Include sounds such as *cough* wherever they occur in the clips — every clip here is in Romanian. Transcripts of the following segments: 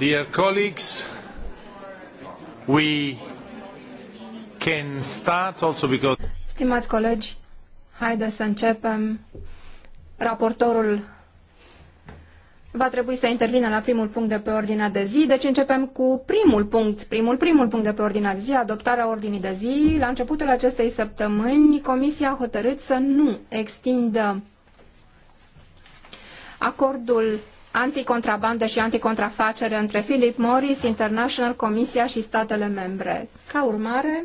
Dear colleagues, we can start also because... Stimați colegi, haideți să începem. Raportorul va trebui să intervină la primul punct de pe ordinea de zi, deci începem cu primul punct, primul, primul punct de pe ordinea de zi, adoptarea ordinii de zi. La începutul acestei săptămâni, Comisia a hotărât să nu extindă acordul anticontrabandă și anticontrafacere între Philip Morris, International, Comisia și statele membre. Ca urmare,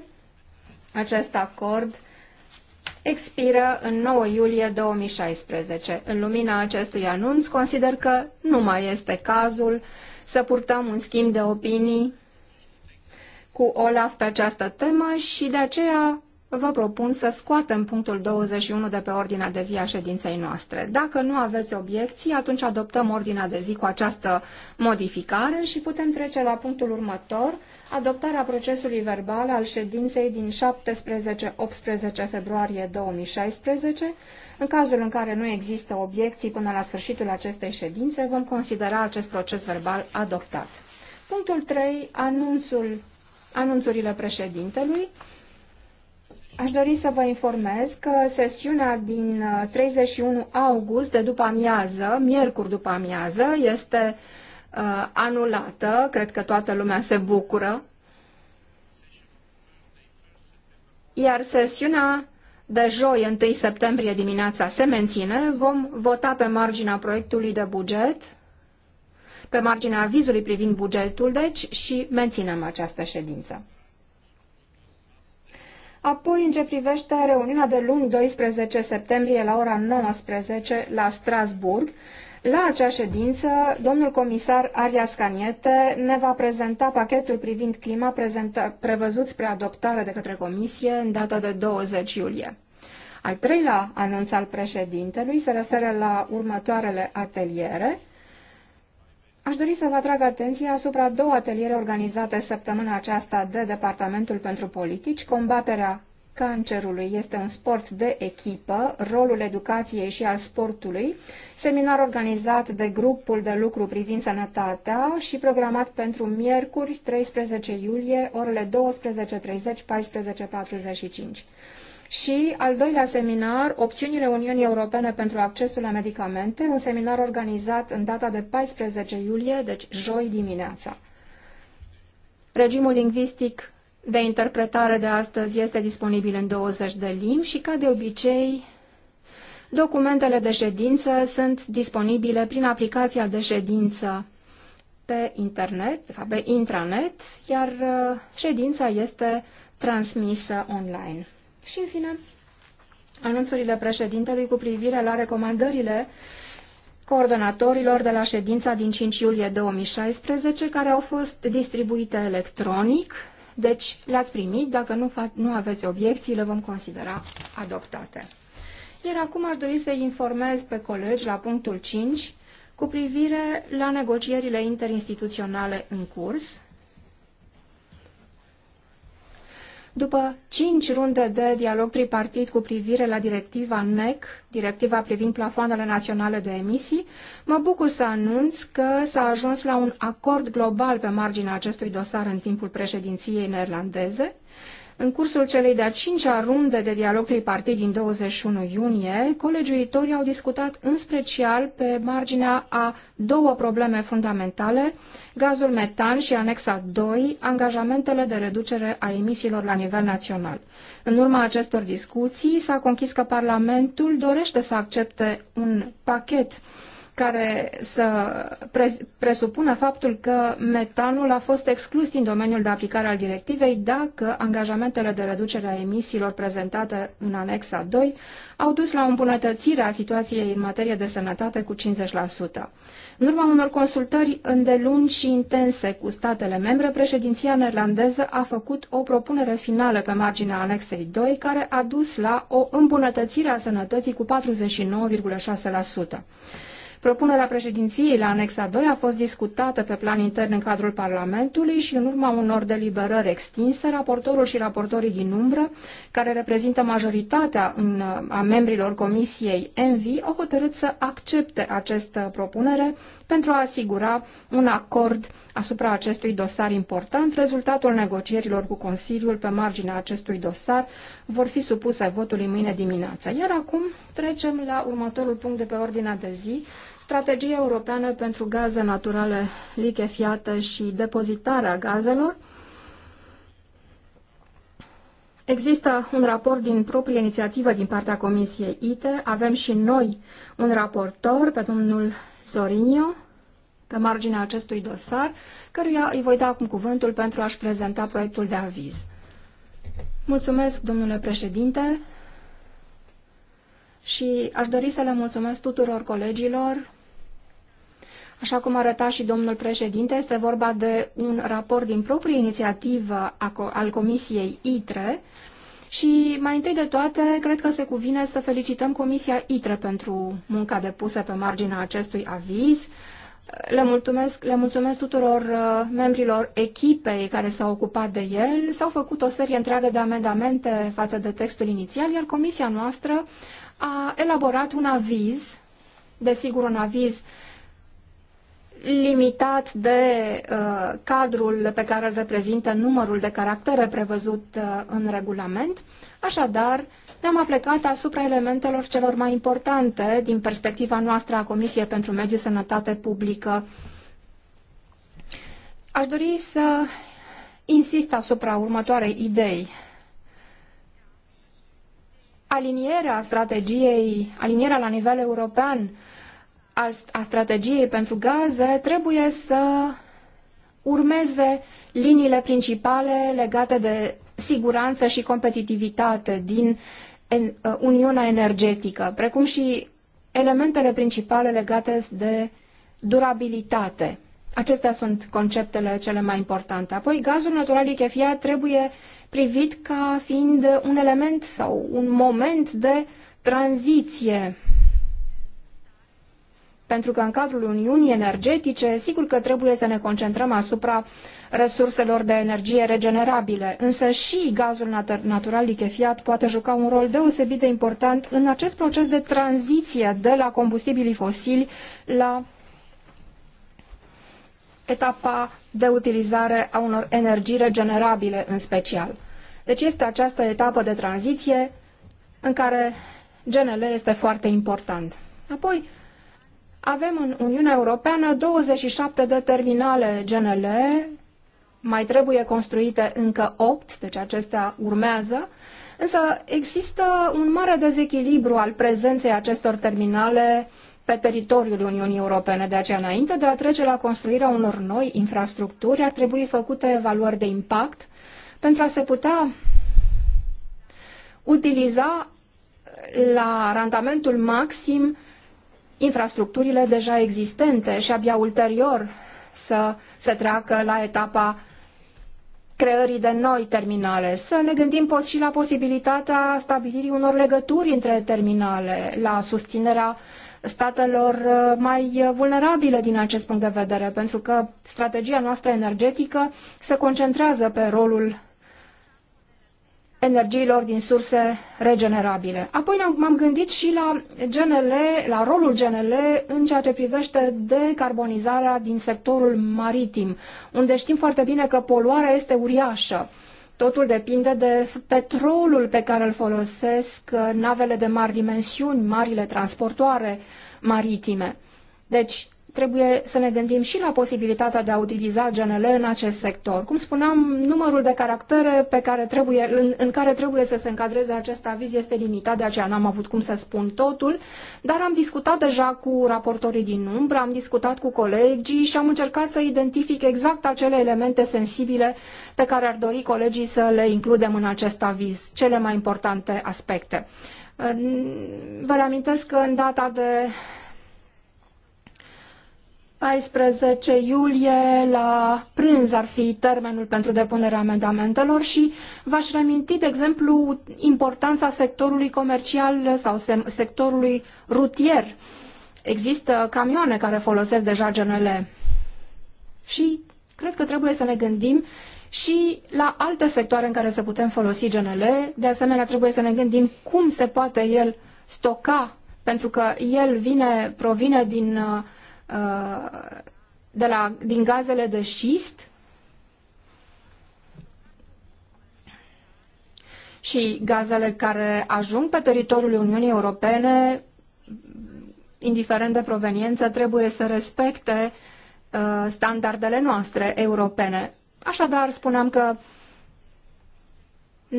acest acord expiră în 9 iulie 2016. În lumina acestui anunț, consider că nu mai este cazul să purtăm un schimb de opinii cu Olaf pe această temă și de aceea vă propun să scoatem punctul 21 de pe ordinea de zi a ședinței noastre. Dacă nu aveți obiecții, atunci adoptăm ordinea de zi cu această modificare și putem trece la punctul următor, adoptarea procesului verbal al ședinței din 17-18 februarie 2016. În cazul în care nu există obiecții până la sfârșitul acestei ședințe, vom considera acest proces verbal adoptat. Punctul 3. Anunțul, anunțurile președintelui. Aș dori să vă informez că sesiunea din 31 uh, august de după amiază, miercuri după amiază, este uh, anulată. Cred că toată lumea se bucură. Iar sesiunea de joi, 1 septembrie dimineața, se menține. Vom vota pe marginea proiectului de buget, pe marginea avizului privind bugetul, deci, și menținem această ședință. Apoi, în ce privește reuniunea de luni 12 septembrie la ora 19 la Strasburg, la acea ședință, domnul comisar Arias Caniete ne va prezenta pachetul privind clima prevăzut spre adoptare de către Comisie în data de 20 iulie. Al treilea anunț al președintelui se referă la următoarele ateliere – Aș dori să vă atrag atenția asupra două ateliere organizate săptămâna aceasta de Departamentul pentru Politici. Combaterea cancerului este un sport de echipă, rolul educației și al sportului, seminar organizat de grupul de lucru privind sănătatea și programat pentru miercuri 13 iulie, orele 12.30-14.45 și al doilea seminar, Opțiunile Uniunii Europene pentru accesul la medicamente, un seminar organizat în data de 14 iulie, deci joi dimineața. Regimul lingvistic de interpretare de astăzi este disponibil în 20 de limbi și, ca de obicei, documentele de ședință sunt disponibile prin aplicația de ședință pe internet, de fapt pe intranet, iar uh, ședința este transmisă online. Și, în fine, anunțurile președintelui cu privire la recomandările coordonatorilor de la ședința din 5 iulie 2016, care au fost distribuite electronic. Deci le-ați primit, dacă nu, nu aveți obiecții, le vom considera adoptate. Iar acum aș dori să informez pe colegi la punctul 5 cu privire la negocierile interinstituționale în curs, După cinci runde de dialog tripartit cu privire la directiva NEC, directiva privind plafoanele naționale de emisii, mă bucur să anunț că s-a ajuns la un acord global pe marginea acestui dosar în timpul președinției neerlandeze, în cursul celei de-a cincea runde de dialog tripartit din 21 iunie, colegiuitorii au discutat în special pe marginea a două probleme fundamentale, gazul metan și anexa 2, angajamentele de reducere a emisiilor la nivel național. În urma acestor discuții s-a conchis că Parlamentul dorește să accepte un pachet care să presupună faptul că metanul a fost exclus din domeniul de aplicare al directivei dacă angajamentele de reducere a emisiilor prezentate în anexa 2 au dus la o îmbunătățire a situației în materie de sănătate cu 50%. În urma unor consultări îndelungi și intense cu statele membre, președinția neerlandeză a făcut o propunere finală pe marginea anexei 2 care a dus la o îmbunătățire a sănătății cu 49,6%. Propunerea președinției la anexa 2 a fost discutată pe plan intern în cadrul Parlamentului și în urma unor deliberări extinse, raportorul și raportorii din umbră, care reprezintă majoritatea în, a membrilor Comisiei ENVI, au hotărât să accepte această propunere pentru a asigura un acord asupra acestui dosar important. Rezultatul negocierilor cu Consiliul pe marginea acestui dosar vor fi supuse votului mâine dimineață. Iar acum trecem la următorul punct de pe ordinea de zi, strategia europeană pentru gaze naturale lichefiate și depozitarea gazelor. Există un raport din proprie inițiativă din partea Comisiei ITE. Avem și noi un raportor pe domnul Sorinio pe marginea acestui dosar, căruia îi voi da acum cuvântul pentru a-și prezenta proiectul de aviz. Mulțumesc, domnule președinte, și aș dori să le mulțumesc tuturor colegilor Așa cum arăta și domnul președinte, este vorba de un raport din proprie inițiativă al Comisiei ITRE și mai întâi de toate, cred că se cuvine să felicităm Comisia ITRE pentru munca depusă pe marginea acestui aviz. Le mulțumesc, le mulțumesc tuturor uh, membrilor echipei care s-au ocupat de el. S-au făcut o serie întreagă de amendamente față de textul inițial, iar comisia noastră a elaborat un aviz, desigur un aviz limitat de uh, cadrul pe care îl reprezintă numărul de caractere prevăzut uh, în regulament. Așadar, ne-am aplicat asupra elementelor celor mai importante din perspectiva noastră a Comisiei pentru Mediu Sănătate Publică. Aș dori să insist asupra următoarei idei. Alinierea strategiei, alinierea la nivel european a strategiei pentru gaze trebuie să urmeze liniile principale legate de siguranță și competitivitate din uh, Uniunea Energetică, precum și elementele principale legate de durabilitate. Acestea sunt conceptele cele mai importante. Apoi, gazul natural lichefiat trebuie privit ca fiind un element sau un moment de tranziție pentru că în cadrul Uniunii Energetice, sigur că trebuie să ne concentrăm asupra resurselor de energie regenerabile, însă și gazul natural lichefiat poate juca un rol deosebit de important în acest proces de tranziție de la combustibilii fosili la etapa de utilizare a unor energii regenerabile în special. Deci este această etapă de tranziție în care GNL este foarte important. Apoi, avem în Uniunea Europeană 27 de terminale GNL, mai trebuie construite încă 8, deci acestea urmează, însă există un mare dezechilibru al prezenței acestor terminale pe teritoriul Uniunii Europene. De aceea, înainte de a trece la construirea unor noi infrastructuri, ar trebui făcute evaluări de impact pentru a se putea utiliza la randamentul maxim infrastructurile deja existente și abia ulterior să se treacă la etapa creării de noi terminale. Să ne gândim pos și la posibilitatea stabilirii unor legături între terminale, la susținerea statelor uh, mai vulnerabile din acest punct de vedere, pentru că strategia noastră energetică se concentrează pe rolul energiilor din surse regenerabile. Apoi m-am gândit și la GNL, la rolul GNL în ceea ce privește decarbonizarea din sectorul maritim, unde știm foarte bine că poluarea este uriașă. Totul depinde de petrolul pe care îl folosesc uh, navele de mari dimensiuni, marile transportoare maritime. Deci, trebuie să ne gândim și la posibilitatea de a utiliza GNL în acest sector. Cum spuneam, numărul de caractere pe care trebuie, în, în care trebuie să se încadreze acest aviz este limitat, de aceea n-am avut cum să spun totul, dar am discutat deja cu raportorii din umbră, am discutat cu colegii și am încercat să identific exact acele elemente sensibile pe care ar dori colegii să le includem în acest aviz, cele mai importante aspecte. Vă reamintesc că în data de 14 iulie la prânz ar fi termenul pentru depunerea amendamentelor și v-aș reminti, de exemplu, importanța sectorului comercial sau sectorului rutier. Există camioane care folosesc deja GNL și cred că trebuie să ne gândim și la alte sectoare în care să putem folosi GNL. De asemenea, trebuie să ne gândim cum se poate el stoca, pentru că el vine, provine din uh, Uh, de la, din gazele de șist și gazele care ajung pe teritoriul Uniunii Europene, indiferent de proveniență, trebuie să respecte uh, standardele noastre europene. Așadar, spuneam că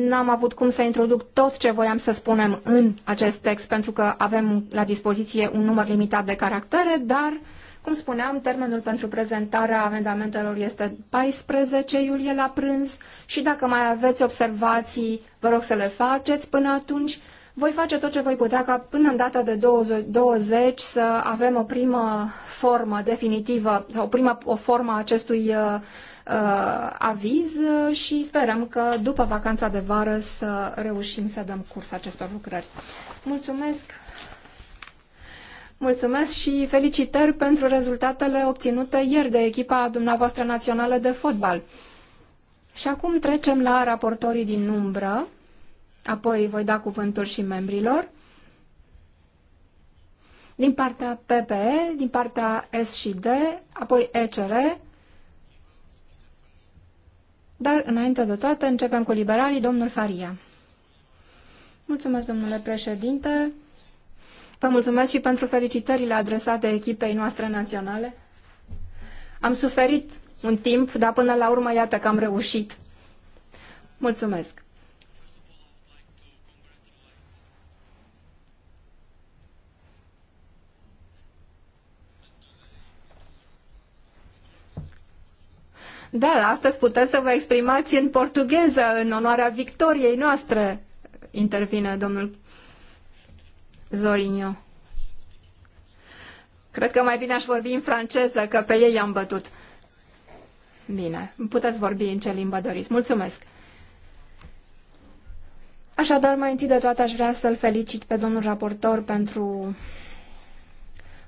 N-am avut cum să introduc tot ce voiam să spunem în acest text, pentru că avem la dispoziție un număr limitat de caractere, dar, cum spuneam, termenul pentru prezentarea amendamentelor este 14 iulie la prânz și dacă mai aveți observații, vă rog să le faceți până atunci. Voi face tot ce voi putea ca până în data de 20 să avem o primă formă definitivă, o primă o formă a acestui uh, uh, aviz și sperăm că după vacanța de vară să reușim să dăm curs acestor lucrări. Mulțumesc! Mulțumesc și felicitări pentru rezultatele obținute ieri de echipa dumneavoastră națională de fotbal. Și acum trecem la raportorii din umbră, apoi voi da cuvântul și membrilor. Din partea PPE, din partea S și D, apoi ECR, dar, înainte de toate, începem cu liberalii, domnul Faria. Mulțumesc, domnule președinte. Vă mulțumesc și pentru felicitările adresate echipei noastre naționale. Am suferit un timp, dar până la urmă, iată că am reușit. Mulțumesc. Dar astăzi puteți să vă exprimați în portugheză, în onoarea victoriei noastre, intervine domnul Zorinio. Cred că mai bine aș vorbi în franceză, că pe ei i-am bătut. Bine, puteți vorbi în ce limbă doriți. Mulțumesc! Așadar, mai întâi de toate aș vrea să-l felicit pe domnul raportor pentru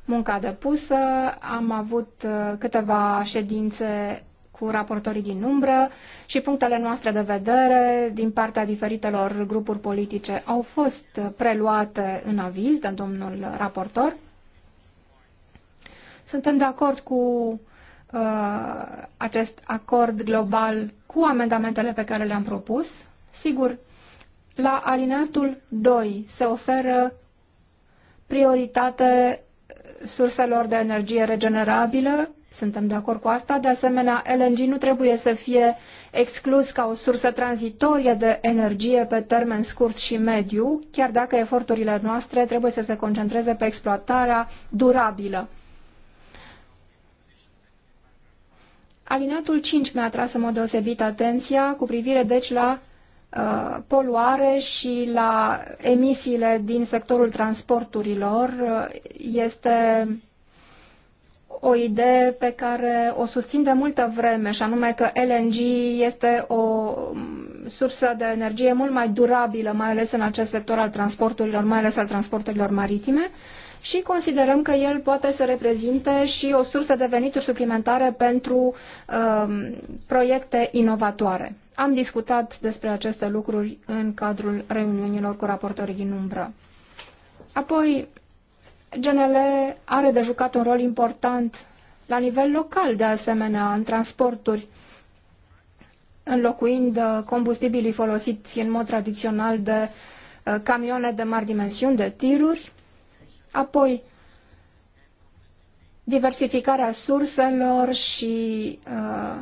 munca depusă. Am avut uh, câteva ședințe cu raportorii din umbră și punctele noastre de vedere din partea diferitelor grupuri politice au fost preluate în aviz de domnul raportor. Suntem de acord cu uh, acest acord global cu amendamentele pe care le-am propus. Sigur, la alineatul 2 se oferă prioritate surselor de energie regenerabilă suntem de acord cu asta. De asemenea, LNG nu trebuie să fie exclus ca o sursă tranzitorie de energie pe termen scurt și mediu, chiar dacă eforturile noastre trebuie să se concentreze pe exploatarea durabilă. Alineatul 5 mi-a atras în mod deosebit atenția cu privire deci la uh, poluare și la emisiile din sectorul transporturilor. Uh, este o idee pe care o susțin de multă vreme, și anume că LNG este o mm, sursă de energie mult mai durabilă, mai ales în acest sector al transporturilor, mai ales al transporturilor maritime, și considerăm că el poate să reprezinte și o sursă de venituri suplimentare pentru um, proiecte inovatoare. Am discutat despre aceste lucruri în cadrul reuniunilor cu raportorii din umbră. Apoi, GNL are de jucat un rol important la nivel local, de asemenea, în transporturi, înlocuind uh, combustibilii folosiți în mod tradițional de uh, camioane de mari dimensiuni, de tiruri, apoi diversificarea surselor și uh,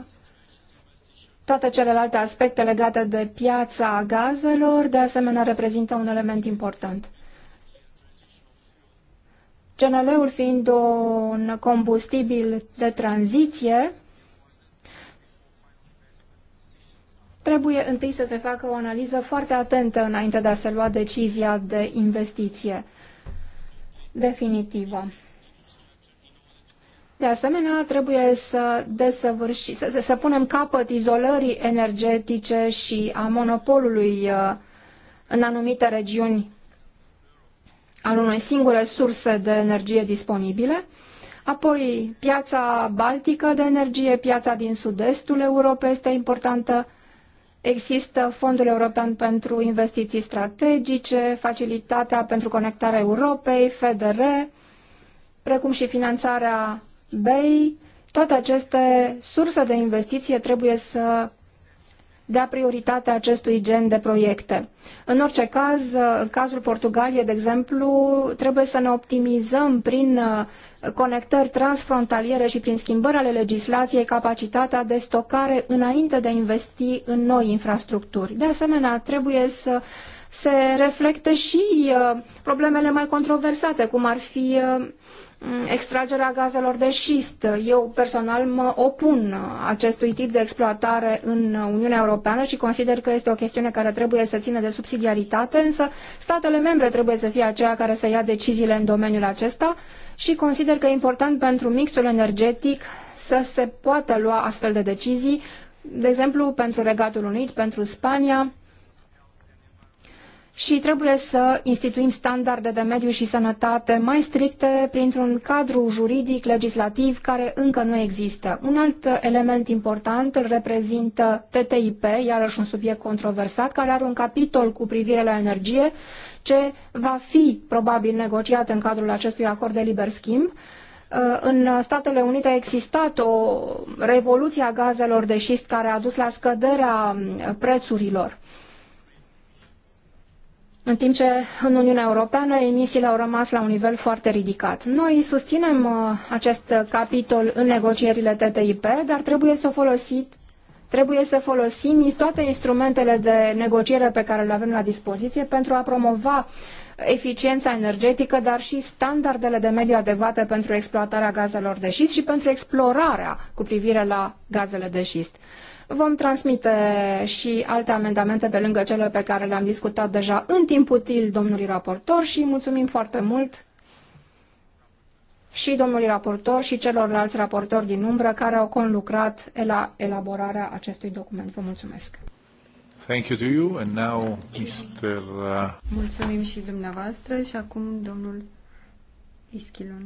toate celelalte aspecte legate de piața gazelor, de asemenea, reprezintă un element important. CNL-ul fiind un combustibil de tranziție, trebuie întâi să se facă o analiză foarte atentă înainte de a se lua decizia de investiție definitivă. De asemenea, trebuie să desăvârși, să, să punem capăt izolării energetice și a monopolului uh, în anumite regiuni al unei singure surse de energie disponibile, apoi piața baltică de energie, piața din sud-estul Europei este importantă, există Fondul European pentru Investiții Strategice, Facilitatea pentru Conectarea Europei, FDR, precum și finanțarea BEI, toate aceste surse de investiție trebuie să dea prioritate acestui gen de proiecte. În orice caz, în cazul Portugaliei, de exemplu, trebuie să ne optimizăm prin uh, conectări transfrontaliere și prin schimbări ale legislației capacitatea de stocare înainte de a investi în noi infrastructuri. De asemenea, trebuie să se reflecte și uh, problemele mai controversate, cum ar fi uh, Mm, extragerea gazelor de șist. Eu personal mă opun acestui tip de exploatare în Uniunea Europeană și consider că este o chestiune care trebuie să țină de subsidiaritate, însă statele membre trebuie să fie aceia care să ia deciziile în domeniul acesta și consider că e important pentru mixul energetic să se poată lua astfel de decizii, de exemplu pentru Regatul Unit, pentru Spania, și trebuie să instituim standarde de mediu și sănătate mai stricte printr-un cadru juridic, legislativ, care încă nu există. Un alt element important îl reprezintă TTIP, iarăși un subiect controversat, care are un capitol cu privire la energie, ce va fi probabil negociat în cadrul acestui acord de liber schimb. Uh, în Statele Unite a existat o revoluție a gazelor de șist care a dus la scăderea prețurilor în timp ce în Uniunea Europeană emisiile au rămas la un nivel foarte ridicat. Noi susținem uh, acest capitol în negocierile TTIP, dar trebuie să, folosit, trebuie să folosim toate instrumentele de negociere pe care le avem la dispoziție pentru a promova eficiența energetică, dar și standardele de mediu adecvate pentru exploatarea gazelor de șist și pentru explorarea cu privire la gazele de șist. Vom transmite și alte amendamente pe lângă cele pe care le-am discutat deja în timp util domnului raportor și mulțumim foarte mult și domnului raportor și celorlalți raportori din umbră care au conlucrat la elaborarea acestui document. Vă mulțumesc! Thank you to you and now Mr. Uh, mulțumim și dumneavoastră și acum domnul Ischilon.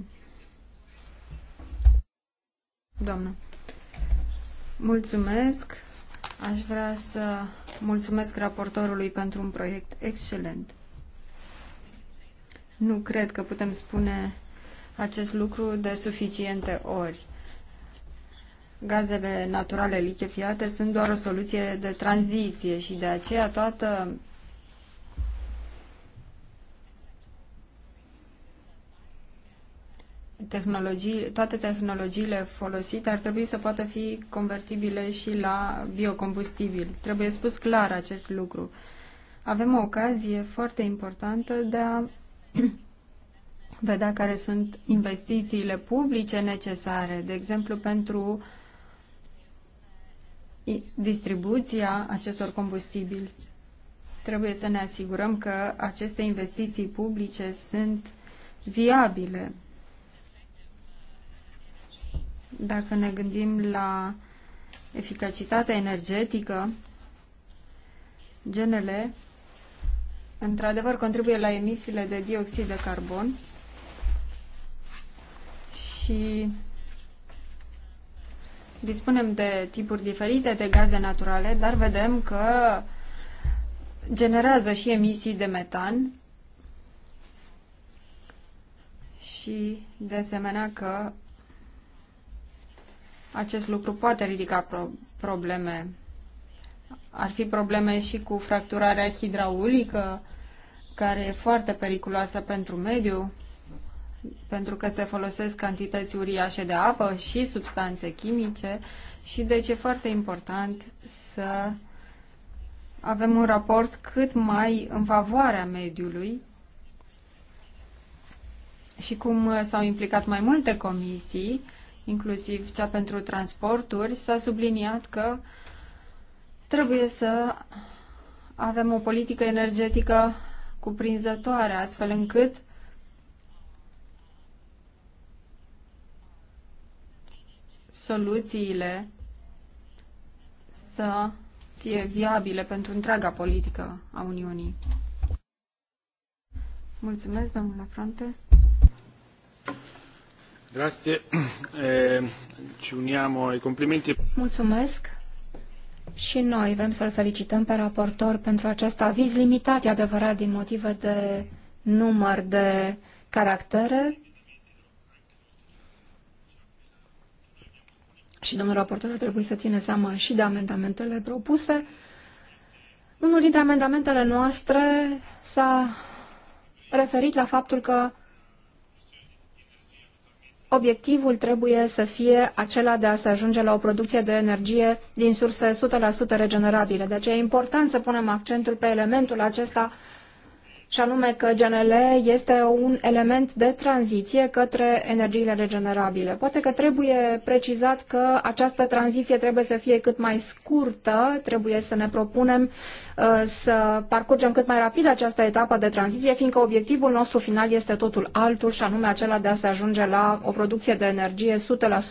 Doamnă. Mulțumesc. Aș vrea să mulțumesc raportorului pentru un proiect excelent. Nu cred că putem spune acest lucru de suficiente ori. Gazele naturale lichefiate sunt doar o soluție de tranziție și de aceea toată tehnologii, toate tehnologiile folosite ar trebui să poată fi convertibile și la biocombustibil. Trebuie spus clar acest lucru. Avem o ocazie foarte importantă de a *clears throat* vedea care sunt investițiile publice necesare, de exemplu pentru distribuția acestor combustibili. Trebuie să ne asigurăm că aceste investiții publice sunt viabile dacă ne gândim la eficacitatea energetică, genele într-adevăr contribuie la emisiile de dioxid de carbon și dispunem de tipuri diferite de gaze naturale, dar vedem că generează și emisii de metan și de asemenea că acest lucru poate ridica pro- probleme. Ar fi probleme și cu fracturarea hidraulică, care e foarte periculoasă pentru mediu, pentru că se folosesc cantități uriașe de apă și substanțe chimice și deci e foarte important să avem un raport cât mai în favoarea mediului și cum s-au implicat mai multe comisii, inclusiv cea pentru transporturi, s-a subliniat că trebuie să avem o politică energetică cuprinzătoare, astfel încât soluțiile să fie viabile pentru întreaga politică a Uniunii. Mulțumesc, domnule Frante. Grazie. Eh, ci uniamo ai complimenti. Mulțumesc. Și noi vrem să-l felicităm pe raportor pentru acest aviz limitat, e adevărat, din motive de număr de caractere. Și domnul raportor trebuie să ține seama și de amendamentele propuse. Unul dintre amendamentele noastre s-a referit la faptul că obiectivul trebuie să fie acela de a se ajunge la o producție de energie din surse 100% regenerabile. aceea deci e important să punem accentul pe elementul acesta și anume că GNL este un element de tranziție către energiile regenerabile. Poate că trebuie precizat că această tranziție trebuie să fie cât mai scurtă, trebuie să ne propunem uh, să parcurgem cât mai rapid această etapă de tranziție, fiindcă obiectivul nostru final este totul altul și anume acela de a se ajunge la o producție de energie 100%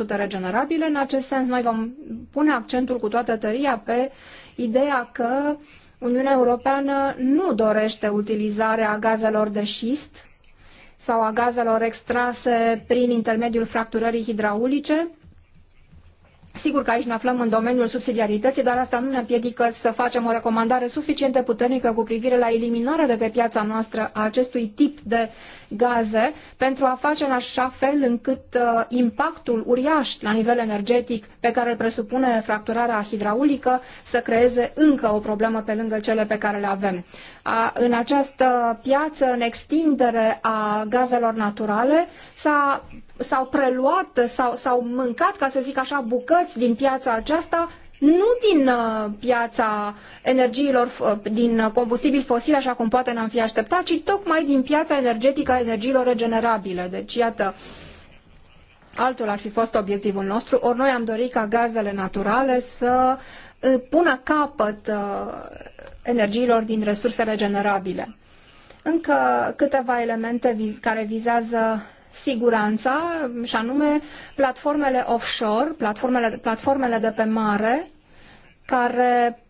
regenerabilă. În acest sens, noi vom pune accentul cu toată tăria pe ideea că Uniunea Europeană nu dorește utilizarea gazelor de șist sau a gazelor extrase prin intermediul fracturării hidraulice, Sigur că aici ne aflăm în domeniul subsidiarității, dar asta nu ne împiedică să facem o recomandare suficient de puternică cu privire la eliminarea de pe piața noastră a acestui tip de gaze pentru a face în așa fel încât uh, impactul uriaș la nivel energetic pe care îl presupune fracturarea hidraulică să creeze încă o problemă pe lângă cele pe care le avem a, în această piață în extindere a gazelor naturale s-a, s-au preluat, s-au, s-au mâncat, ca să zic așa, bucăți din piața aceasta nu din uh, piața energiilor, uh, din combustibili fosili, așa cum poate n-am fi așteptat, ci tocmai din piața energetică a energiilor regenerabile. Deci, iată, altul ar fi fost obiectivul nostru, ori noi am dorit ca gazele naturale să uh, pună capăt energiilor din resurse regenerabile. Încă câteva elemente care vizează siguranța, și anume platformele offshore, platformele, platformele de pe mare, care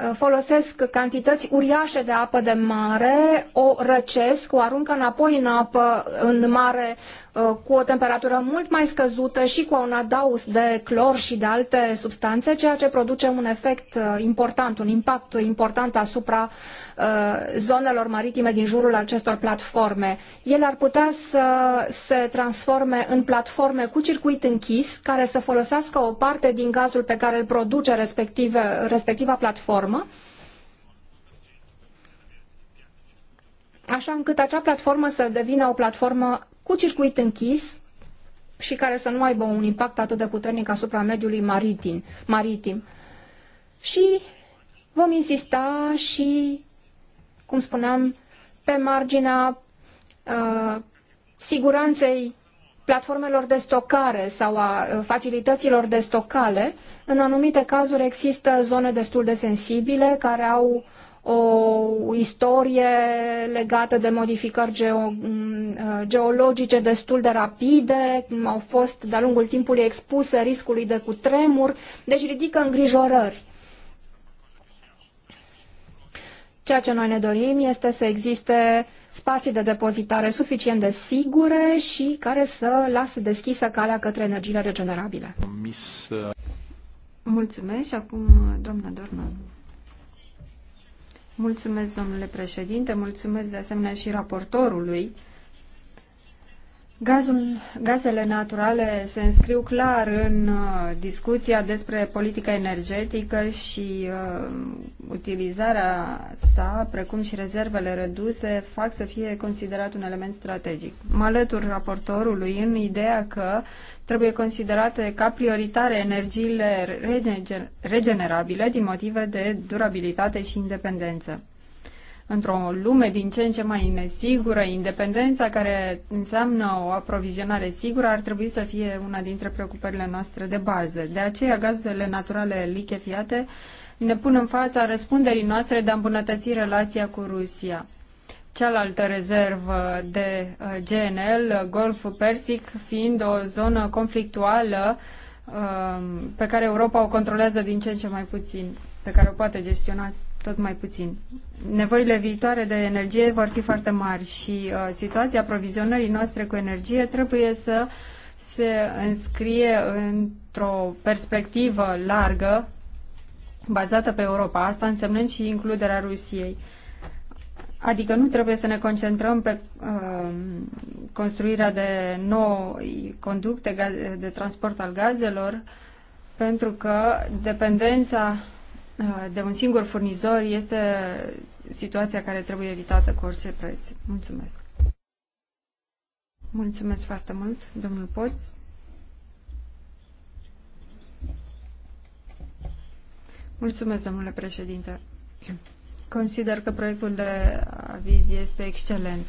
uh, folosesc cantități uriașe de apă de mare, o răcesc, o aruncă înapoi în apă, în mare Uh, cu o temperatură mult mai scăzută și cu un adaus de clor și de alte substanțe, ceea ce produce un efect uh, important, un impact important asupra uh, zonelor maritime din jurul acestor platforme. Ele ar putea să se transforme în platforme cu circuit închis, care să folosească o parte din gazul pe care îl produce respective, respectiva platformă, așa încât acea platformă să devină o platformă cu circuit închis și care să nu aibă un impact atât de puternic asupra mediului maritim. maritim. Și vom insista și, cum spuneam, pe marginea uh, siguranței platformelor de stocare sau a uh, facilităților de stocare, în anumite cazuri există zone destul de sensibile care au o istorie legată de modificări geo, mm, geologice destul de rapide, au fost de-a lungul timpului expuse riscului de cutremur, deci ridică îngrijorări. Ceea ce noi ne dorim este să existe spații de depozitare suficient de sigure și care să lasă deschisă calea către energiile regenerabile. Uh, Mulțumesc și acum doamna Dornan. Mulțumesc, domnule președinte, mulțumesc de asemenea și raportorului Gazul, gazele naturale se înscriu clar în uh, discuția despre politica energetică și uh, utilizarea sa, precum și rezervele reduse, fac să fie considerat un element strategic. Mă alătur raportorului în ideea că trebuie considerate ca prioritare energiile regenerabile din motive de durabilitate și independență într-o lume din ce în ce mai nesigură, independența care înseamnă o aprovizionare sigură ar trebui să fie una dintre preocupările noastre de bază. De aceea, gazele naturale lichefiate ne pun în fața răspunderii noastre de a îmbunătăți relația cu Rusia. Cealaltă rezervă de uh, GNL, Golful Persic, fiind o zonă conflictuală uh, pe care Europa o controlează din ce în ce mai puțin, pe care o poate gestiona tot mai puțin. Nevoile viitoare de energie vor fi foarte mari și uh, situația aprovizionării noastre cu energie trebuie să se înscrie într-o perspectivă largă bazată pe Europa, asta însemnând și includerea Rusiei. Adică nu trebuie să ne concentrăm pe uh, construirea de noi conducte de transport al gazelor, pentru că dependența Uh, de un singur furnizor este situația care trebuie evitată cu orice preț. Mulțumesc. Mulțumesc foarte mult, domnul Poț. Mulțumesc, domnule președinte. Consider că proiectul de aviz este excelent.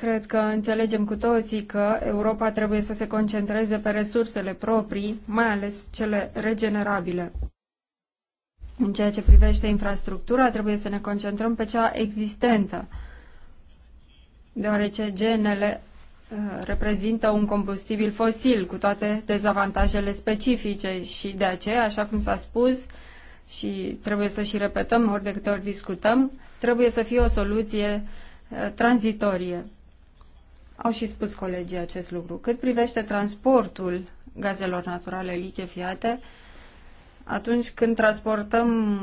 Cred că înțelegem cu toții că Europa trebuie să se concentreze pe resursele proprii, mai ales cele regenerabile. În ceea ce privește infrastructura, trebuie să ne concentrăm pe cea existentă, deoarece genele uh, reprezintă un combustibil fosil cu toate dezavantajele specifice și de aceea, așa cum s-a spus și trebuie să și repetăm ori de câte ori discutăm, trebuie să fie o soluție uh, tranzitorie. Au și spus colegii acest lucru. Cât privește transportul gazelor naturale lichefiate, atunci când transportăm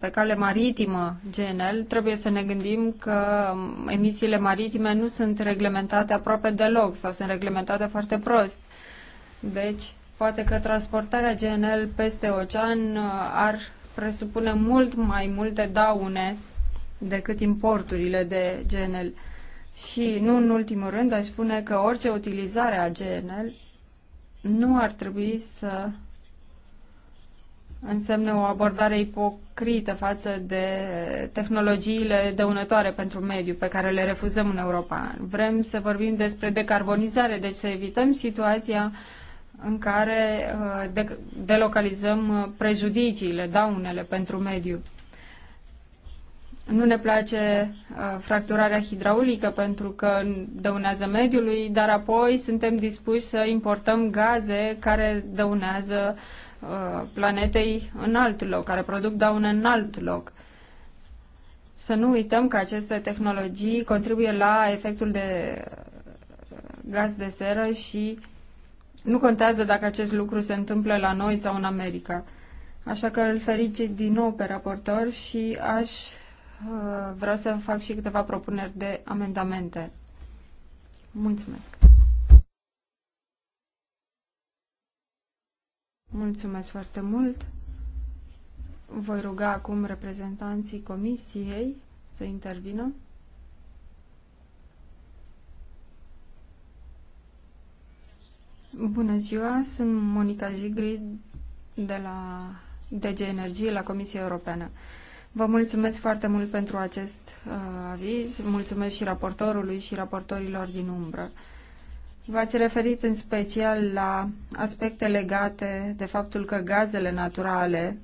pe cale maritimă GNL, trebuie să ne gândim că emisiile maritime nu sunt reglementate aproape deloc sau sunt reglementate foarte prost. Deci, poate că transportarea GNL peste ocean uh, ar presupune mult mai multe daune decât importurile de GNL. Și nu în ultimul rând, aș spune că orice utilizare a GNL nu ar trebui să însemne o abordare ipocrită față de tehnologiile dăunătoare pentru mediu pe care le refuzăm în Europa. Vrem să vorbim despre decarbonizare, deci să evităm situația în care uh, de- delocalizăm uh, prejudiciile, daunele pentru mediu. Nu ne place uh, fracturarea hidraulică pentru că dăunează mediului, dar apoi suntem dispuși să importăm gaze care dăunează uh, planetei în alt loc, care produc daune în alt loc. Să nu uităm că aceste tehnologii contribuie la efectul de uh, gaz de seră și nu contează dacă acest lucru se întâmplă la noi sau în America. Așa că îl fericit din nou pe raportor și aș Uh, vreau să fac și câteva propuneri de amendamente. Mulțumesc! Mulțumesc foarte mult! Voi ruga acum reprezentanții comisiei să intervină. Bună ziua, sunt Monica Jigri de la DG Energie, la Comisia Europeană. Uh, Vă mulțumesc foarte mult pentru acest uh, aviz, mulțumesc și raportorului și raportorilor din umbră. V-ați referit în special la aspecte legate de faptul că gazele naturale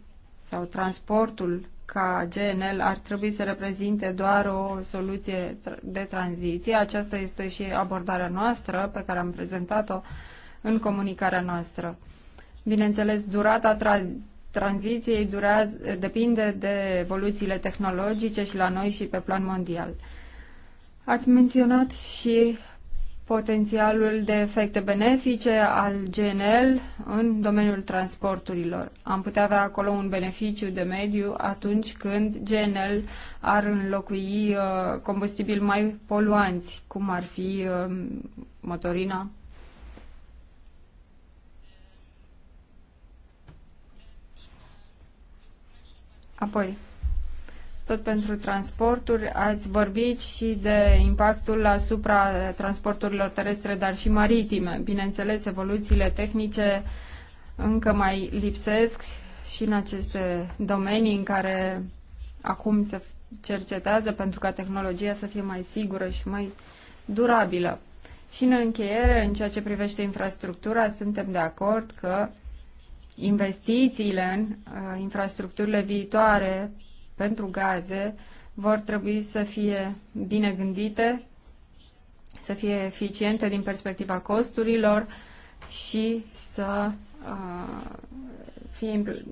sau transportul ca GNL ar trebui să reprezinte doar o soluție de tranziție. Aceasta este și abordarea noastră pe care am prezentat-o în comunicarea noastră. Bineînțeles, durata tra- tranziției durează, depinde de evoluțiile tehnologice și la noi și pe plan mondial. Ați menționat și potențialul de efecte benefice al GNL în domeniul transporturilor. Am putea avea acolo un beneficiu de mediu atunci când GNL ar înlocui uh, combustibili mai poluanți, cum ar fi uh, motorina Apoi, tot pentru transporturi, ați vorbit și de impactul asupra transporturilor terestre, dar și maritime. Bineînțeles, evoluțiile tehnice încă mai lipsesc și în aceste domenii în care acum se cercetează pentru ca tehnologia să fie mai sigură și mai durabilă. Și în încheiere, în ceea ce privește infrastructura, suntem de acord că investițiile în uh, infrastructurile viitoare pentru gaze vor trebui să fie bine gândite, să fie eficiente din perspectiva costurilor și să uh, fie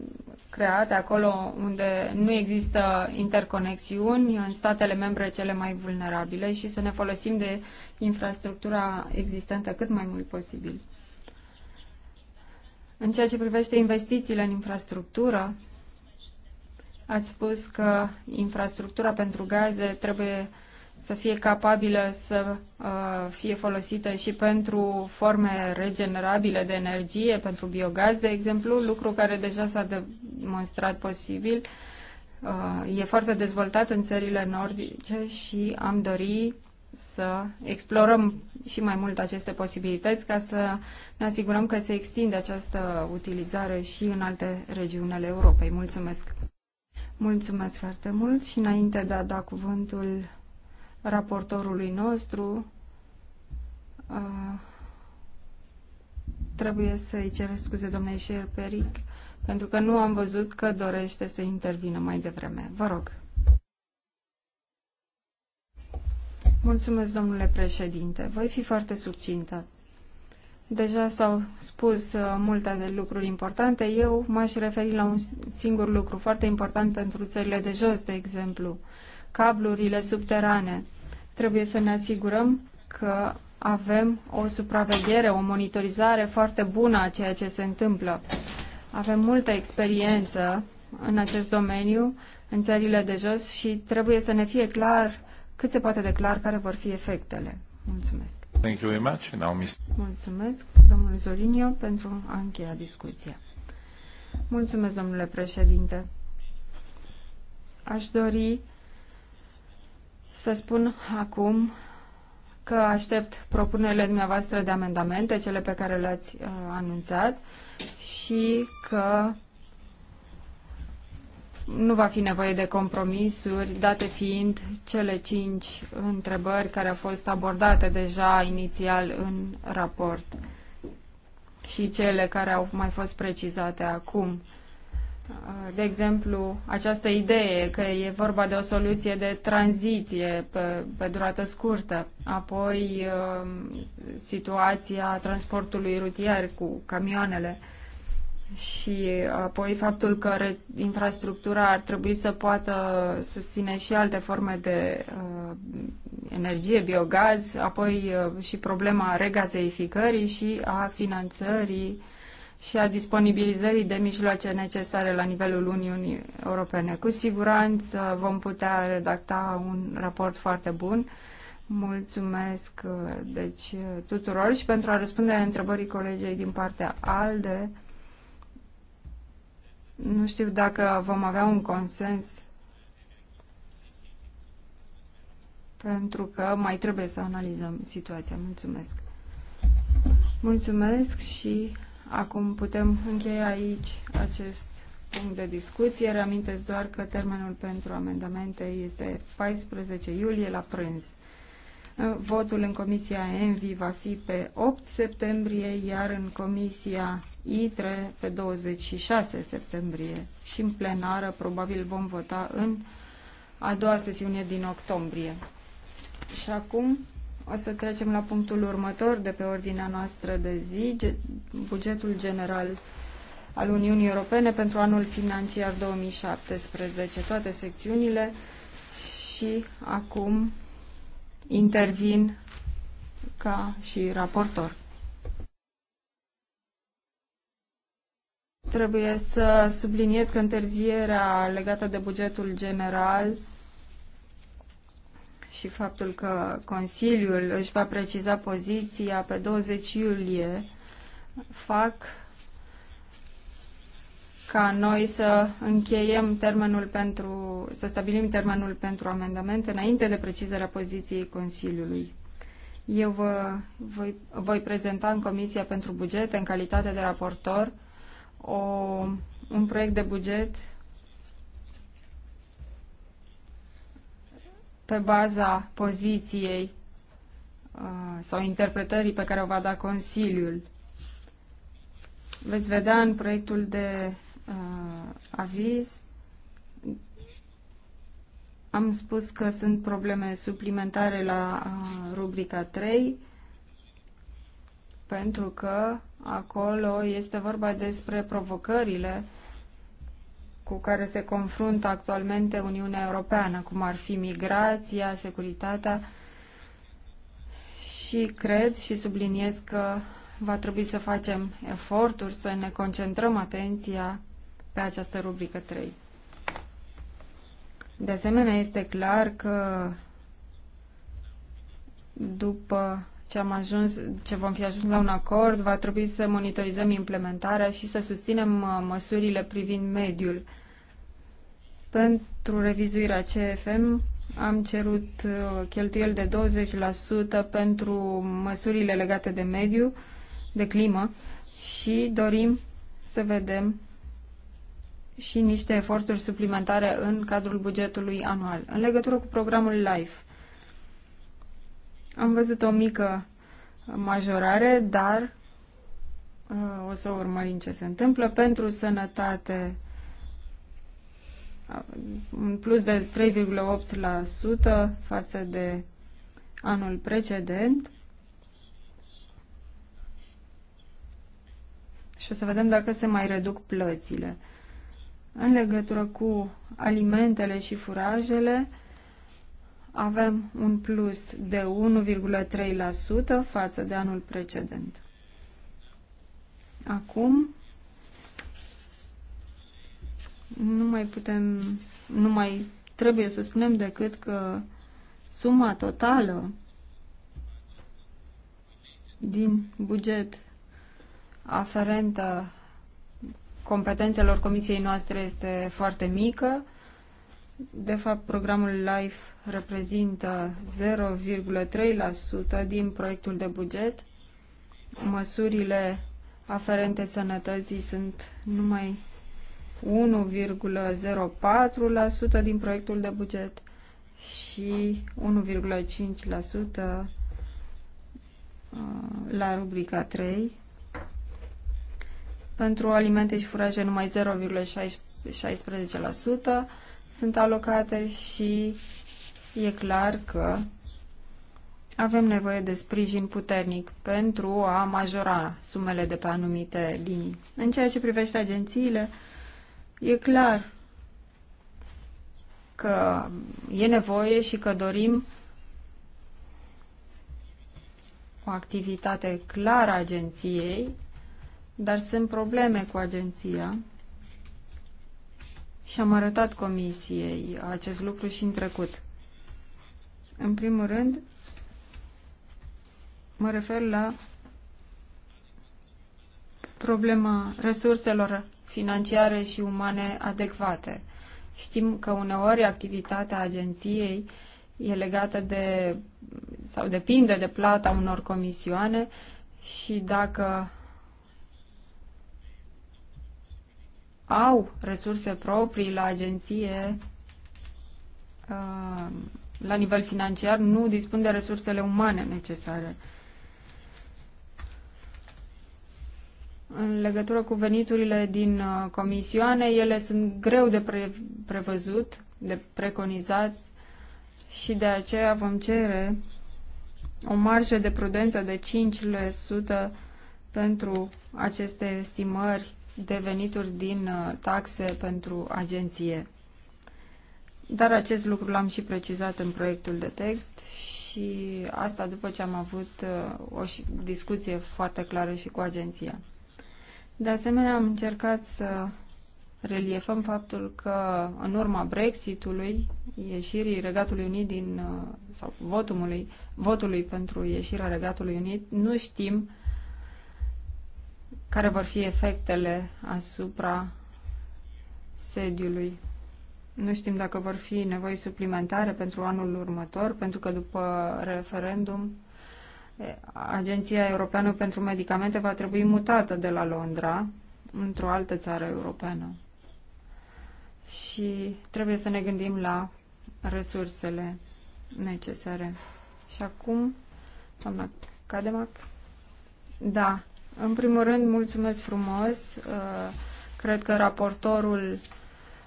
create acolo unde nu există interconexiuni în statele membre cele mai vulnerabile și să ne folosim de infrastructura existentă cât mai mult posibil. În ceea ce privește investițiile în infrastructură, ați spus că infrastructura pentru gaze trebuie să fie capabilă să uh, fie folosită și pentru forme regenerabile de energie, pentru biogaz, de exemplu, lucru care deja s-a demonstrat posibil. Uh, e foarte dezvoltat în țările nordice și am dorit să explorăm și mai mult aceste posibilități ca să ne asigurăm că se extinde această utilizare și în alte regiuni ale Europei. Mulțumesc! Mulțumesc foarte mult și înainte de a da cuvântul raportorului nostru, trebuie să-i cer scuze domnului Șerperic, pentru că nu am văzut că dorește să intervină mai devreme. Vă rog! Mulțumesc, domnule președinte. Voi fi foarte subcintă. Deja s-au spus uh, multe de lucruri importante. Eu m-aș referi la un singur lucru foarte important pentru țările de jos, de exemplu. Cablurile subterane. Trebuie să ne asigurăm că avem o supraveghere, o monitorizare foarte bună a ceea ce se întâmplă. Avem multă experiență în acest domeniu, în țările de jos și trebuie să ne fie clar cât se poate declar care vor fi efectele. Mulțumesc. Thank you very much. Now, Mr. Mulțumesc, domnul Zorinio, pentru a încheia discuția. Mulțumesc, domnule președinte. Aș dori să spun acum că aștept propunerile dumneavoastră de amendamente, cele pe care le-ați uh, anunțat, și că nu va fi nevoie de compromisuri, date fiind cele cinci întrebări care au fost abordate deja inițial în raport și cele care au mai fost precizate acum. De exemplu, această idee că e vorba de o soluție de tranziție pe, pe durată scurtă, apoi um, situația transportului rutier cu camioanele, și apoi faptul că infrastructura ar trebui să poată susține și alte forme de uh, energie, biogaz, apoi uh, și problema regazeificării și a finanțării și a disponibilizării de mijloace necesare la nivelul Uniunii Europene. Cu siguranță vom putea redacta un raport foarte bun. Mulțumesc uh, deci uh, tuturor și pentru a răspunde întrebării colegei din partea ALDE nu știu dacă vom avea un consens pentru că mai trebuie să analizăm situația. Mulțumesc! Mulțumesc și acum putem încheia aici acest punct de discuție. Reamintesc doar că termenul pentru amendamente este 14 iulie la prânz. Votul în Comisia ENVI va fi pe 8 septembrie, iar în Comisia ITRE pe 26 septembrie și în plenară probabil vom vota în a doua sesiune din octombrie. Și acum o să trecem la punctul următor de pe ordinea noastră de zi, bugetul general al Uniunii Europene pentru anul financiar 2017, toate secțiunile și acum intervin ca și raportor. Trebuie să subliniez că întârzierea legată de bugetul general și faptul că Consiliul își va preciza poziția pe 20 iulie fac ca noi să încheiem termenul pentru, să stabilim termenul pentru amendamente înainte de precizarea poziției Consiliului. Eu vă voi, voi prezenta în Comisia pentru Buget, în calitate de raportor, o, un proiect de buget pe baza poziției uh, sau interpretării pe care o va da Consiliul. Veți vedea în proiectul de Uh, aviz am spus că sunt probleme suplimentare la uh, rubrica 3 pentru că acolo este vorba despre provocările cu care se confruntă actualmente Uniunea Europeană, cum ar fi migrația, securitatea și cred și subliniez că va trebui să facem eforturi, să ne concentrăm atenția pe această rubrică 3. De asemenea, este clar că după ce, am ajuns, ce vom fi ajuns la un acord, va trebui să monitorizăm implementarea și să susținem uh, măsurile privind mediul. Pentru revizuirea CFM am cerut uh, cheltuieli de 20% pentru măsurile legate de mediu, de climă și dorim să vedem și niște eforturi suplimentare în cadrul bugetului anual. În legătură cu programul LIFE, am văzut o mică majorare, dar uh, o să urmărim ce se întâmplă. Pentru sănătate, uh, un plus de 3,8% față de anul precedent. Și o să vedem dacă se mai reduc plățile. În legătură cu alimentele și furajele, avem un plus de 1,3% față de anul precedent. Acum nu mai putem, nu mai trebuie să spunem decât că suma totală din buget aferentă competențelor comisiei noastre este foarte mică. De fapt, programul LIFE reprezintă 0,3% din proiectul de buget. Măsurile aferente sănătății sunt numai 1,04% din proiectul de buget și 1,5% uh, la rubrica 3 pentru alimente și furaje numai 0,16% sunt alocate și e clar că avem nevoie de sprijin puternic pentru a majora sumele de pe anumite linii. În ceea ce privește agențiile, e clar că e nevoie și că dorim o activitate clară a agenției dar sunt probleme cu agenția și am arătat comisiei acest lucru și în trecut. În primul rând, mă refer la problema resurselor financiare și umane adecvate. Știm că uneori activitatea agenției e legată de sau depinde de plata unor comisioane și dacă au resurse proprii la agenție uh, la nivel financiar, nu dispun de resursele umane necesare. În legătură cu veniturile din uh, comisioane, ele sunt greu de pre- prevăzut, de preconizat și de aceea vom cere o marjă de prudență de 5% pentru aceste estimări de venituri din uh, taxe pentru agenție. Dar acest lucru l-am și precizat în proiectul de text și asta după ce am avut uh, o discuție foarte clară și cu agenția. De asemenea, am încercat să reliefăm faptul că în urma Brexitului, ieșirii Regatului Unit din uh, sau votului votului pentru ieșirea Regatului Unit, nu știm care vor fi efectele asupra sediului. Nu știm dacă vor fi nevoi suplimentare pentru anul următor, pentru că după referendum Agenția Europeană pentru Medicamente va trebui mutată de la Londra într-o altă țară europeană. Și trebuie să ne gândim la resursele necesare. Și acum, doamna Cademac, da, în primul rând, mulțumesc frumos. Uh, cred că raportorul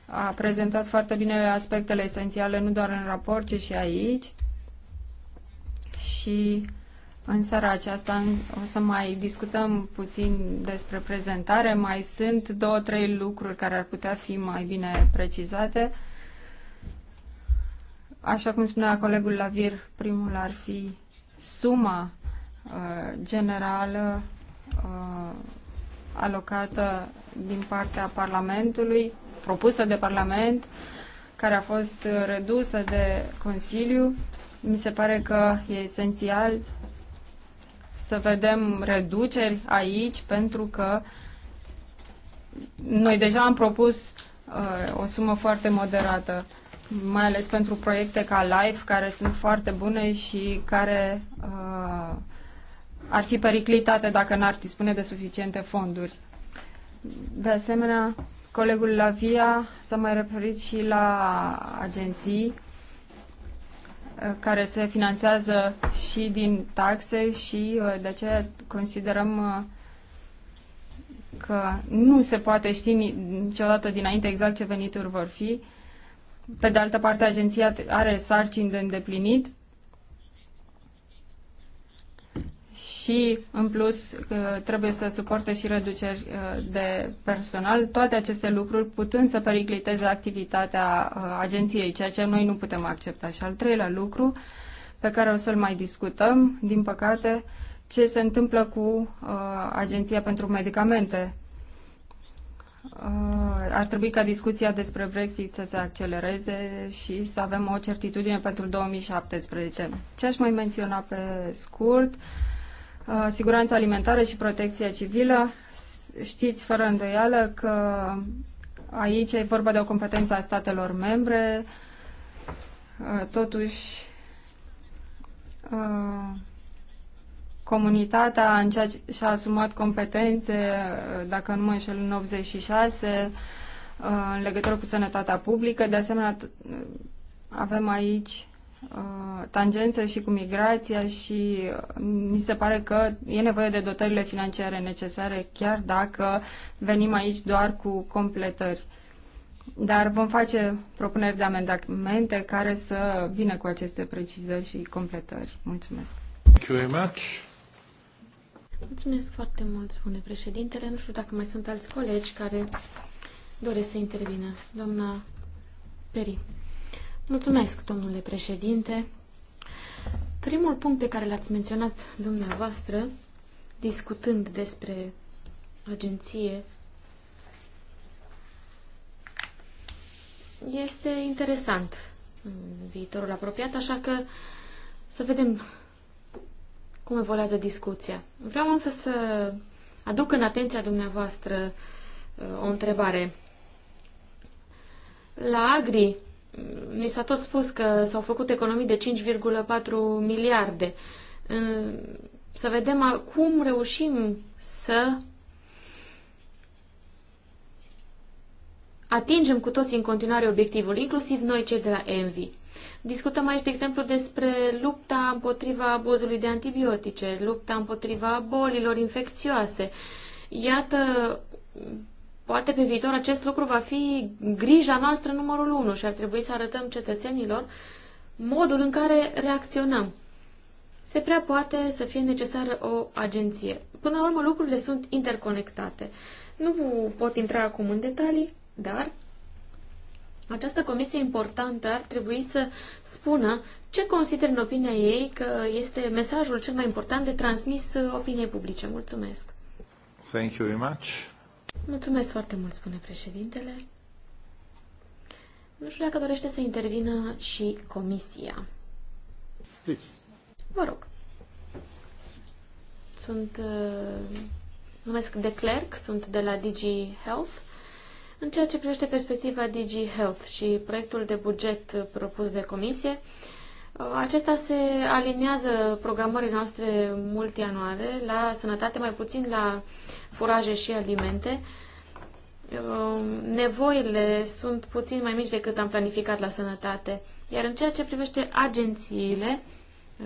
a prezentat foarte bine aspectele esențiale, nu doar în raport, ci și aici. Și în seara aceasta o să mai discutăm puțin despre prezentare. Mai sunt două, trei lucruri care ar putea fi mai bine precizate. Așa cum spunea colegul Lavir, primul ar fi suma uh, generală Uh, alocată din partea Parlamentului, propusă de Parlament, care a fost uh, redusă de Consiliu. Mi se pare că e esențial să vedem reduceri aici, pentru că noi deja am propus uh, o sumă foarte moderată, mai ales pentru proiecte ca LIFE, care sunt foarte bune și care uh, ar fi periclitate dacă n-ar dispune de suficiente fonduri. De asemenea, colegul Lavia s-a mai referit și la agenții eh, care se finanțează și din taxe și eh, de aceea considerăm eh, că nu se poate ști niciodată dinainte exact ce venituri vor fi. Pe de altă parte, agenția are sarcini de îndeplinit și, în plus, trebuie să suporte și reduceri uh, de personal, toate aceste lucruri putând să pericliteze activitatea uh, agenției, ceea ce noi nu putem accepta. Și al treilea lucru pe care o să-l mai discutăm, din păcate, ce se întâmplă cu uh, Agenția pentru Medicamente. Ar trebui ca discuția despre Brexit să se accelereze și să avem o certitudine pentru 2017. Ce aș mai menționa pe scurt? Uh, Uh, siguranța alimentară și protecția civilă. Știți fără îndoială că aici e vorba de o competență a statelor membre. Uh, totuși, uh, comunitatea în ceea ce și-a asumat competențe, dacă nu mă înșel, în 86, în legătură cu sănătatea publică. De asemenea, avem aici Uh, tangență și cu migrația și uh, mi se pare că e nevoie de dotările financiare necesare, chiar dacă venim aici doar cu completări. Dar vom face propuneri de amendamente care să vină cu aceste precizări și completări. Mulțumesc. Thank you very much. Mulțumesc foarte mult, spune președintele. Nu știu dacă mai sunt alți colegi care doresc să intervină. Doamna Peri. Mulțumesc, domnule președinte. Primul punct pe care l-ați menționat dumneavoastră, discutând despre agenție, este interesant în viitorul apropiat, așa că să vedem cum evoluează discuția. Vreau însă să aduc în atenția dumneavoastră uh, o întrebare. La Agri ni s-a tot spus că s-au făcut economii de 5,4 miliarde. Să vedem cum reușim să atingem cu toții în continuare obiectivul, inclusiv noi cei de la Envi. Discutăm aici, de exemplu, despre lupta împotriva abuzului de antibiotice, lupta împotriva bolilor infecțioase. Iată Poate pe viitor acest lucru va fi grija noastră numărul unu și ar trebui să arătăm cetățenilor modul în care reacționăm. Se prea poate să fie necesară o agenție. Până la urmă, lucrurile sunt interconectate. Nu pot intra acum în detalii, dar această comisie importantă ar trebui să spună ce consider în opinia ei că este mesajul cel mai important de transmis opiniei publice. Mulțumesc! Thank you very much. Mulțumesc foarte mult, spune președintele. Nu știu dacă dorește să intervină și comisia. Please. Vă rog. Sunt, uh, numesc de clerc, sunt de la Digi Health. În ceea ce privește perspectiva Digi Health și proiectul de buget propus de comisie, uh, acesta se aliniază programării noastre multianuare la sănătate, mai puțin la furaje și alimente. Um, nevoile sunt puțin mai mici decât am planificat la sănătate. Iar în ceea ce privește agențiile, uh,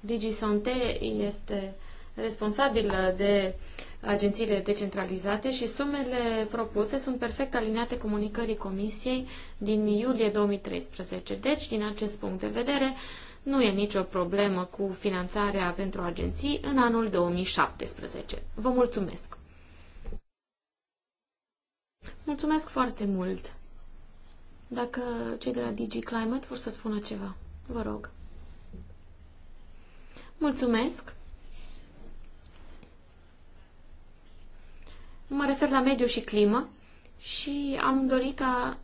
DigiSante este responsabilă de agențiile decentralizate și sumele propuse sunt perfect aliniate comunicării Comisiei din iulie 2013. Deci, din acest punct de vedere, nu e nicio problemă cu finanțarea pentru agenții în anul 2017. Vă mulțumesc! Mulțumesc foarte mult! Dacă cei de la DG Climate vor să spună ceva, vă rog. Mulțumesc! Mă refer la mediu și climă și am dorit ca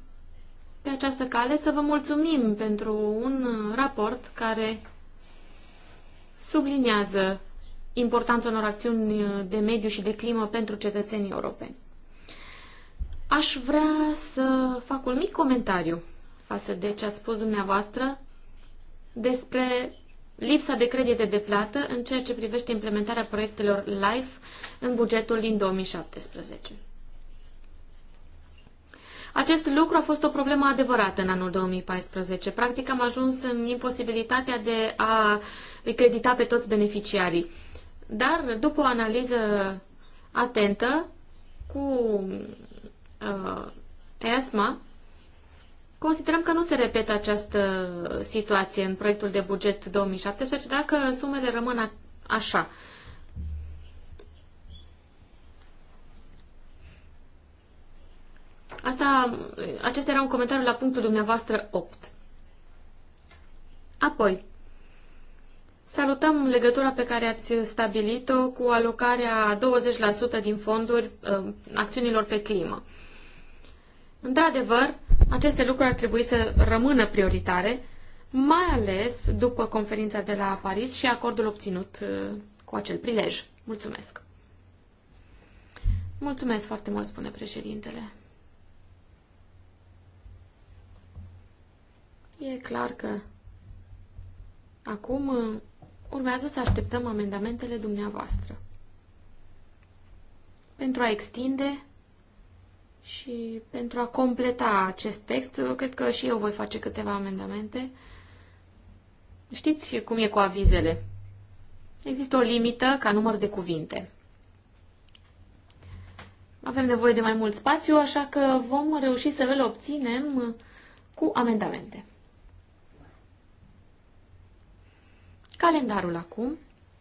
pe această cale să vă mulțumim pentru un raport care subliniază importanța unor acțiuni de mediu și de climă pentru cetățenii europeni. Aș vrea să fac un mic comentariu față de ce ați spus dumneavoastră despre lipsa de credite de plată în ceea ce privește implementarea proiectelor LIFE în bugetul din 2017. Acest lucru a fost o problemă adevărată în anul 2014. Practic am ajuns în imposibilitatea de a îi credita pe toți beneficiarii. Dar după o analiză atentă cu uh, ESMA, Considerăm că nu se repetă această situație în proiectul de buget 2017 dacă sumele rămân așa. Asta, acesta era un comentariu la punctul dumneavoastră 8. Apoi, salutăm legătura pe care ați stabilit-o cu alocarea 20% din fonduri ă, acțiunilor pe climă. Într-adevăr, aceste lucruri ar trebui să rămână prioritare, mai ales după conferința de la Paris și acordul obținut uh, cu acel prilej. Mulțumesc! Mulțumesc foarte mult, spune președintele. E clar că acum uh, urmează să așteptăm amendamentele dumneavoastră pentru a extinde și pentru a completa acest text, cred că și eu voi face câteva amendamente. Știți cum e cu avizele? Există o limită ca număr de cuvinte. Avem nevoie de mai mult spațiu, așa că vom reuși să îl obținem cu amendamente. Calendarul acum,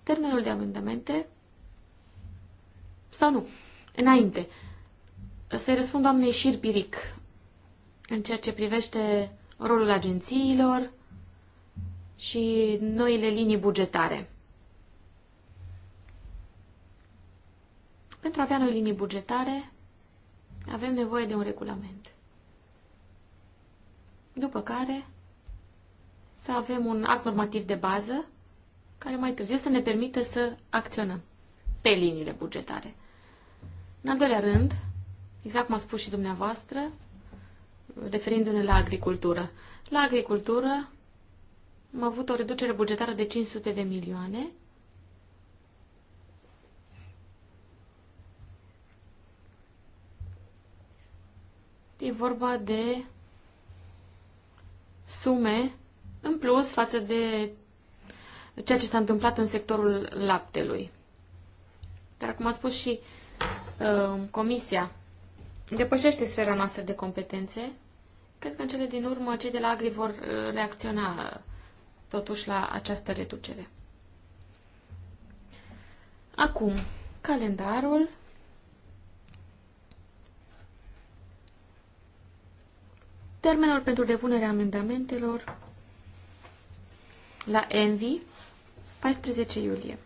termenul de amendamente sau nu, înainte, să-i răspund doamnei Șirpiric în ceea ce privește rolul agențiilor și noile linii bugetare. Pentru a avea noi linii bugetare, avem nevoie de un regulament. După care, să avem un act normativ de bază, care mai târziu să ne permită să acționăm pe liniile bugetare. În al doilea rând, exact cum a spus și dumneavoastră, referindu-ne la agricultură. La agricultură am avut o reducere bugetară de 500 de milioane. E vorba de sume în plus față de ceea ce s-a întâmplat în sectorul laptelui. Dar, cum a spus și uh, Comisia, depășește sfera noastră de competențe. Cred că în cele din urmă cei de la Agri vor uh, reacționa uh, totuși la această reducere. Acum, calendarul. Termenul pentru depunerea amendamentelor la Envi, 14 iulie.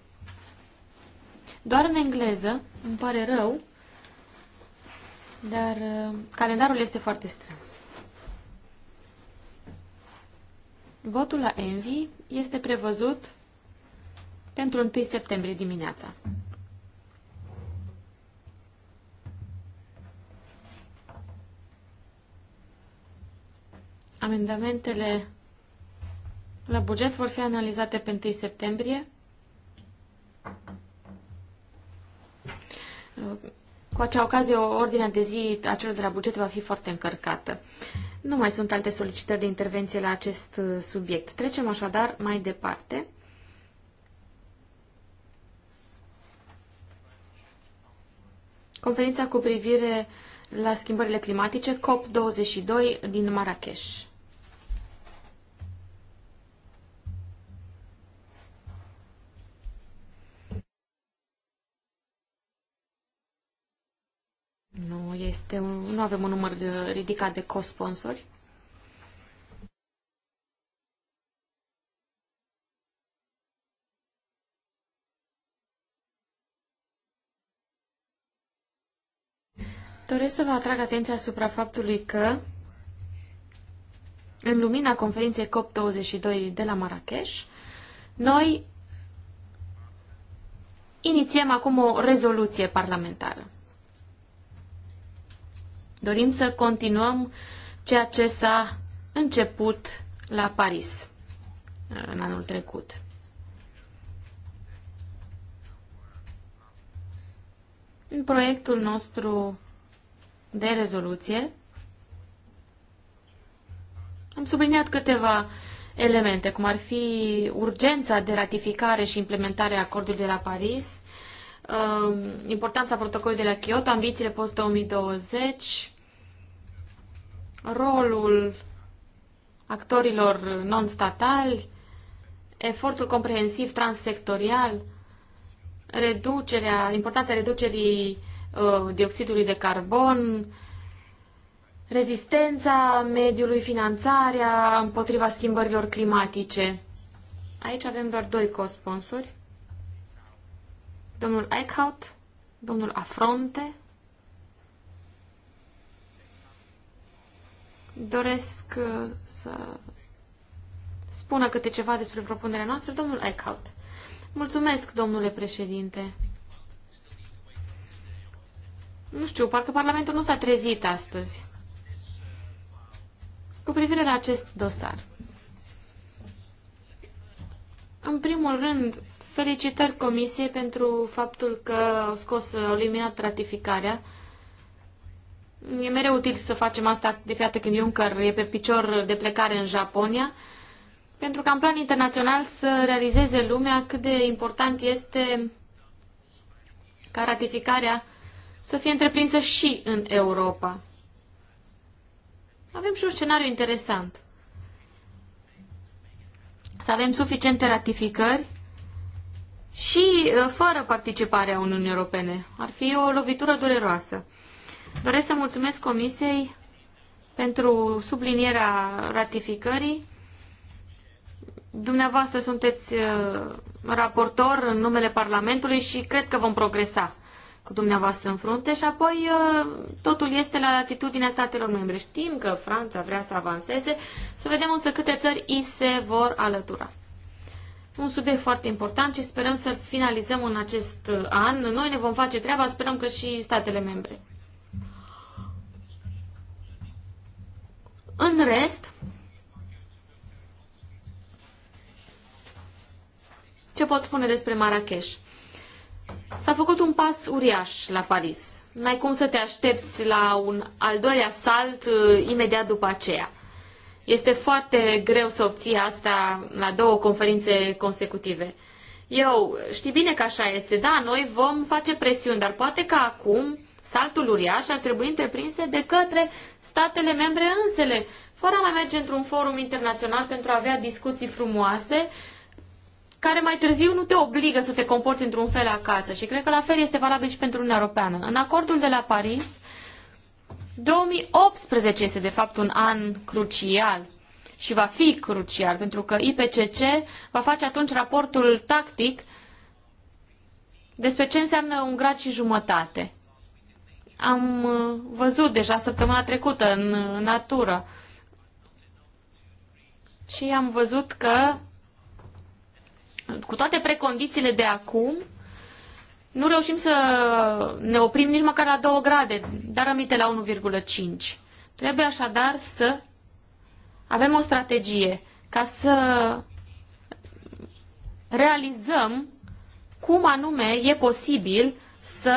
Doar în engleză, îmi pare rău, dar uh, calendarul este foarte strâns. Votul la Envi este prevăzut pentru 1 septembrie dimineața. Amendamentele la buget vor fi analizate pe 1 septembrie. Cu acea ocazie, ordinea de zi a celor de la buget va fi foarte încărcată. Nu mai sunt alte solicitări de intervenție la acest uh, subiect. Trecem așadar mai departe. Conferința cu privire la schimbările climatice COP22 din Marrakesh. Nu, este un, nu avem un număr uh, ridicat de co-sponsori. Doresc să vă atrag atenția asupra faptului că, în lumina conferinței COP22 de la Marrakesh, noi inițiem acum o rezoluție parlamentară. Dorim să continuăm ceea ce s-a început la Paris uh, în anul trecut. În proiectul nostru de rezoluție am subliniat câteva elemente, cum ar fi urgența de ratificare și implementare a acordului de la Paris, Um, importanța protocolului de la Kyoto, ambițiile post-2020, rolul actorilor non-statali, efortul comprehensiv transsectorial, reducerea, importanța reducerii uh, dioxidului de carbon, rezistența mediului, finanțarea împotriva schimbărilor climatice. Aici avem doar doi cosponsori domnul Eichhout, domnul Afronte. Doresc uh, să spună câte ceva despre propunerea noastră, domnul Eichhout. Mulțumesc, domnule președinte. Nu știu, parcă Parlamentul nu s-a trezit astăzi. Cu privire la acest dosar. În primul rând, Felicitări Comisiei pentru faptul că au scos, au eliminat ratificarea. E mereu util să facem asta de fiată când Juncker e pe picior de plecare în Japonia, pentru că în plan internațional să realizeze lumea cât de important este ca ratificarea să fie întreprinsă și în Europa. Avem și un scenariu interesant. Să avem suficiente ratificări și uh, fără participarea Uniunii Europene. Ar fi o lovitură dureroasă. Doresc să mulțumesc Comisiei pentru sublinierea ratificării. Dumneavoastră sunteți uh, raportor în numele Parlamentului și cred că vom progresa cu dumneavoastră în frunte și apoi uh, totul este la latitudinea statelor membre. Știm că Franța vrea să avanseze, să vedem însă câte țări îi se vor alătura un subiect foarte important și sperăm să finalizăm în acest uh, an. Noi ne vom face treaba, sperăm că și statele membre. În rest, ce pot spune despre Marrakesh? S-a făcut un pas uriaș la Paris. Mai cum să te aștepți la un al doilea salt uh, imediat după aceea. Este foarte greu să obții asta la două conferințe consecutive. Eu știi bine că așa este, da, noi vom face presiuni, dar poate că acum saltul uriaș ar trebui întreprinse de către statele membre însele, fără a mai merge într-un forum internațional pentru a avea discuții frumoase, care mai târziu nu te obligă să te comporți într-un fel acasă. Și cred că la fel este valabil și pentru Uniunea Europeană. În acordul de la Paris, uh, 2018 este de fapt un an crucial și va fi crucial, pentru că IPCC va face atunci raportul tactic despre ce înseamnă un grad și jumătate. Am uh, văzut deja săptămâna trecută în natură și am văzut că cu toate precondițiile de acum, nu reușim să ne oprim nici măcar la 2 grade, dar aminte la 1,5. Trebuie așadar să avem o strategie ca să realizăm cum anume e posibil să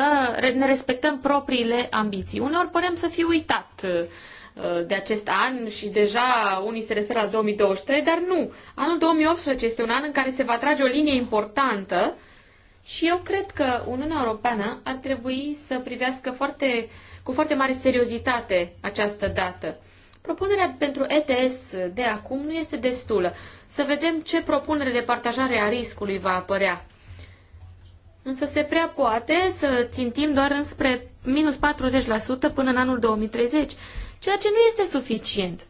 ne respectăm propriile ambiții. Uneori părem să fi uitat uh, de acest an și deja unii se referă la 2023, dar nu. Anul 2018 este un an în care se va trage o linie importantă uh, și eu cred că Uniunea Europeană ar trebui să privească foarte, cu foarte mare seriozitate această dată. Propunerea pentru ETS de acum nu este destulă. Să vedem ce propunere de partajare a riscului va apărea. Însă se prea poate să țintim doar înspre minus 40% până în anul 2030, ceea ce nu este suficient.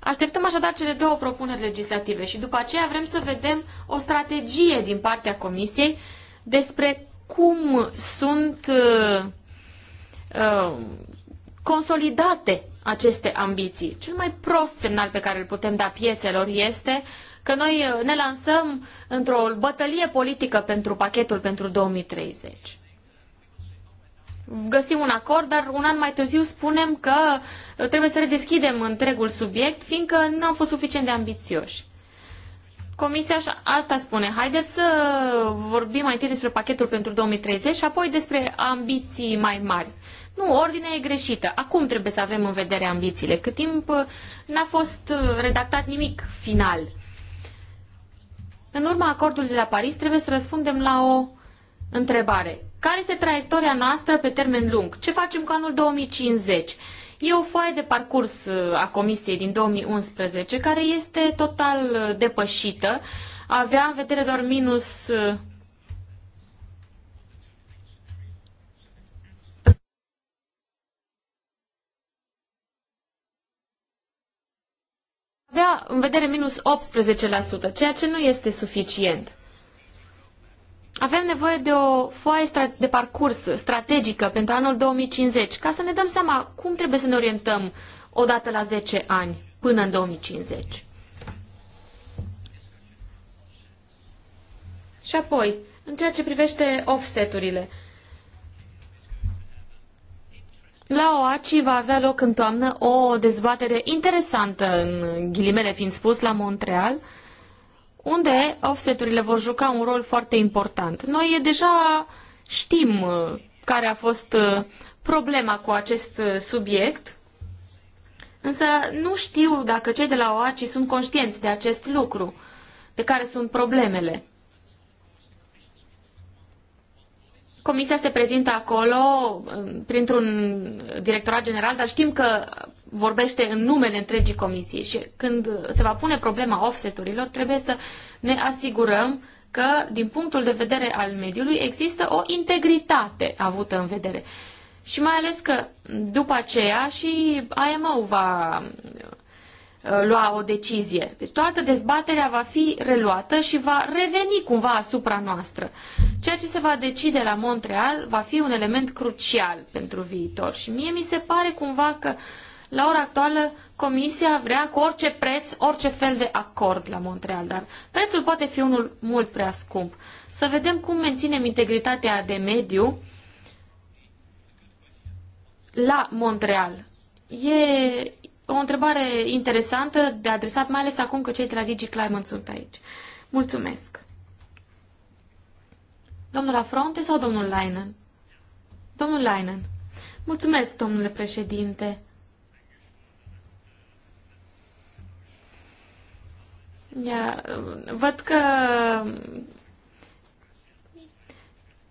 Așteptăm așadar cele două propuneri legislative și după aceea vrem să vedem o strategie din partea Comisiei despre cum sunt uh, uh, consolidate aceste ambiții. Cel mai prost semnal pe care îl putem da piețelor este că noi uh, ne lansăm într-o bătălie politică pentru pachetul pentru 2030 găsim un acord, dar un an mai târziu spunem că uh, trebuie să redeschidem întregul subiect, fiindcă nu am fost suficient de ambițioși. Comisia asta spune, haideți să vorbim mai întâi despre pachetul pentru 2030 și apoi despre ambiții mai mari. Nu, ordinea e greșită. Acum trebuie să avem în vedere ambițiile. Cât timp uh, n-a fost uh, redactat nimic final. În urma acordului de la Paris trebuie să răspundem la o întrebare. Care este traiectoria noastră pe termen lung? Ce facem cu anul 2050? E o foaie de parcurs uh, a Comisiei din 2011 care este total uh, depășită. Avea în vedere doar minus uh, avea în vedere minus 18%, ceea ce nu este suficient. Avem nevoie de o foaie de parcurs strategică pentru anul 2050, ca să ne dăm seama cum trebuie să ne orientăm odată la 10 ani până în 2050. Și apoi, în ceea ce privește offset-urile, la OACI va avea loc în toamnă o dezbatere interesantă, în ghilimele fiind spus, la Montreal, uh, unde offseturile vor juca un rol foarte important. Noi deja știm uh, care a fost uh, problema cu acest uh, subiect, însă nu știu dacă cei de la OACI sunt conștienți de acest lucru, de care sunt problemele. Comisia se prezintă acolo um, printr-un directorat general, dar știm că vorbește în numele întregii comisii și când se va pune problema offset-urilor, trebuie să ne asigurăm că, din punctul de vedere al mediului, există o integritate avută în vedere. Și mai ales că după aceea și IMO va Uh, lua o decizie. Deci toată dezbaterea va fi reluată și va reveni cumva asupra noastră. Ceea ce se va decide la Montreal va fi un element crucial pentru viitor și mie mi se pare cumva că la ora actuală Comisia vrea cu orice preț, orice fel de acord la Montreal, dar prețul poate fi unul mult prea scump. Să vedem cum menținem integritatea de mediu la Montreal. E o întrebare interesantă de adresat, mai ales acum că cei de la Digi Climate sunt aici. Mulțumesc. Domnul Afronte sau domnul Leinen? Domnul Leinen. Mulțumesc, domnule președinte. Ia, văd că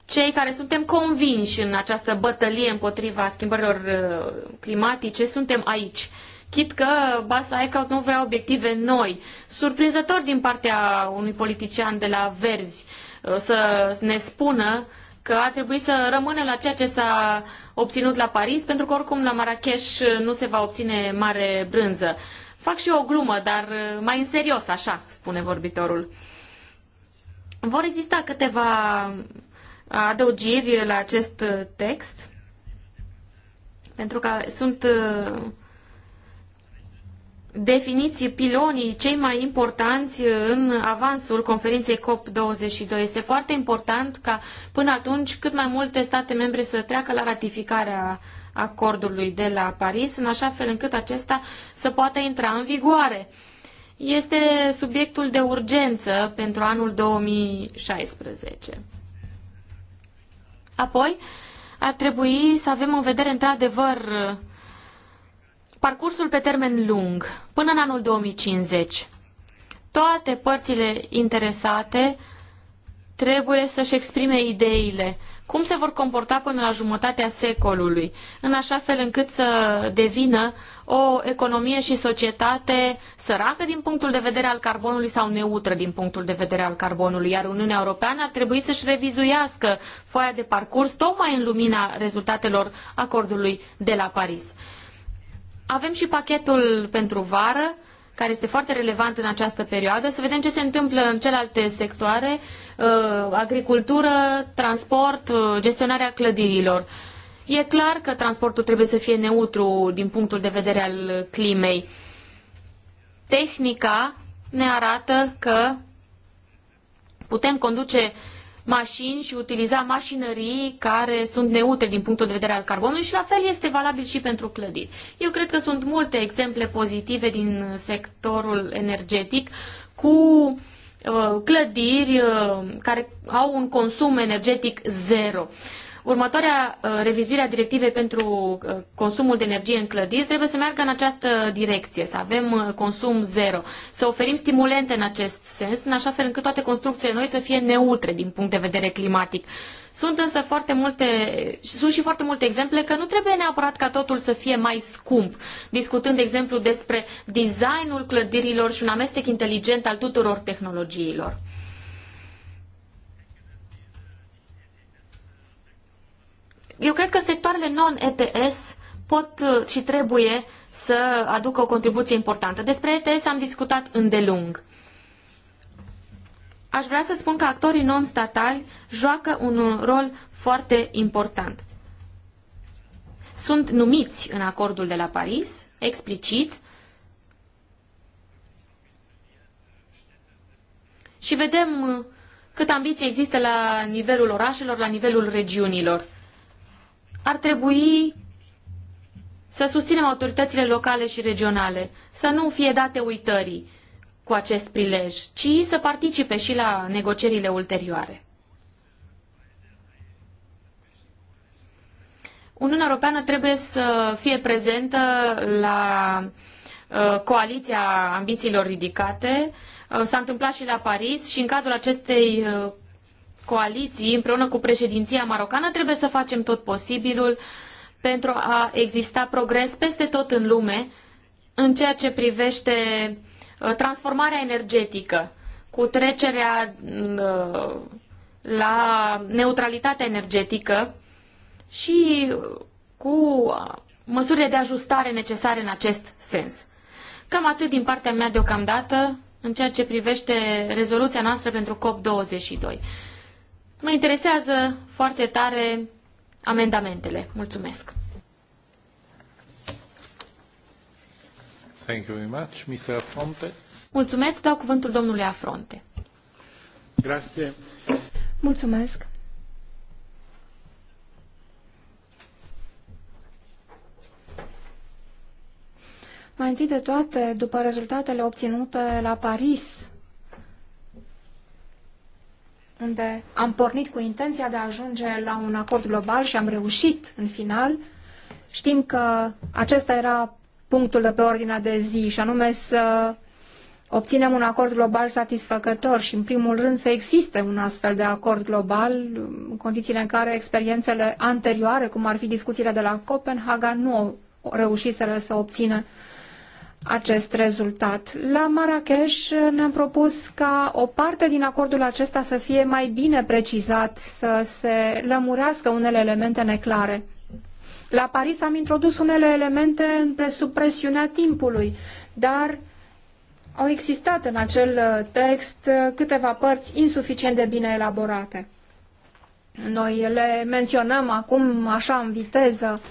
cei care suntem convinși în această bătălie împotriva schimbărilor uh, climatice suntem aici. Uh, Chit că Basa Eichhout nu vrea obiective noi. Surprinzător din partea unui politician de la Verzi uh, să ne spună că ar trebui să rămână la ceea ce s-a obținut la Paris, pentru că oricum la Marrakech uh, nu se va obține mare brânză. Fac și eu o glumă, dar uh, mai în serios, așa, spune vorbitorul. Vor exista câteva adăugiri la acest text, pentru că sunt definiți pilonii cei mai importanți uh, în avansul conferinței COP22. Este foarte important ca până atunci cât mai multe state membre să treacă la ratificarea acordului de la Paris, în așa fel încât acesta să poată intra în vigoare. Este subiectul de urgență pentru anul 2016. Apoi, ar trebui să avem în vedere, într-adevăr, parcursul pe termen lung, până în anul 2050, toate părțile interesate trebuie să-și exprime ideile, cum se vor comporta până la jumătatea secolului, în așa fel încât să devină o economie și societate săracă din punctul de vedere al carbonului sau neutră din punctul de vedere al carbonului, iar Uniunea Europeană ar trebui să-și revizuiască foaia de parcurs tocmai în lumina rezultatelor acordului de la Paris. Avem și pachetul pentru vară, care este foarte relevant în această perioadă, să vedem ce se întâmplă în celelalte sectoare, uh, agricultură, transport, uh, gestionarea clădirilor. E clar că transportul trebuie să fie neutru din punctul de vedere al climei. Tehnica ne arată că putem conduce mașini și utiliza mașinării care sunt neutre din punctul de vedere al carbonului și la fel este valabil și pentru clădiri. Eu cred că sunt multe exemple pozitive din sectorul energetic cu uh, clădiri uh, care au un consum energetic zero următoarea uh, revizuire a directivei pentru uh, consumul de energie în clădiri trebuie să meargă în această direcție, să avem uh, consum zero, să oferim stimulente în acest sens, în așa fel încât toate construcțiile noi să fie neutre din punct de vedere climatic. Sunt însă foarte multe, sunt și foarte multe exemple că nu trebuie neapărat ca totul să fie mai scump. Discutând, de exemplu, despre designul clădirilor și un amestec inteligent al tuturor tehnologiilor. Eu cred că sectoarele non-ETS pot uh, și trebuie să aducă o contribuție importantă. Despre ETS am discutat îndelung. Aș vrea să spun că actorii non-statali joacă un rol foarte important. Sunt numiți în acordul de la Paris, explicit, și vedem uh, cât ambiție există la nivelul orașelor, la nivelul regiunilor ar trebui să susținem autoritățile locale și regionale, să nu fie date uitării cu acest prilej, ci să participe și la negocierile ulterioare. Uniunea Europeană trebuie să fie prezentă la uh, coaliția ambițiilor ridicate. Uh, s-a întâmplat și la Paris și în cadrul acestei uh, coaliții, împreună cu președinția marocană, trebuie să facem tot posibilul pentru a exista progres peste tot în lume în ceea ce privește uh, transformarea energetică, cu trecerea mm, uh, la neutralitatea energetică și uh, cu măsurile de ajustare necesare în acest sens. Cam atât din partea mea deocamdată în ceea ce privește rezoluția noastră pentru COP22. Mă interesează foarte tare amendamentele. Mulțumesc. Thank you very much, Mr. Afronte. Mulțumesc, dau cuvântul domnului Afronte. Grazie. Mulțumesc. Mai întâi de toate, după rezultatele obținute la Paris unde am pornit cu intenția de a ajunge la un acord global și am reușit în final. Știm că acesta era punctul de pe ordinea de zi și anume să obținem un acord global satisfăcător și în primul rând să existe un astfel de acord global în condițiile în care experiențele anterioare, cum ar fi discuțiile de la Copenhaga, nu au reușiseră să obțină acest rezultat. La Marrakech ne-am propus ca o parte din acordul acesta să fie mai bine precizat, să se lămurească unele elemente neclare. La Paris am introdus unele elemente sub presiunea timpului, dar au existat în acel uh, text uh, câteva părți insuficient de bine elaborate. Noi le menționăm acum așa în viteză,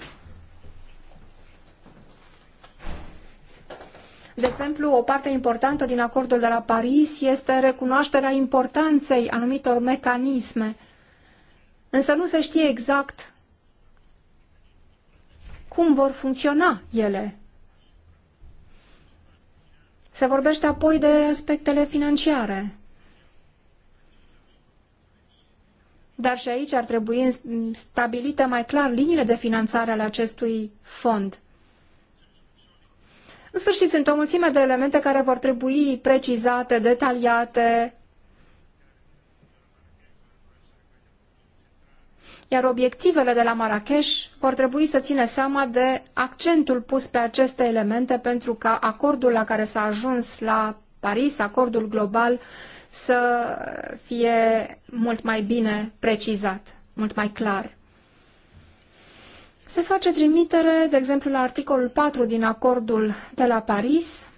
De exemplu, o parte importantă din acordul de la Paris este recunoașterea importanței anumitor mecanisme. Însă nu se știe exact cum vor funcționa ele. Se vorbește apoi de aspectele financiare. Dar și aici ar trebui stabilite mai clar liniile de finanțare ale acestui fond. În sfârșit, sunt o mulțime de elemente care vor trebui precizate, detaliate, iar obiectivele de la Marrakech vor trebui să țină seama de accentul pus pe aceste elemente pentru ca acordul la care s-a ajuns la Paris, acordul global, să fie mult mai bine precizat, mult mai clar. Se face trimitere, de exemplu, la articolul 4 din acordul de la Paris,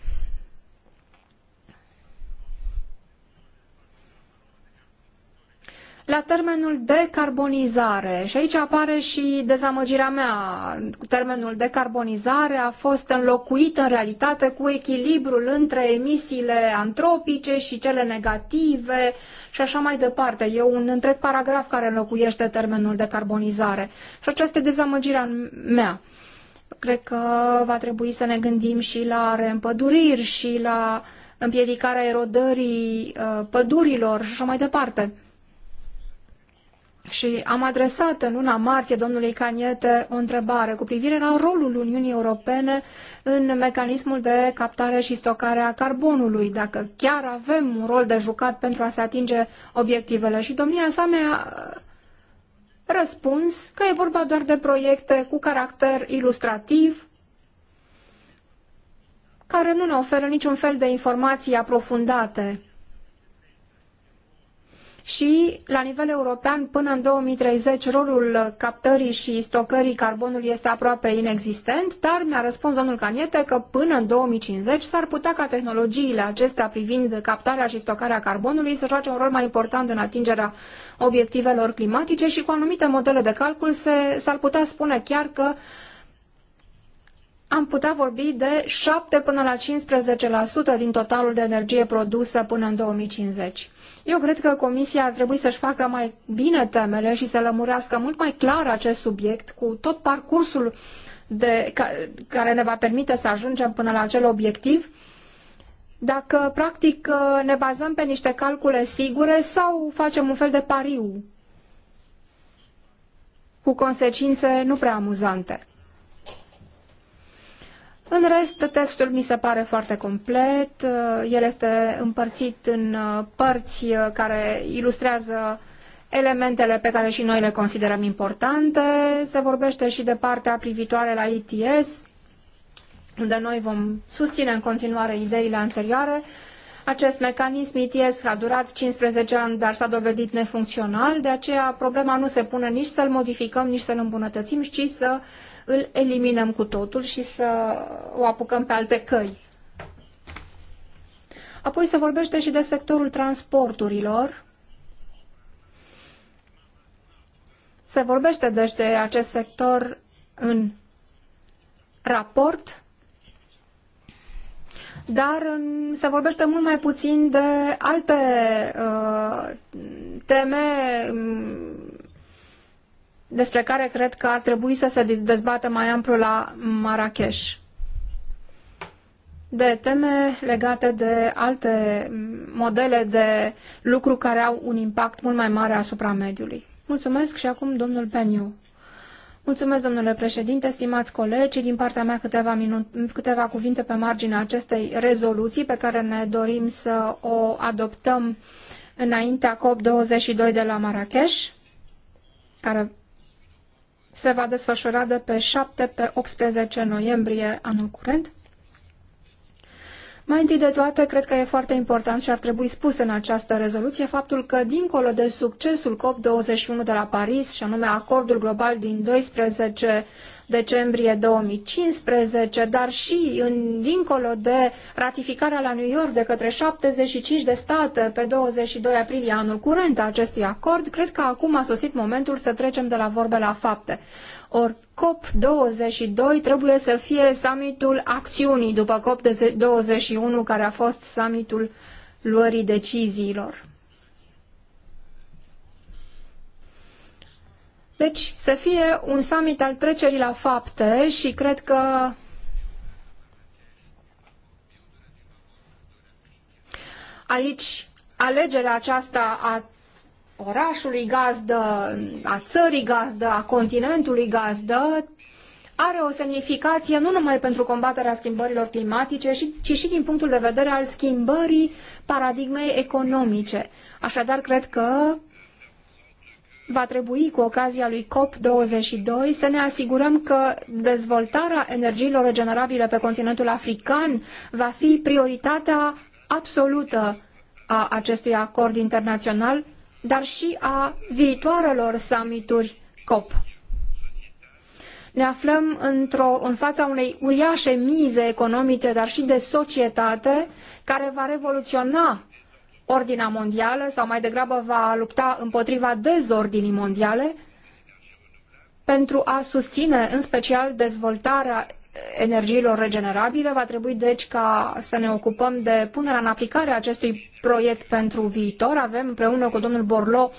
la termenul decarbonizare. Și aici apare și dezamăgirea mea. Termenul decarbonizare a fost înlocuit în realitate cu echilibrul între emisiile antropice și cele negative și așa mai departe. E un întreg paragraf care înlocuiește termenul decarbonizare. Și aceasta e dezamăgirea mea cred că va trebui să ne gândim și la reîmpăduriri și la împiedicarea erodării uh, pădurilor și așa mai departe și am adresat în luna martie domnului Caniete o întrebare cu privire la rolul Uniunii Europene în mecanismul de captare și stocare a carbonului, dacă chiar avem un rol de jucat pentru a se atinge obiectivele. Și domnia sa mi-a uh, răspuns că e vorba doar de proiecte cu caracter ilustrativ, care nu ne oferă niciun fel de informații aprofundate și la nivel european până în 2030 rolul captării și stocării carbonului este aproape inexistent, dar mi-a răspuns domnul Caniete că până în 2050 s-ar putea ca tehnologiile acestea privind captarea și stocarea carbonului să joace un rol mai important în atingerea obiectivelor climatice și cu anumite modele de calcul s-ar putea spune chiar că am putea vorbi de 7 până la 15% din totalul de energie produsă până în 2050. Eu cred că Comisia ar trebui să-și facă mai bine temele și să lămurească mult mai clar acest subiect cu tot parcursul de, care ne va permite să ajungem până la acel obiectiv, dacă practic ne bazăm pe niște calcule sigure sau facem un fel de pariu cu consecințe nu prea amuzante. În rest, textul mi se pare foarte complet. Uh, el este împărțit în uh, părți uh, care ilustrează elementele pe care și noi le considerăm importante. Se vorbește și de partea privitoare la ITS, unde noi vom susține în continuare ideile anterioare. Acest mecanism ITS a durat 15 ani, dar s-a dovedit nefuncțional, de aceea problema nu se pune nici să-l modificăm, nici să-l îmbunătățim, ci să îl eliminăm cu totul și să o apucăm pe alte căi. Apoi se vorbește și de sectorul transporturilor. Se vorbește deci de acest sector în raport, dar se vorbește mult mai puțin de alte uh, teme um, despre care cred că ar trebui să se dezbată mai amplu la Marrakech de teme legate de alte modele de lucru care au un impact mult mai mare asupra mediului. Mulțumesc și acum domnul Peniu. Mulțumesc, domnule președinte, stimați colegi, din partea mea câteva, minut, câteva cuvinte pe marginea acestei rezoluții pe care ne dorim să o adoptăm înaintea COP22 de la Marrakech, care se va desfășura de pe 7 pe 18 noiembrie anul curent. Mai întâi de toate, cred că e foarte important și ar trebui spus în această rezoluție faptul că, dincolo de succesul COP21 de la Paris, și anume acordul global din 12 decembrie 2015, dar și în, dincolo de ratificarea la New York de către 75 de state pe 22 aprilie anul curent a acestui acord, cred că acum a sosit momentul să trecem de la vorbe la fapte. Or, COP22 trebuie să fie summitul acțiunii după COP21, care a fost summitul luării deciziilor. Deci să fie un summit al trecerii la fapte și cred că aici alegerea aceasta a orașului gazdă, a țării gazdă, a continentului gazdă, are o semnificație nu numai pentru combaterea schimbărilor climatice, ci și din punctul de vedere al schimbării paradigmei economice. Așadar, cred că va trebui cu ocazia lui COP22 să ne asigurăm că dezvoltarea energiilor regenerabile pe continentul african va fi prioritatea absolută a acestui acord internațional, dar și a viitoarelor summituri COP. Ne aflăm într-o, în fața unei uriașe mize economice, dar și de societate, care va revoluționa ordinea mondială sau mai degrabă va lupta împotriva dezordinii mondiale pentru a susține în special dezvoltarea energiilor regenerabile. Va trebui deci ca să ne ocupăm de punerea în aplicare a acestui proiect pentru viitor. Avem împreună cu domnul Borlo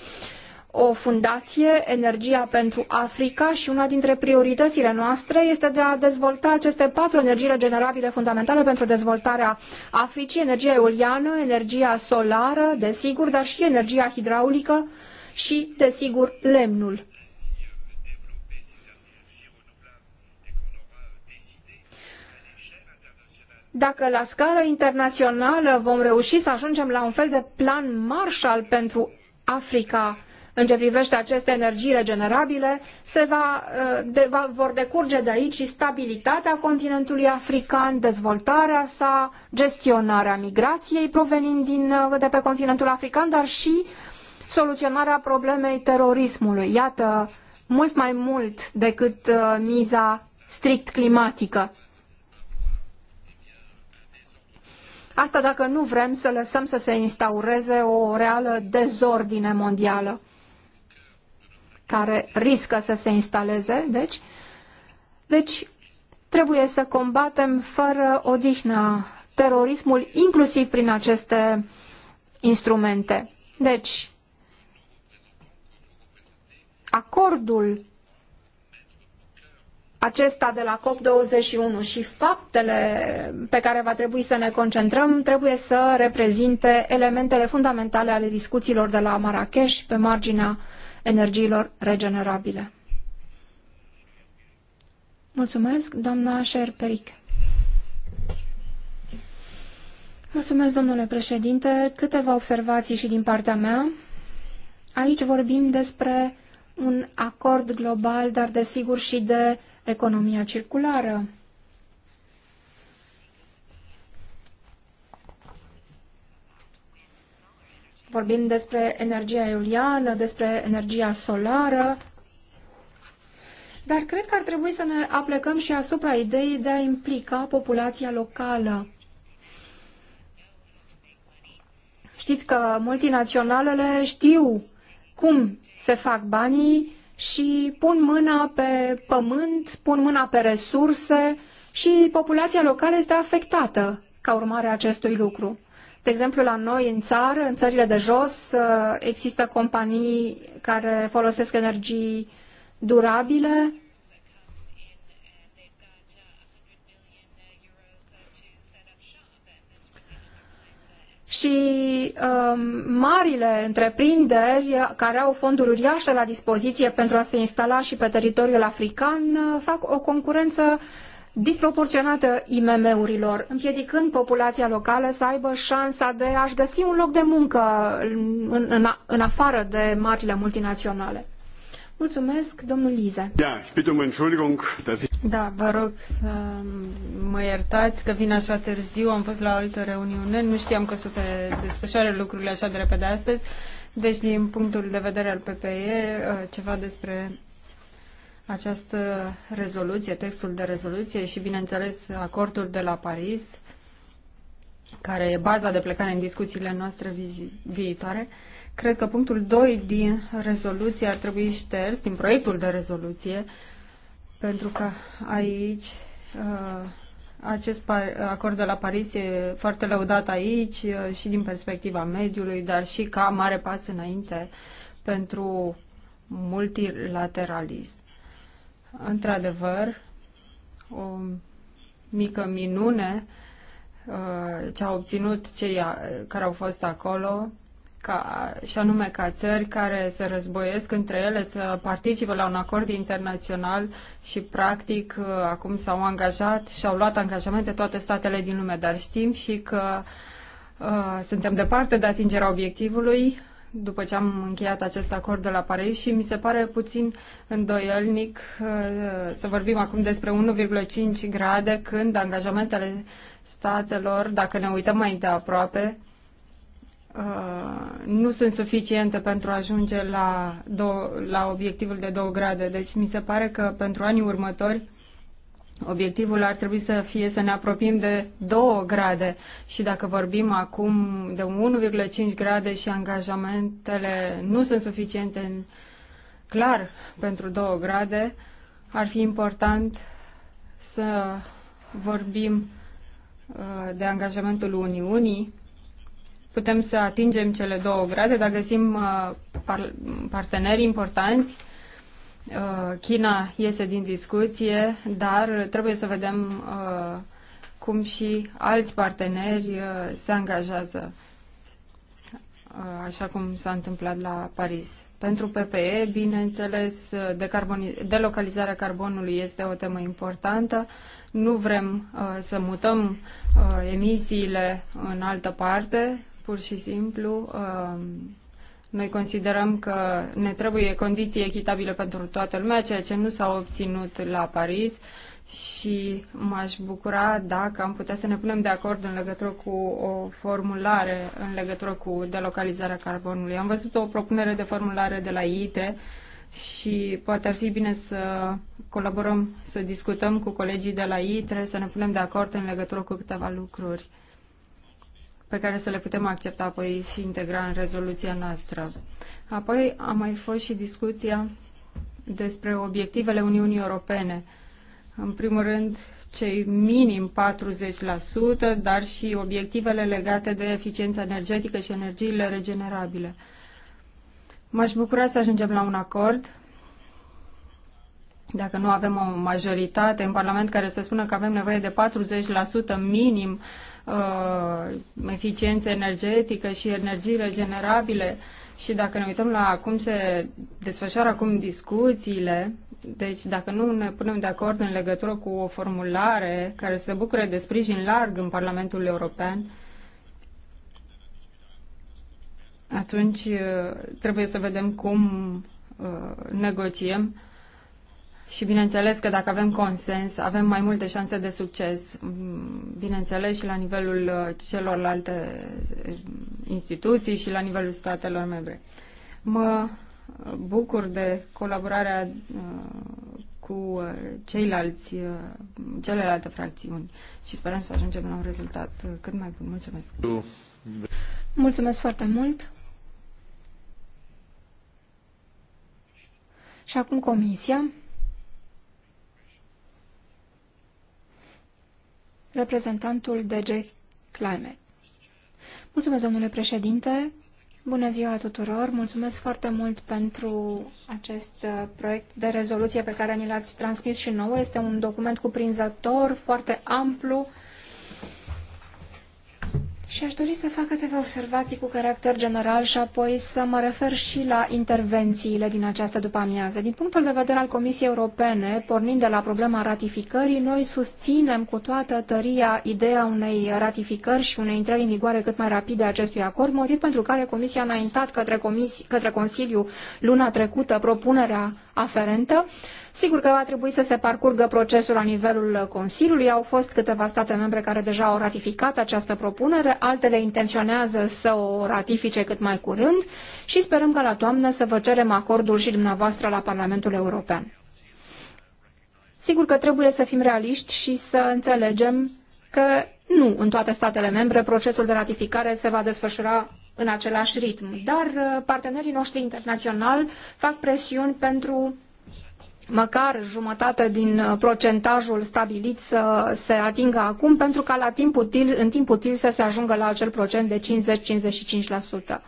o fundație, Energia pentru Africa și una dintre prioritățile noastre este de a dezvolta aceste patru energii regenerabile fundamentale pentru dezvoltarea Africii, energia eoliană, energia solară, desigur, dar și energia hidraulică și, desigur, lemnul. Dacă la scară internațională vom reuși să ajungem la un fel de plan Marshall pentru Africa, în ce privește aceste energii regenerabile, se va, uh, de, va, vor decurge de aici și stabilitatea continentului african, dezvoltarea sa, gestionarea migrației provenind din, uh, de pe continentul african, dar și soluționarea problemei terorismului. Iată, mult mai mult decât uh, miza strict climatică. Asta dacă nu vrem să lăsăm să se instaureze o reală dezordine mondială care riscă să se instaleze, deci. Deci, trebuie să combatem fără odihnă terorismul, inclusiv prin aceste instrumente. Deci, acordul acesta de la COP21 și faptele pe care va trebui să ne concentrăm trebuie să reprezinte elementele fundamentale ale discuțiilor de la Marrakech pe marginea energiilor regenerabile. Mulțumesc, doamna Șerperic. Mulțumesc, domnule președinte. Câteva observații și din partea mea. Aici vorbim despre un acord global, dar desigur și de economia circulară. Vorbim despre energia eoliană, despre energia solară, dar cred că ar trebui să ne aplecăm și asupra ideii de a implica populația locală. Știți că multinaționalele știu cum se fac banii și pun mâna pe pământ, pun mâna pe resurse și populația locală este afectată ca urmare a acestui lucru. De exemplu, la noi în țară, în țările de jos, uh, există companii care folosesc energii durabile. Și um, marile întreprinderi care au fonduri uriașe la dispoziție pentru a se instala și pe teritoriul african uh, fac o concurență uh, disproporționată IMM-urilor, împiedicând populația locală să aibă șansa de a-și găsi un loc de muncă în, în, în afară de marile multinaționale. Mulțumesc, domnul Lize. Da, da, vă rog să mă iertați că vin așa târziu, am fost la o altă reuniune, nu știam că o să se desfășoare lucrurile așa de repede astăzi, deci din punctul de vedere al PPE, ceva despre această rezoluție, textul de rezoluție și, bineînțeles, acordul de la Paris, care e baza de plecare în discuțiile noastre vi viitoare, cred că punctul 2 din rezoluție ar trebui șters, din proiectul de rezoluție, pentru că aici uh, acest acord de la Paris e foarte lăudat aici uh, și din perspectiva mediului, dar și ca mare pas înainte pentru multilateralism într-adevăr, o mică minune uh, ce au obținut cei uh, care au fost acolo, ca, și anume ca țări care se războiesc între ele să participe la un acord internațional și practic uh, acum s-au angajat și au luat angajamente toate statele din lume, dar știm și că uh, suntem departe de atingerea obiectivului după ce am încheiat acest acord de la Paris și mi se pare puțin îndoielnic uh, să vorbim acum despre 1,5 grade când angajamentele statelor, dacă ne uităm mai de aproape, uh, nu sunt suficiente pentru a ajunge la, do- la obiectivul de 2 grade. Deci mi se pare că pentru anii următori Obiectivul ar trebui să fie să ne apropiem de 2 grade și dacă vorbim acum de 1,5 grade și angajamentele nu sunt suficiente clar pentru 2 grade, ar fi important să vorbim uh, de angajamentul Uniunii. Putem să atingem cele două grade dacă găsim uh, parteneri importanți Uh, China iese din discuție, dar trebuie să vedem uh, cum și alți parteneri uh, se angajează, așa cum s-a întâmplat la Paris. Pentru PPE, bineînțeles, delocalizarea carbonului este o temă importantă. Nu vrem să mutăm emisiile în altă parte, pur și simplu noi considerăm că ne trebuie condiții echitabile pentru toată lumea, ceea ce nu s-a obținut la Paris și m-aș bucura dacă am putea să ne punem de acord în legătură cu o formulare în legătură cu delocalizarea carbonului. Am văzut o propunere de formulare de la ITRE și poate ar fi bine să colaborăm, să discutăm cu colegii de la ITRE, să ne punem de acord în legătură cu câteva lucruri pe care să le putem accepta apoi și integra în rezoluția noastră. Apoi a mai fost și discuția despre obiectivele Uniunii Europene. În primul rând, cei minim 40%, dar și obiectivele legate de eficiența energetică și energiile regenerabile. M-aș bucura să ajungem la un acord. Dacă nu avem o majoritate în Parlament care să spună că avem nevoie de 40% minim uh, eficiență energetică și energii regenerabile și dacă ne uităm la cum se desfășoară acum discuțiile, deci dacă nu ne punem de acord în legătură cu o formulare care se bucure de sprijin larg în Parlamentul European, atunci uh, trebuie să vedem cum uh, negociem și bineînțeles că dacă avem consens, avem mai multe șanse de succes, mm, bineînțeles și la nivelul uh, celorlalte uh, instituții și la nivelul statelor membre. Mă bucur de colaborarea uh, cu ceilalți, celelalte fracțiuni și sperăm să ajungem la un rezultat cât mai bun. Mulțumesc! Mulțumesc foarte mult! Și acum Comisia. reprezentantul DG Climate. Mulțumesc, domnule președinte. Bună ziua tuturor. Mulțumesc foarte mult pentru acest uh, proiect de rezoluție pe care ni l-ați transmis și nouă. Este un document cuprinzător, foarte amplu și aș dori să fac câteva observații cu caracter general și apoi să mă refer și la intervențiile din această după-amiază. Din punctul de vedere al Comisiei Europene, pornind de la problema ratificării, noi susținem cu toată tăria ideea unei ratificări și unei intrări în vigoare cât mai rapide a acestui acord, motiv pentru care Comisia a înaintat către, către Consiliu luna trecută propunerea aferentă. Sigur că va trebui să se parcurgă procesul la nivelul Consiliului. Au fost câteva state membre care deja au ratificat această propunere, altele intenționează să o ratifice cât mai curând și sperăm ca la toamnă să vă cerem acordul și dumneavoastră la Parlamentul European. Sigur că trebuie să fim realiști și să înțelegem că nu în toate statele membre procesul de ratificare se va desfășura în același ritm, dar uh, partenerii noștri internaționali fac presiuni pentru măcar jumătate din uh, procentajul stabilit să se atingă acum, pentru ca la timp util, în timp util să se ajungă la acel procent de 50-55%.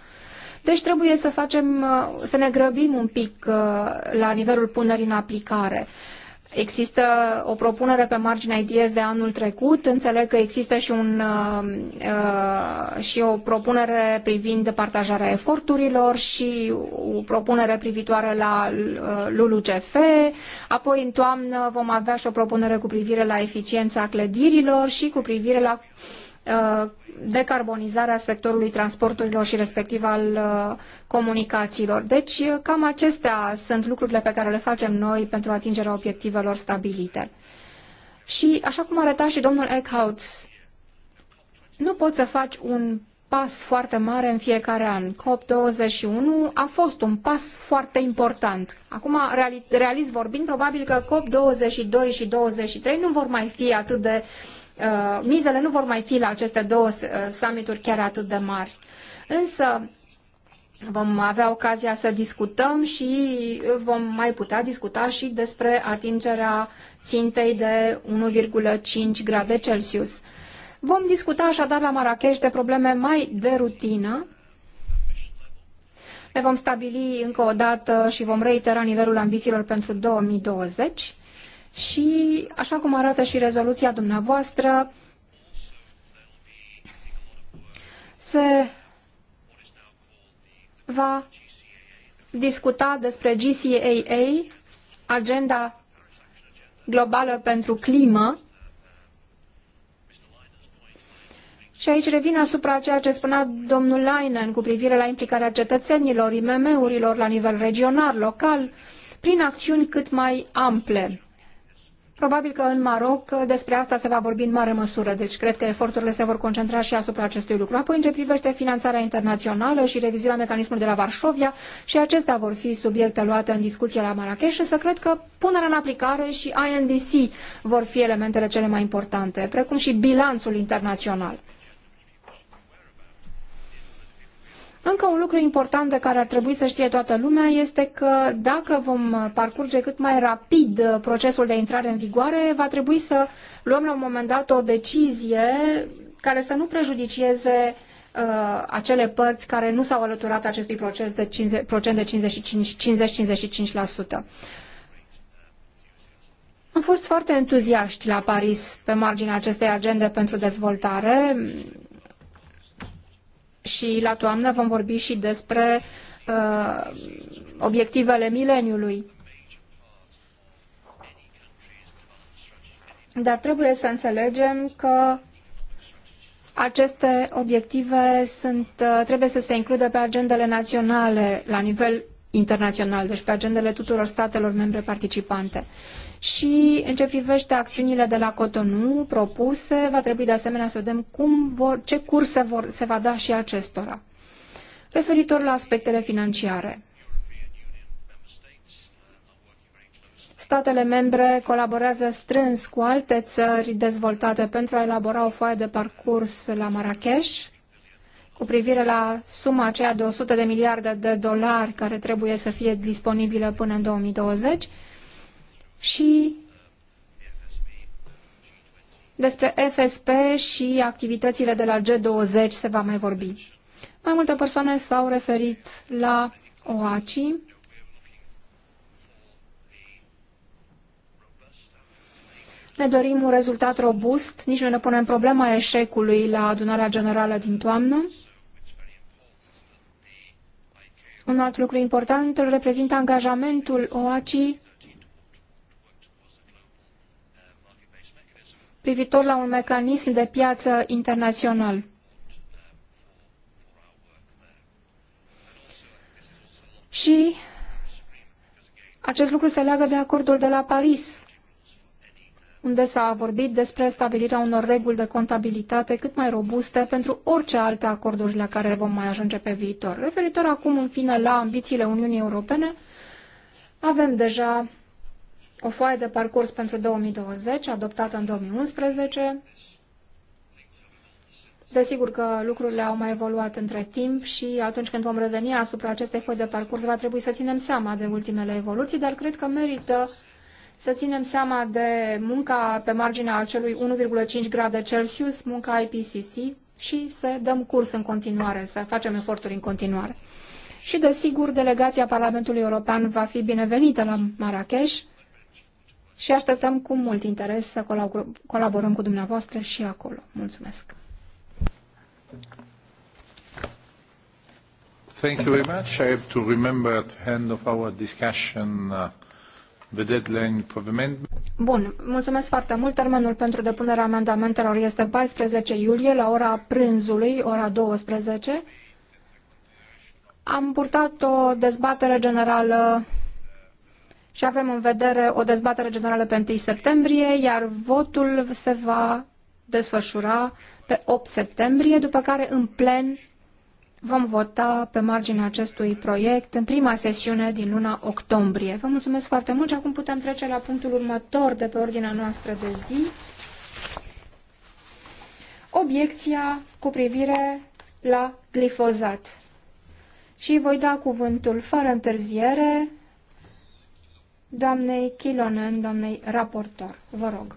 Deci trebuie să facem, uh, să ne grăbim un pic la nivelul punerii în aplicare. Uh, Există o propunere pe marginea IDS de anul trecut. Înțeleg că există și, un, uh, și o propunere privind partajarea eforturilor și o propunere privitoare la uh, LULUCF. Apoi, în toamnă, vom avea și o propunere cu privire la eficiența clădirilor și cu privire la Uh, decarbonizarea sectorului transporturilor și respectiv al uh, comunicațiilor. Deci uh, cam acestea sunt lucrurile pe care le facem noi pentru atingerea obiectivelor stabilite. Și așa cum arăta și domnul Eckhout, nu poți să faci un pas foarte mare în fiecare an. COP21 a fost un pas foarte important. Acum, realist vorbind, probabil că COP22 și 23 nu vor mai fi atât de Uh, mizele nu vor mai fi la aceste două uh, summituri chiar atât de mari. Însă vom avea ocazia să discutăm și vom mai putea discuta și despre atingerea țintei de 1,5 grade Celsius. Vom discuta așadar la Marrakech de probleme mai de rutină. Ne vom stabili încă o dată și vom reitera nivelul ambițiilor pentru 2020 și, așa cum arată și rezoluția dumneavoastră, se va discuta despre GCAA, agenda globală pentru climă. Și aici revin asupra ceea ce spunea domnul Leinen cu privire la implicarea cetățenilor, IMM-urilor la nivel regional, local, prin acțiuni cât mai ample. Probabil că în Maroc despre asta se va vorbi în mare măsură, deci cred că eforturile se vor concentra și asupra acestui lucru. Apoi, în ce privește finanțarea internațională și revizuirea mecanismului de la Varșovia, și acestea vor fi subiecte luate în discuție la Marrakesh, însă cred că punerea în aplicare și INDC vor fi elementele cele mai importante, precum și bilanțul internațional. Încă un lucru important de care ar trebui să știe toată lumea este că dacă vom parcurge cât mai rapid procesul de intrare în vigoare, va trebui să luăm la un moment dat o decizie care să nu prejudicieze uh, acele părți care nu s-au alăturat acestui proces de 50, procent de 50-55%. Am fost foarte entuziaști la Paris pe marginea acestei agende pentru dezvoltare și la toamnă vom vorbi și despre uh, obiectivele mileniului. Dar trebuie să înțelegem că aceste obiective sunt, uh, trebuie să se includă pe agendele naționale la nivel internațional, deci pe agendele tuturor statelor membre participante. Uh, și în ce privește acțiunile de la Cotonou propuse, va trebui de asemenea să vedem cum vor, ce curs se, vor, se va da și acestora. Referitor la aspectele financiare, statele membre colaborează strâns cu alte țări dezvoltate pentru a elabora o foaie de parcurs la Marrakech cu privire la suma aceea de 100 de miliarde de dolari care trebuie să fie disponibilă până în 2020 și despre FSP și activitățile de la G20 se va mai vorbi. Mai multe persoane s-au referit la OACI. Ne dorim un rezultat robust, nici nu ne punem problema eșecului la adunarea generală din toamnă. Un alt lucru important îl reprezintă angajamentul OACI privitor la un mecanism de piață internațional. Și acest lucru se leagă de acordul de la Paris, unde s-a vorbit despre stabilirea unor reguli de contabilitate cât mai robuste pentru orice alte acorduri la care vom mai ajunge pe viitor. Referitor acum, în fine, la ambițiile Uniunii Europene, avem deja o foaie de parcurs pentru 2020, adoptată în 2011. Desigur că lucrurile au mai evoluat între timp și atunci când vom reveni asupra acestei foi de parcurs va trebui să ținem seama de ultimele evoluții, dar cred că merită să ținem seama de munca pe marginea acelui 1,5 grade Celsius, munca IPCC și să dăm curs în continuare, să facem eforturi în continuare. Și, desigur, delegația Parlamentului European va fi binevenită la Marrakech și așteptăm cu mult interes să colaborăm cu dumneavoastră și acolo. Mulțumesc! Thank you very much. I have to remember at the end of our discussion uh, the deadline for the amendment. Bun, mulțumesc foarte mult. Termenul pentru depunerea amendamentelor este 14 iulie la ora prânzului, ora 12. Am purtat o dezbatere generală și avem în vedere o dezbatere generală pe 1 septembrie, iar votul se va desfășura pe 8 septembrie, după care în plen vom vota pe marginea acestui proiect în prima sesiune din luna octombrie. Vă mulțumesc foarte mult și acum putem trece la punctul următor de pe ordinea noastră de zi. Obiecția cu privire la glifozat. Și voi da cuvântul fără întârziere doamnei Kilonen, doamnei raportor. Vă rog.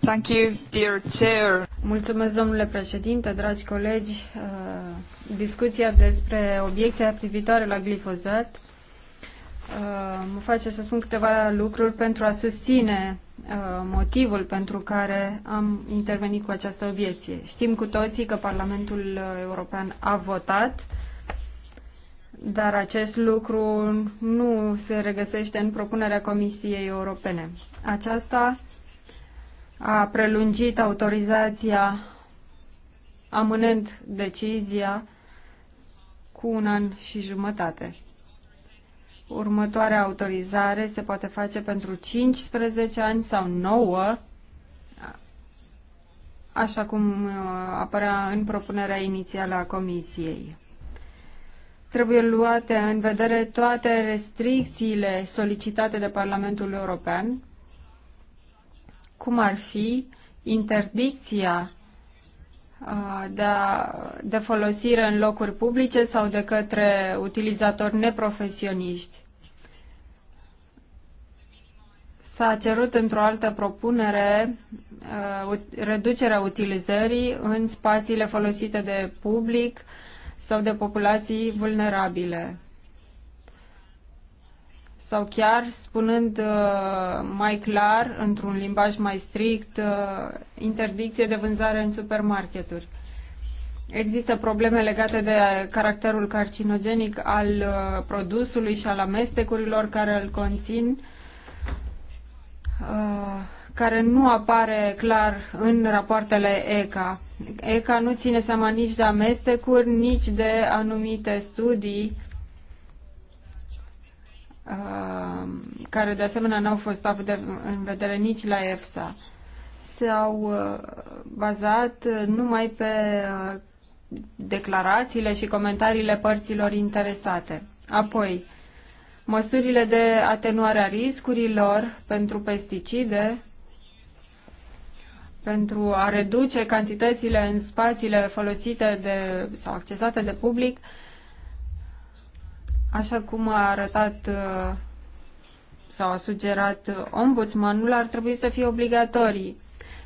Thank you, dear chair. Mulțumesc, domnule președinte, dragi colegi. Uh, discuția despre obiecția privitoare la glifozat uh, mă face să spun câteva lucruri pentru a susține uh, motivul pentru care am intervenit cu această obiecție. Știm cu toții că Parlamentul European a votat dar acest lucru nu se regăsește în propunerea Comisiei Europene. Aceasta a prelungit autorizația amânând decizia cu un an și jumătate. Următoarea autorizare se poate face pentru 15 ani sau 9, așa cum uh, apărea în propunerea inițială a Comisiei. Trebuie luate în vedere toate restricțiile solicitate de Parlamentul European, cum ar fi interdicția de, de folosire în locuri publice sau de către utilizatori neprofesioniști. S-a cerut într-o altă propunere reducerea utilizării în spațiile folosite de public, sau de populații vulnerabile. Sau chiar spunând uh, mai clar, într-un limbaj mai strict, uh, interdicție de vânzare în supermarketuri. Există probleme legate de caracterul carcinogenic al uh, produsului și al amestecurilor care îl conțin care nu apare clar în rapoartele ECA. ECA nu ține seama nici de amestecuri, nici de anumite studii uh, care de asemenea n-au fost avute în vedere nici la EFSA. S-au uh, bazat numai pe uh, declarațiile și comentariile părților interesate. Apoi, măsurile de atenuare a riscurilor pentru pesticide pentru a reduce cantitățile în spațiile folosite de, sau accesate de public, așa cum a arătat uh, sau a sugerat ombudsmanul, ar trebui să fie obligatorii.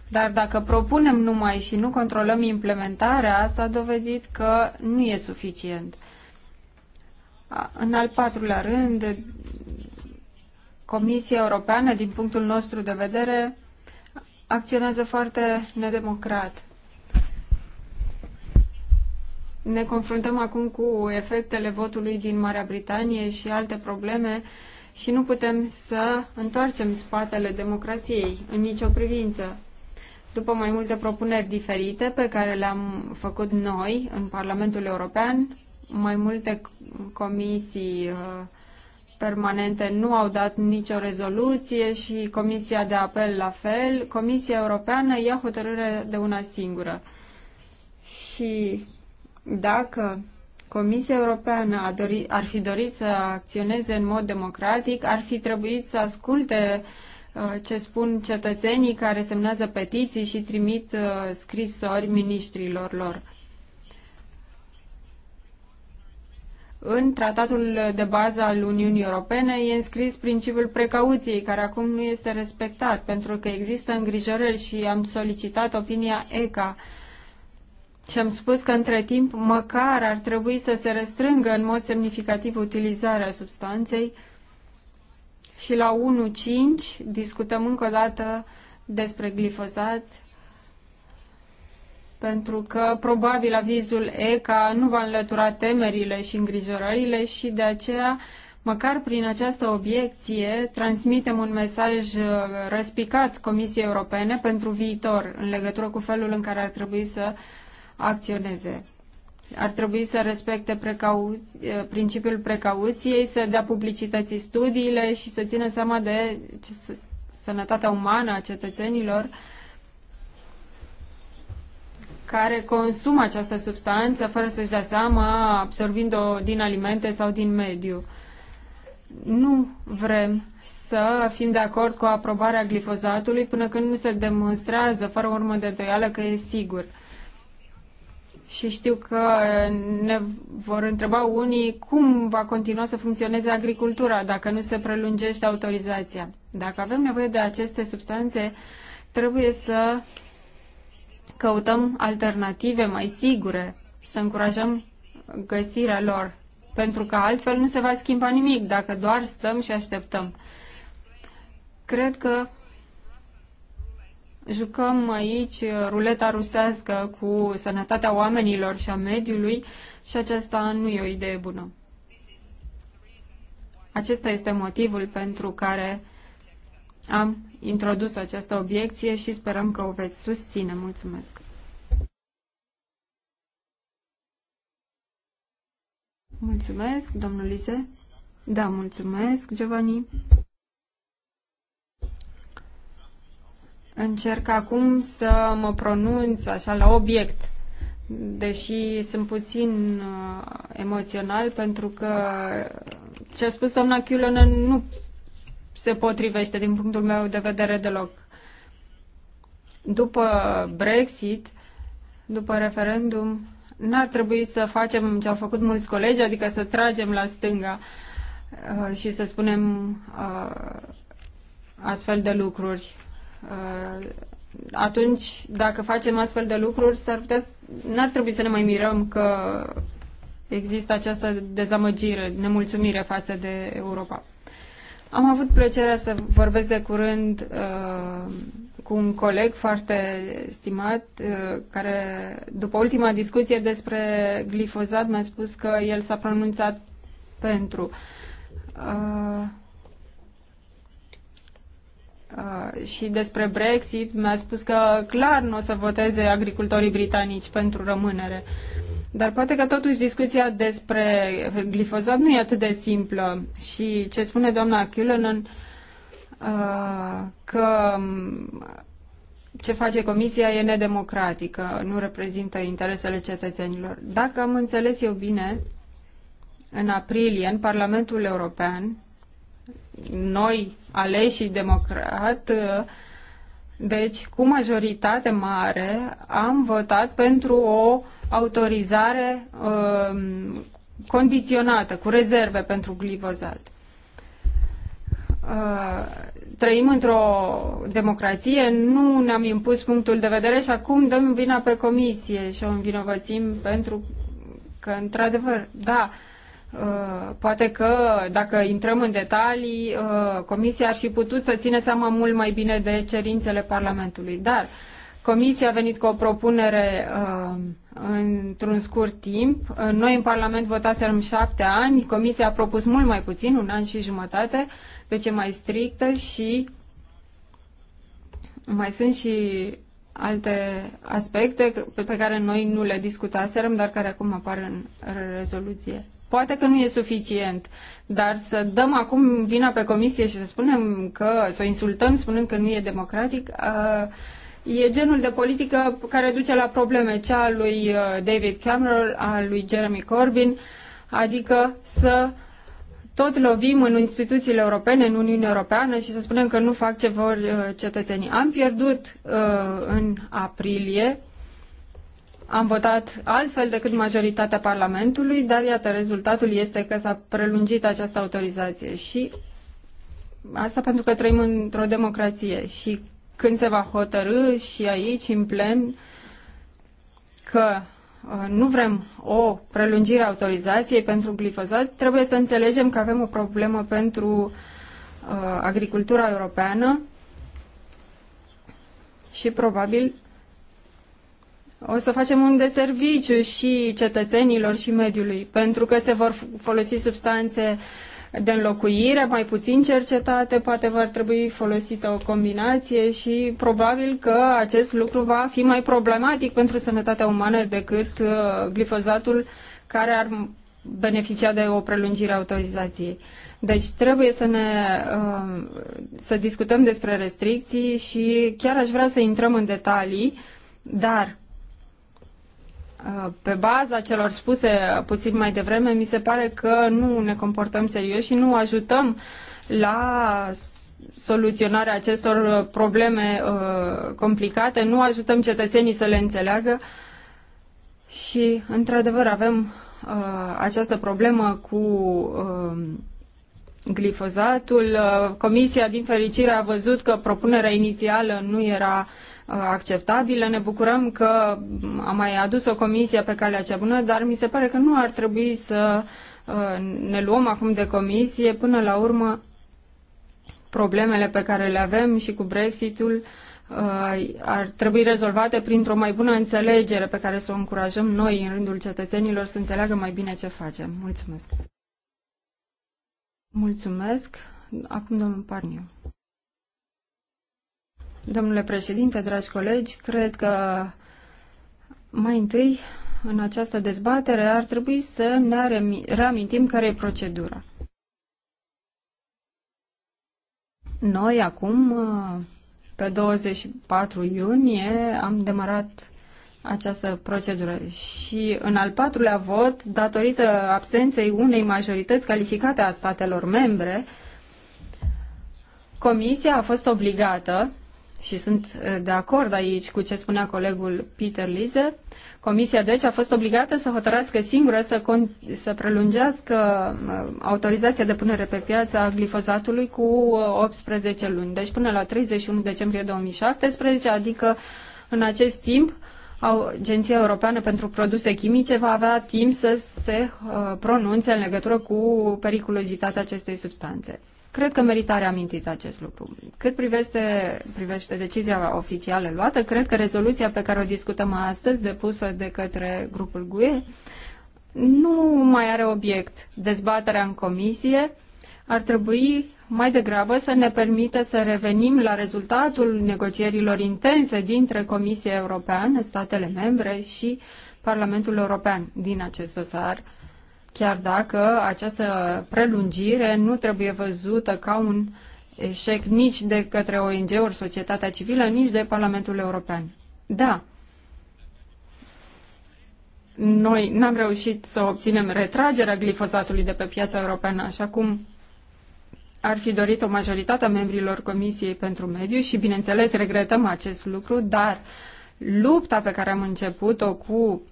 Dar dacă propunem numai și nu controlăm implementarea, s-a dovedit că nu e suficient. În al patrulea rând, Comisia Europeană, din punctul nostru de vedere, acționează foarte nedemocrat. Ne confruntăm acum cu efectele votului din Marea Britanie și alte probleme și nu putem să întoarcem spatele democrației în nicio privință. După mai multe propuneri diferite pe care le-am făcut noi în Parlamentul European, mai multe comisii uh, permanente nu au dat nicio rezoluție și Comisia de Apel la fel. Comisia Europeană ia hotărâre de una singură. Și dacă Comisia Europeană a dori, ar fi dorit să acționeze în mod democratic, ar fi trebuit să asculte uh, ce spun cetățenii care semnează petiții și trimit uh, scrisori ministrilor lor. în tratatul de bază al Uniunii Europene e înscris principiul precauției, care acum nu este respectat, pentru că există îngrijorări și am solicitat opinia ECA și am spus că între timp măcar ar trebui să se restrângă în mod semnificativ utilizarea substanței și la 1.5 discutăm încă o dată despre glifosat pentru că probabil avizul ECA nu va înlătura temerile și îngrijorările și de aceea, măcar prin această obiecție, transmitem un mesaj uh, răspicat Comisiei Europene pentru viitor în legătură cu felul în care ar trebui să acționeze. Ar trebui să respecte precau... Uh, principiul precauției, să dea publicității studiile și să țină seama de sănătatea umană a cetățenilor care consumă această substanță fără să-și dea seama, absorbind-o din alimente sau din mediu. Nu vrem să fim de acord cu aprobarea glifozatului până când nu se demonstrează, fără urmă de îndoială, că e sigur. Și știu că ne vor întreba unii cum va continua să funcționeze agricultura dacă nu se prelungește autorizația. Dacă avem nevoie de aceste substanțe, trebuie să căutăm alternative mai sigure, să încurajăm găsirea lor, pentru că altfel nu se va schimba nimic dacă doar stăm și așteptăm. Cred că jucăm aici ruleta rusească cu sănătatea oamenilor și a mediului și aceasta nu e o idee bună. Acesta este motivul pentru care am introdus această obiecție și sperăm că o veți susține. Mulțumesc! Mulțumesc, domnul Lise. Da, mulțumesc, Giovanni. Încerc acum să mă pronunț așa la obiect, deși sunt puțin uh, emoțional pentru că ce a spus doamna Chiulonă nu se potrivește din punctul meu de vedere deloc. După Brexit, după referendum, n-ar trebui să facem ce au făcut mulți colegi, adică să tragem la stânga uh, și să spunem uh, astfel de lucruri. Uh, atunci, dacă facem astfel de lucruri, s-ar putea, n-ar trebui să ne mai mirăm că există această dezamăgire, nemulțumire față de Europa. Am avut plăcerea să vorbesc de curând uh, cu un coleg foarte stimat, uh, care, după ultima discuție despre glifozat, mi-a spus că el s-a pronunțat pentru. Uh, Uh, și despre Brexit mi-a spus că clar nu o să voteze agricultorii britanici pentru rămânere. Uh, dar poate că totuși discuția despre glifozat nu e atât de simplă și ce spune doamna Cullinan uh, că um, ce face comisia e nedemocratică, nu reprezintă interesele cetățenilor. Dacă am înțeles eu bine, în aprilie, în Parlamentul European, noi, aleșii democrat, uh, deci cu majoritate mare, am votat pentru o uh, autorizare um, condiționată, cu rezerve pentru glifozat. Uh, trăim într-o democrație, nu ne-am impus punctul de vedere și acum dăm vina pe comisie și o învinovățim pentru că, într-adevăr, da, uh, poate că dacă intrăm în detalii, uh, comisia ar fi putut să țină seama mult mai bine de cerințele Parlamentului, dar uh, Comisia a venit cu o propunere uh, într-un scurt timp. Uh, noi în Parlament votasem șapte ani, Comisia a propus mult mai puțin, un an și jumătate, deci e mai strictă și mai sunt și alte aspecte pe care noi nu le discutaserăm, dar care acum apar în rezoluție. Poate că nu e suficient, dar să dăm acum vina pe comisie și să spunem că, să o insultăm spunând că nu e democratic, uh, E genul de politică care duce la probleme, cea lui uh, David Cameron, a lui Jeremy Corbyn, adică să tot lovim în instituțiile europene, în Uniunea Europeană și să spunem că nu fac ce vor uh, cetățenii. Am pierdut uh, în aprilie, am votat altfel decât majoritatea Parlamentului, dar iată, rezultatul este că s-a prelungit această autorizație și asta pentru că trăim într-o democrație și când se va hotărâ și aici în plen că uh, nu vrem o prelungire a autorizației pentru glifozat, trebuie să înțelegem că avem o problemă pentru uh, agricultura europeană și probabil o să facem un deserviciu și cetățenilor și mediului, pentru că se vor folosi substanțe de înlocuire, mai puțin cercetate, poate va trebui folosită o combinație și probabil că acest lucru va fi mai problematic pentru sănătatea umană decât uh, glifozatul care ar beneficia de o prelungire a autorizației. Deci trebuie să ne um, să discutăm despre restricții și chiar aș vrea să intrăm în detalii, dar pe baza celor spuse puțin mai devreme, mi se pare că nu ne comportăm serios și nu ajutăm la soluționarea acestor probleme uh, complicate, nu ajutăm cetățenii să le înțeleagă și, într-adevăr, avem uh, această problemă cu uh, glifozatul. Uh, comisia, din fericire, a văzut că propunerea inițială nu era acceptabile. Ne bucurăm că a mai adus o comisie pe calea cea bună, dar mi se pare că nu ar trebui să uh, ne luăm acum de comisie. Până la urmă, problemele pe care le avem și cu Brexitul uh, ar trebui rezolvate printr-o mai bună înțelegere pe care să o încurajăm noi în rândul cetățenilor să înțeleagă mai bine ce facem. Mulțumesc! Mulțumesc! Acum domnul Parniu. Domnule președinte, dragi colegi, cred că mai întâi, în această dezbatere, ar trebui să ne reamintim care e procedura. Noi acum, pe 24 iunie, am demarat această procedură și în al patrulea vot, datorită absenței unei majorități calificate a statelor membre, Comisia a fost obligată și sunt uh, de acord aici cu ce spunea colegul Peter Lize, Comisia deci a fost obligată să hotărască singură să, con- să prelungească uh, autorizația de punere pe piață a glifozatului cu 18 uh, luni, deci până la 31 decembrie 2017, adică în acest timp Agenția Europeană pentru Produse Chimice va avea timp să se pronunțe în legătură cu periculozitatea acestei substanțe. Cred că merită reamintit acest lucru. Cât privește, privește decizia oficială luată, cred că rezoluția pe care o discutăm astăzi, depusă de către grupul GUE, nu mai are obiect dezbaterea în comisie, ar trebui mai degrabă să ne permită să revenim la rezultatul negocierilor intense dintre Comisia Europeană, statele membre și Parlamentul European din acest dosar chiar dacă această prelungire nu trebuie văzută ca un eșec nici de către ONG-uri, societatea civilă, nici de Parlamentul European. Da, noi n-am reușit să obținem retragerea glifozatului de pe piața europeană, așa cum ar fi dorit o majoritate a membrilor Comisiei pentru Mediu și, bineînțeles, regretăm acest lucru, dar lupta pe care am început-o cu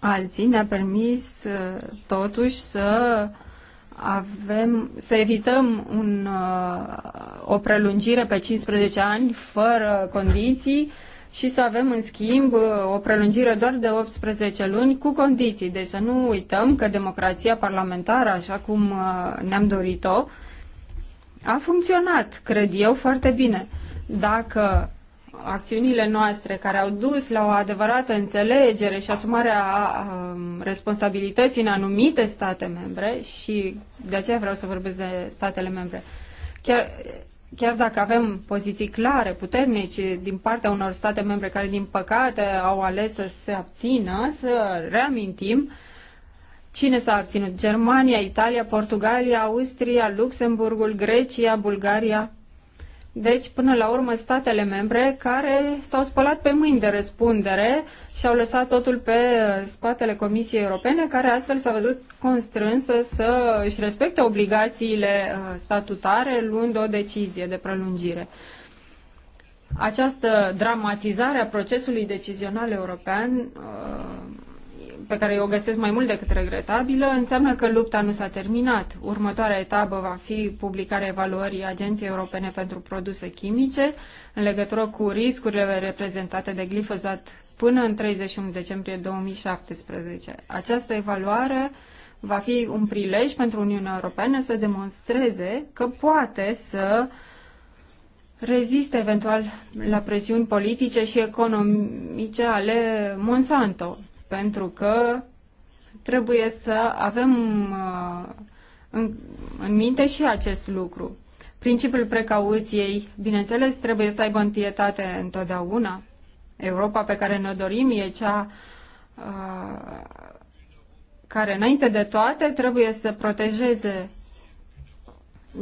alții ne-a permis uh, totuși să avem, să evităm un, uh, o prelungire pe 15 ani fără condiții și să avem în schimb uh, o prelungire doar de 18 luni cu condiții. Deci să nu uităm că democrația parlamentară, așa cum ne-am dorit-o, a funcționat, cred eu, foarte bine. Dacă acțiunile noastre care au dus la o adevărată înțelegere și asumarea um, responsabilității în anumite state membre și de aceea vreau să vorbesc de statele membre. Chiar, chiar dacă avem poziții clare, puternici din partea unor state membre care, din păcate, au ales să se abțină, să reamintim cine s-a abținut. Germania, Italia, Portugalia, Austria, Luxemburgul, Grecia, Bulgaria, deci, până la urmă, statele membre care s-au spălat pe mâini de răspundere și au lăsat totul pe spatele Comisiei Europene, care astfel s-a văzut constrânsă să își respecte obligațiile uh, statutare, luând o decizie de prelungire. Această dramatizare a procesului decizional european uh, pe care o găsesc mai mult decât regretabilă, înseamnă că lupta nu s-a terminat. Următoarea etapă va fi publicarea evaluării Agenției Europene pentru Produse Chimice în legătură cu riscurile reprezentate de glifozat până în 31 decembrie 2017. Această evaluare va fi un prilej pentru Uniunea Europeană să demonstreze că poate să reziste eventual la presiuni politice și economice ale Monsanto pentru că trebuie să avem uh, în, în minte și acest lucru. Principiul precauției, bineînțeles, trebuie să aibă întietate întotdeauna. Europa pe care ne-o dorim e cea uh, care, înainte de toate, trebuie să protejeze,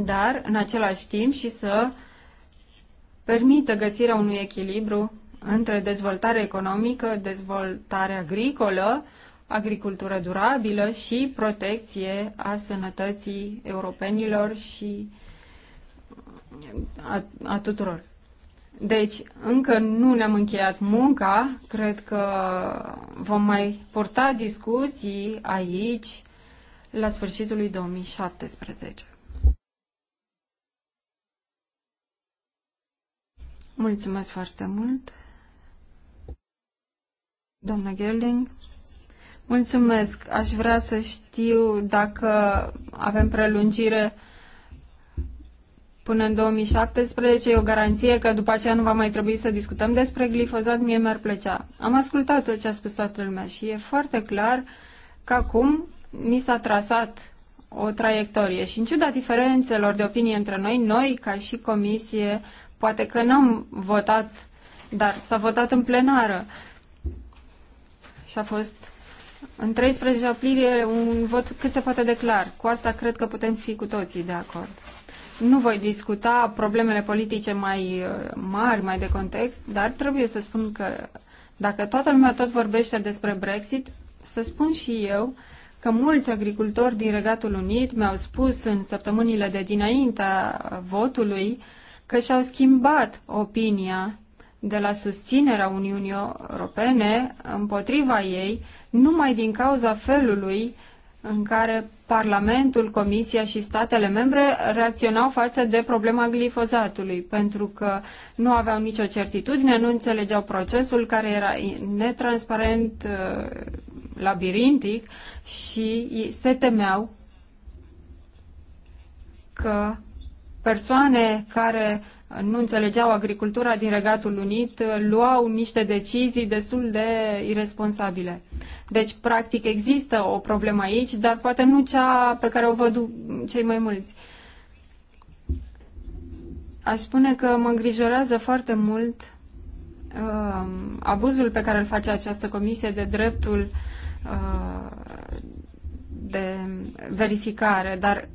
dar, în același timp, și să permită găsirea unui echilibru între dezvoltare economică, dezvoltare agricolă, agricultură durabilă și protecție a sănătății europenilor și a, a tuturor. Deci, încă nu ne-am încheiat munca, cred că vom mai purta discuții aici la sfârșitul lui 2017. Mulțumesc foarte mult! Doamna Gerling, mulțumesc. Aș vrea să știu dacă avem prelungire până în 2017. E o garanție că după aceea nu va mai trebui să discutăm despre glifozat. Mie mi-ar plăcea. Am ascultat tot ce a spus toată lumea și e foarte clar că acum mi s-a trasat o traiectorie și în ciuda diferențelor de opinie între noi, noi ca și comisie, poate că n-am votat, dar s-a votat în plenară. Uh, și a fost în 13 aprilie un vot cât se poate de clar. Cu asta cred că putem fi cu toții de acord. Nu voi discuta problemele politice mai uh, mari, mai de context, dar trebuie să spun că dacă toată lumea tot vorbește despre Brexit, să spun și eu că mulți agricultori din Regatul Unit mi-au spus în săptămânile de dinaintea votului că și-au schimbat opinia de la susținerea Uniunii Europene împotriva ei, numai din cauza felului în care Parlamentul, Comisia și statele membre reacționau față de problema glifozatului, pentru că nu aveau nicio certitudine, nu înțelegeau procesul care era netransparent, uh, labirintic și se temeau că persoane care nu înțelegeau agricultura din Regatul Unit, luau niște decizii destul de irresponsabile. Deci, practic, există o problemă aici, dar poate nu cea pe care o văd cei mai mulți. Aș spune că mă îngrijorează foarte mult uh, abuzul pe care îl face această comisie de dreptul uh, de verificare, dar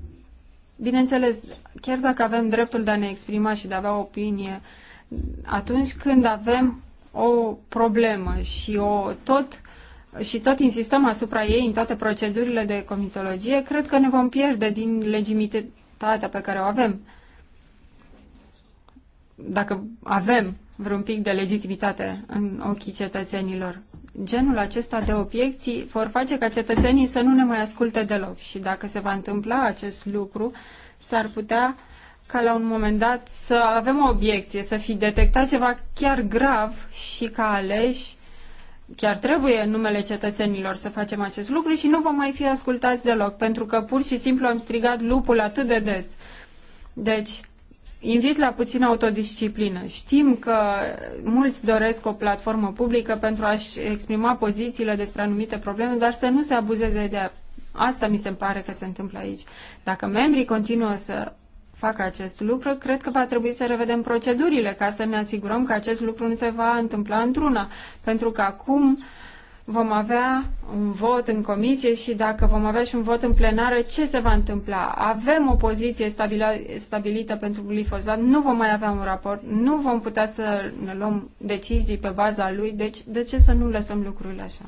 Bineînțeles, chiar dacă avem dreptul de a ne exprima și de a avea opinie, atunci când avem o problemă și o tot și tot insistăm asupra ei în toate procedurile de comitologie, cred că ne vom pierde din legitimitatea pe care o avem. Dacă avem vreun pic de legitimitate în ochii cetățenilor. Genul acesta de obiecții vor face ca cetățenii să nu ne mai asculte deloc și dacă se va întâmpla acest lucru, s-ar putea ca la un moment dat să avem o obiecție, să fi detectat ceva chiar grav și ca aleși chiar trebuie în numele cetățenilor să facem acest lucru și nu vom mai fi ascultați deloc, pentru că pur și simplu am strigat lupul atât de des. Deci, invit la puțină autodisciplină. Știm că mulți doresc o platformă publică pentru a-și exprima pozițiile despre anumite probleme, dar să nu se abuzeze de asta mi se pare că se întâmplă aici. Dacă membrii continuă să facă acest lucru, cred că va trebui să revedem procedurile ca să ne asigurăm că acest lucru nu se va întâmpla într-una. Pentru că acum uh, vom avea un vot în comisie și dacă vom avea și un vot în plenară, ce se va întâmpla? Avem o poziție stabilită pentru glifozat, nu vom mai avea un raport, nu vom putea să ne luăm decizii pe baza lui, deci de ce să nu lăsăm lucrurile așa?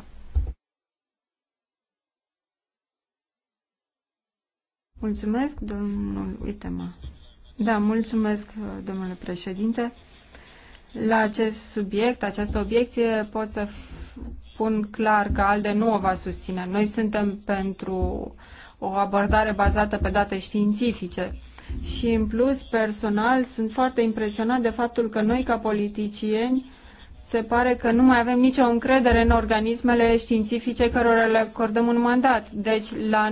Mulțumesc, domnul Uitema. Da, mulțumesc, domnule președinte. La acest subiect, această obiecție, pot să spun clar că ALDE nu o va susține. Noi suntem pentru o abordare bazată pe date științifice. Și în plus, personal, sunt foarte impresionat de faptul că noi, ca politicieni, se pare că nu mai avem nicio încredere în organismele științifice cărora le acordăm un mandat. Deci, la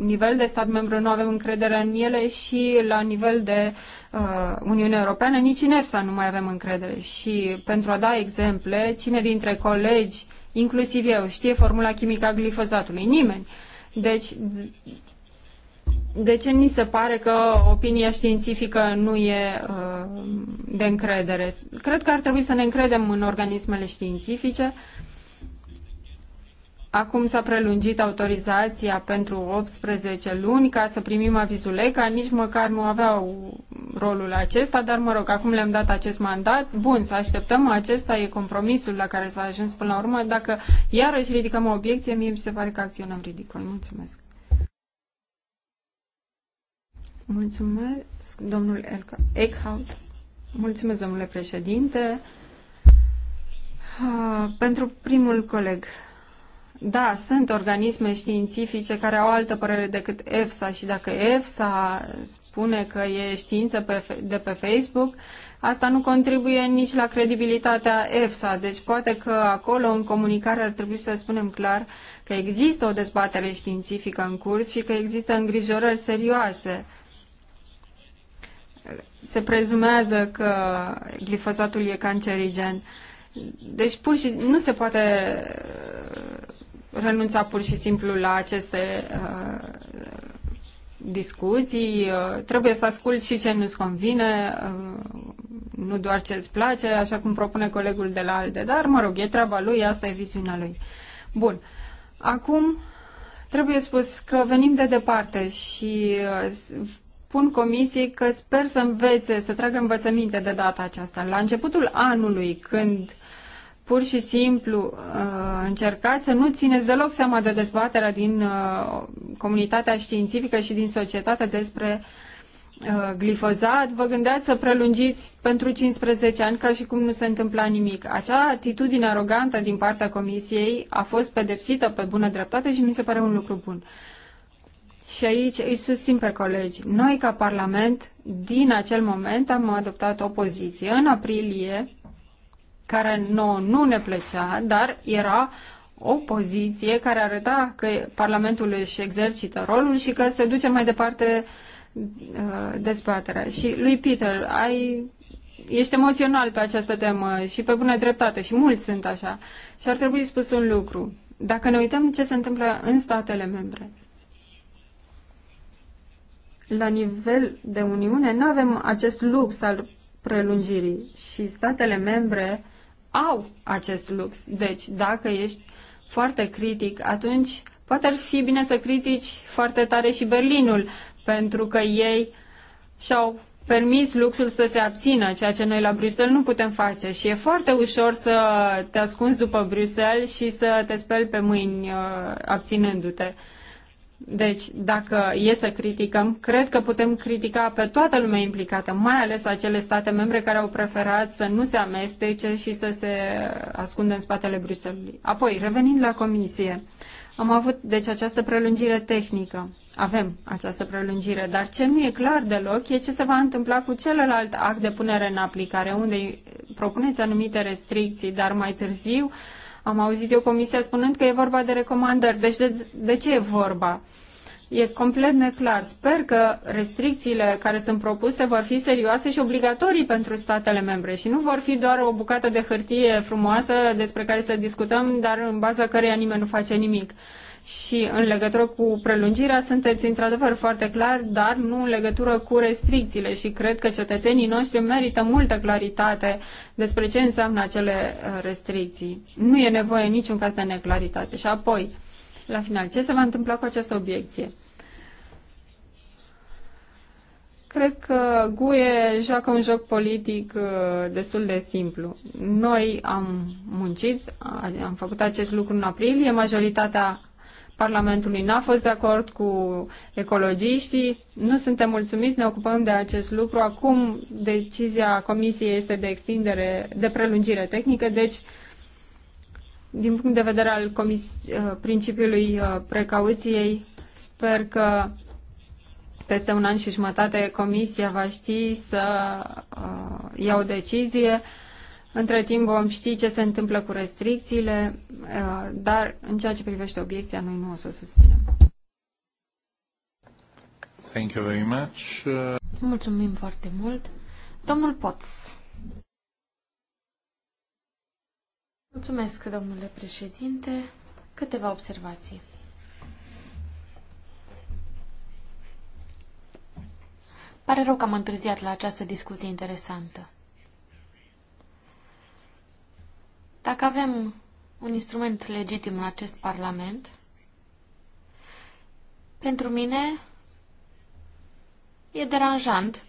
nivel de stat membru nu avem încredere în ele și la nivel de uh, Uniune Europeană nici în EFSA nu mai avem încredere. Și pentru a da exemple, cine dintre colegi uh, inclusiv eu, știe formula chimică a glifozatului. Nimeni. Deci, de ce ni se pare că opinia științifică nu e uh, de încredere? Cred că ar trebui să ne încredem în organismele științifice uh, Acum s-a prelungit autorizația pentru 18 luni ca să primim avizul ECA, nici măcar nu aveau rolul acesta, dar mă rog, acum le-am dat acest mandat. Bun, să așteptăm, acesta e compromisul la care s-a ajuns până la urmă. Dacă iarăși ridicăm o obiecție, mie mi se pare că acționăm ridicol. Mulțumesc. Mulțumesc, domnul Eckhout. Mulțumesc, domnule președinte. Pentru primul coleg da, sunt organisme științifice care au altă părere decât EFSA și dacă EFSA spune că e știință pe, de pe Facebook, asta nu contribuie nici la credibilitatea EFSA. Deci poate că acolo în comunicare ar trebui să spunem clar că există o dezbatere științifică în curs și că există îngrijorări serioase. Se prezumează că glifosatul e cancerigen. Deci pur și nu se poate renunța pur și simplu la aceste uh, discuții, uh, trebuie să ascult și ce nu-ți convine, uh, nu doar ce îți place, așa cum propune colegul de la ALDE, dar mă rog, e treaba lui, asta e viziunea lui. Bun. Acum trebuie spus că venim de departe și uh, pun comisii că sper să învețe, să tragă învățăminte de data aceasta. La începutul anului, când uh, pur și simplu uh, încercați să nu țineți deloc seama de dezbaterea din uh, comunitatea științifică și din societate despre uh, glifozat, vă gândeați să prelungiți pentru 15 ani ca și cum nu se întâmpla nimic. Acea atitudine arogantă din partea comisiei a fost pedepsită pe bună dreptate și mi se pare un lucru bun. Și aici îi susțin pe colegi. Noi, ca Parlament, din acel moment am adoptat o poziție în aprilie care nouă nu ne plăcea, dar era o poziție care arăta că Parlamentul își exercită rolul și că se duce mai departe uh, dezbaterea. Și lui Peter, ai, ești emoțional pe această temă și pe bună dreptate și mulți sunt așa. Și ar trebui spus un lucru. Dacă ne uităm ce se întâmplă în statele membre, la nivel de Uniune nu avem acest lux al prelungirii și statele membre uh, au acest lux. Deci, dacă ești foarte critic, atunci poate ar fi bine să critici foarte tare și Berlinul, pentru că ei și-au permis luxul să se abțină, ceea ce noi la Bruxelles nu putem face. Și e foarte ușor să te ascunzi după Bruxelles și să te speli pe mâini uh, abținându-te. Deci, dacă e să criticăm, cred că putem critica pe toată lumea implicată, mai ales acele state membre care au preferat să nu se amestece și să se ascundă în spatele Bruxellesului. Apoi, revenind la comisie, am avut deci această prelungire tehnică. Avem această prelungire, dar ce nu e clar deloc e ce se va întâmpla cu celălalt act de punere în aplicare, unde propuneți anumite restricții, dar mai târziu uh, am auzit eu comisia spunând că e vorba de recomandări. Deci de, de ce e vorba? E complet neclar. Sper că restricțiile care sunt propuse vor fi serioase și obligatorii pentru statele membre și nu vor fi doar o bucată de hârtie frumoasă despre care să discutăm, dar în baza căreia nimeni nu face nimic. Și în legătură cu prelungirea sunteți într-adevăr foarte clar, dar nu în legătură cu restricțiile și cred că cetățenii noștri merită multă claritate despre ce înseamnă acele uh, restricții. Nu e nevoie în niciun caz de neclaritate. Și apoi, la final, ce se va întâmpla cu această obiecție? Cred că GUE joacă un joc politic uh, destul de simplu. Noi am muncit, am făcut acest lucru în aprilie, majoritatea Parlamentului n-a fost de acord cu ecologiștii, nu suntem mulțumiți, ne ocupăm de acest lucru. Acum decizia Comisiei este de extindere, de prelungire tehnică, deci din punct de vedere al comis- uh, principiului uh, precauției, sper că peste un an și jumătate Comisia va ști să uh, ia o decizie. Între timp vom ști ce se întâmplă cu restricțiile, uh, dar în ceea ce privește obiecția, noi nu o să o susținem. Thank you very much. Mulțumim foarte mult. Domnul Poț. Mulțumesc, domnule președinte. Câteva observații. Pare rău că am întârziat la această discuție interesantă. Dacă avem un instrument legitim în acest Parlament, pentru mine e deranjant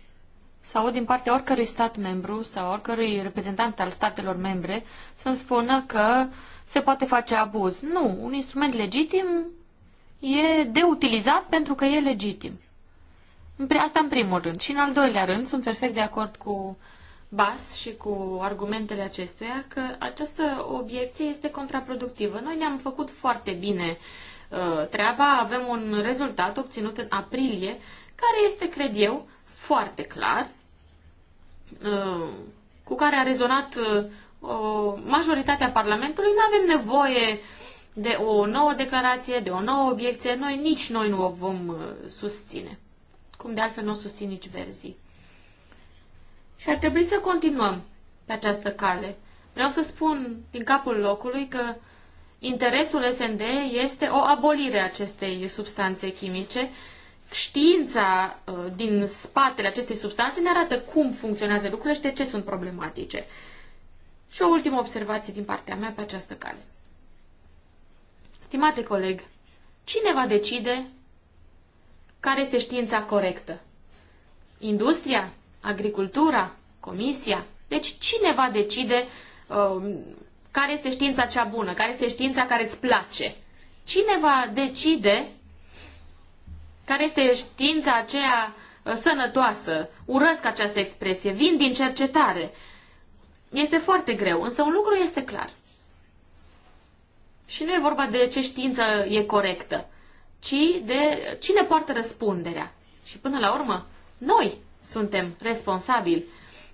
să aud din partea oricărui stat membru sau oricărui reprezentant al statelor membre să-mi spună că se poate face abuz. Nu, un instrument legitim e de utilizat pentru că e legitim. Asta în primul rând. Și în al doilea rând, sunt perfect de acord cu Bas și cu argumentele acestuia că această obiecție este contraproductivă. Noi ne-am făcut foarte bine uh, treaba, avem un rezultat obținut în aprilie, care este, cred eu, foarte clar, uh, cu care a rezonat uh, majoritatea Parlamentului. Nu avem nevoie de o nouă declarație, de o nouă obiecție. Noi nici noi nu o vom uh, susține. Cum de altfel nu o susțin nici verzii. Și ar trebui să continuăm pe această cale. Vreau să spun din capul locului că interesul SND este o abolire a acestei substanțe chimice. Știința uh, din spatele acestei substanțe ne arată cum funcționează lucrurile și de ce sunt problematice. Și o ultimă observație din partea mea pe această cale. Stimate coleg, cine va decide care este știința corectă? Industria? agricultura, comisia. Deci cine va decide uh, care este știința cea bună, care este știința care îți place? Cine va decide care este știința aceea uh, sănătoasă? Urăsc această expresie, vin din cercetare. Este foarte greu, însă un lucru este clar. Și nu e vorba de ce știință e corectă, ci de cine poartă răspunderea. Și până la urmă, noi, suntem responsabili.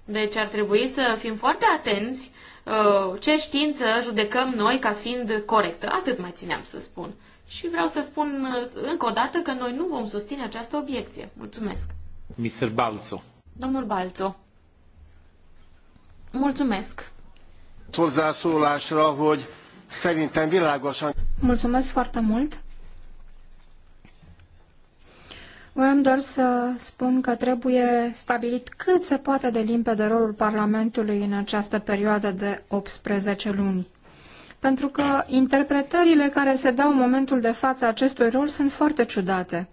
Deci ar trebui să fim foarte atenți uh, ce știință judecăm noi ca fiind corectă. Atât mai țineam să spun. Și vreau să spun uh, încă o dată că noi nu vom susține această obiecție. Mulțumesc. Mr. Balzo. Domnul Balzo. Mulțumesc. Hozzászólásra, hogy szerintem világosan... Mulțumesc foarte mult. Voiam doar să spun că trebuie stabilit cât se poate de limpede rolul Parlamentului în această perioadă de 18 luni. Pentru că interpretările care se dau în momentul de față acestui rol sunt foarte ciudate.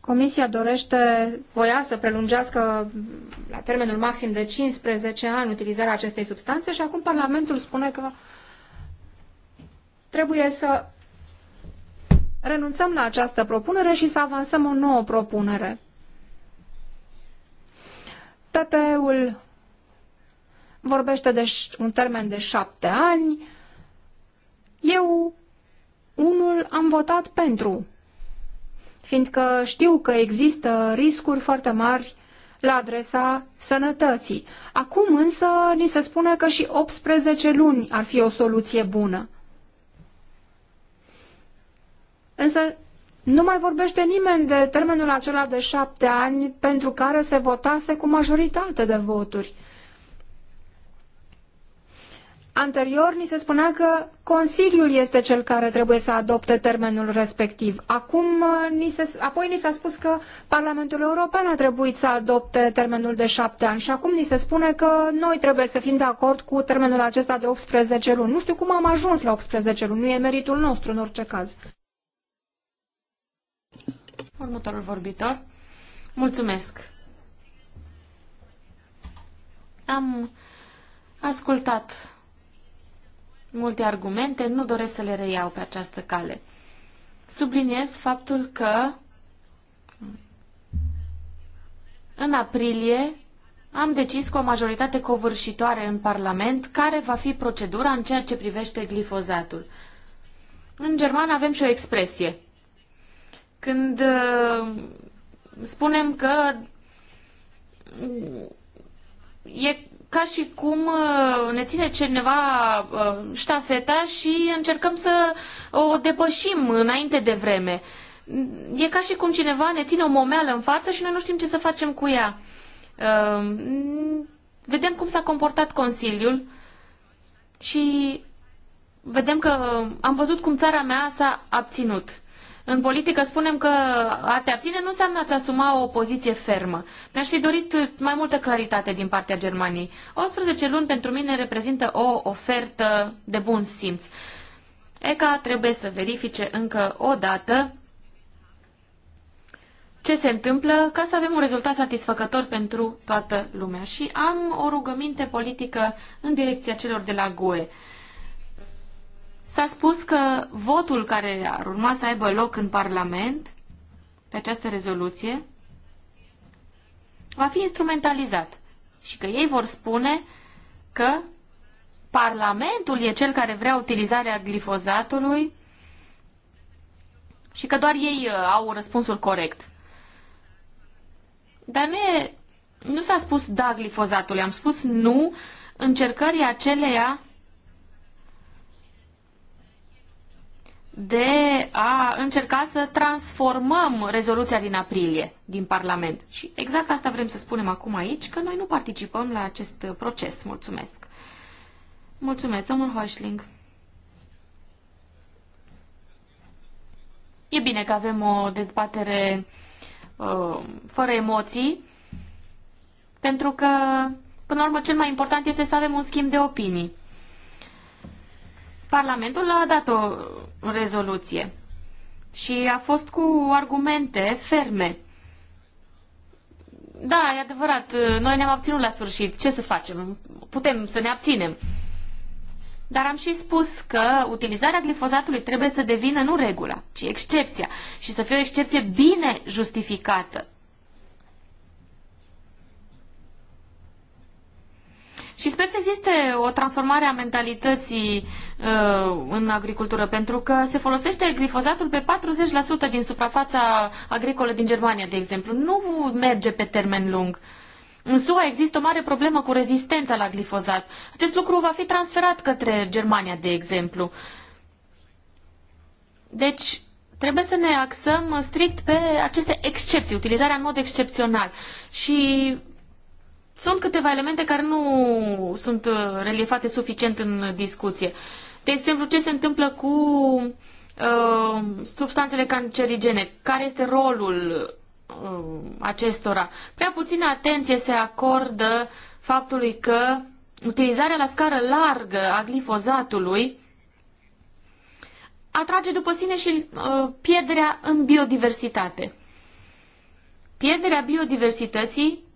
Comisia dorește, voia să prelungească la termenul maxim de 15 ani utilizarea acestei substanțe și acum Parlamentul spune că trebuie să renunțăm la această propunere și să avansăm o nouă propunere. PPE-ul vorbește de un termen de șapte ani. Eu, unul, am votat pentru, fiindcă știu că există riscuri foarte mari la adresa sănătății. Acum însă ni se spune că și 18 luni ar fi o soluție bună. Însă nu mai vorbește nimeni de termenul acela de șapte ani pentru care se votase cu majoritate de voturi. Anterior ni se spunea că Consiliul este cel care trebuie să adopte termenul respectiv. Acum, ni se, apoi ni s-a spus că Parlamentul European a trebuit să adopte termenul de șapte ani și acum ni se spune că noi trebuie să fim de acord cu termenul acesta de 18 luni. Nu știu cum am ajuns la 18 luni, nu e meritul nostru în orice caz. Următorul vorbitor. Mulțumesc. Am ascultat multe argumente, nu doresc să le reiau pe această cale. Subliniez faptul că în aprilie am decis cu o majoritate covârșitoare în Parlament care va fi procedura în ceea ce privește glifozatul. În germană avem și o expresie, când uh, spunem că mm, e ca și cum uh, ne ține cineva uh, ștafeta și încercăm să o depășim înainte de vreme. Mm, e ca și cum cineva ne ține o momeală în față și noi nu știm ce să facem cu ea. Mm, vedem cum s-a comportat Consiliul și vedem că am văzut cum țara mea s-a abținut. În politică spunem că a te abține nu înseamnă a-ți asuma o poziție fermă. Mi-aș fi dorit mai multă claritate din partea Germaniei. 11 luni pentru mine reprezintă o ofertă de bun simț. ECA trebuie să verifice încă o dată ce se întâmplă ca să avem un rezultat satisfăcător pentru toată lumea. Și am o rugăminte politică în direcția celor de la GUE. S-a spus că votul care ar urma să aibă loc în Parlament pe această rezoluție va fi instrumentalizat și că ei vor spune că Parlamentul e cel care vrea utilizarea glifozatului și că doar ei uh, au răspunsul corect. Dar nu, e, nu s-a spus da glifozatului, am spus nu încercării aceleia de a încerca să transformăm rezoluția din aprilie din Parlament. Și exact asta vrem să spunem acum aici, că noi nu participăm la acest proces. Mulțumesc. Mulțumesc, domnul Hoșling. E bine că avem o dezbatere uh, fără emoții, pentru că, până la urmă, cel mai important este să avem un schimb de opinii. Parlamentul a dat o rezoluție și a fost cu argumente ferme. Da, e adevărat, noi ne-am abținut la sfârșit. Ce să facem? Putem să ne abținem. Dar am și spus că utilizarea glifozatului trebuie să devină nu regula, ci excepția și să fie o excepție bine justificată. Și sper să existe o transformare a mentalității uh, în agricultură, pentru că se folosește glifozatul pe 40% din suprafața agricolă din Germania, de exemplu. Nu merge pe termen lung. În SUA există o mare problemă cu rezistența la glifozat. Acest lucru va fi transferat către Germania, de exemplu. Deci, trebuie să ne axăm uh, strict pe aceste excepții, utilizarea în mod excepțional. Și sunt câteva elemente care nu sunt uh, reliefate suficient în discuție. De exemplu, ce se întâmplă cu uh, substanțele cancerigene? Care este rolul uh, acestora? Prea puțină atenție se acordă faptului că utilizarea la scară largă a glifozatului atrage după sine și uh, pierderea în biodiversitate. Pierderea biodiversității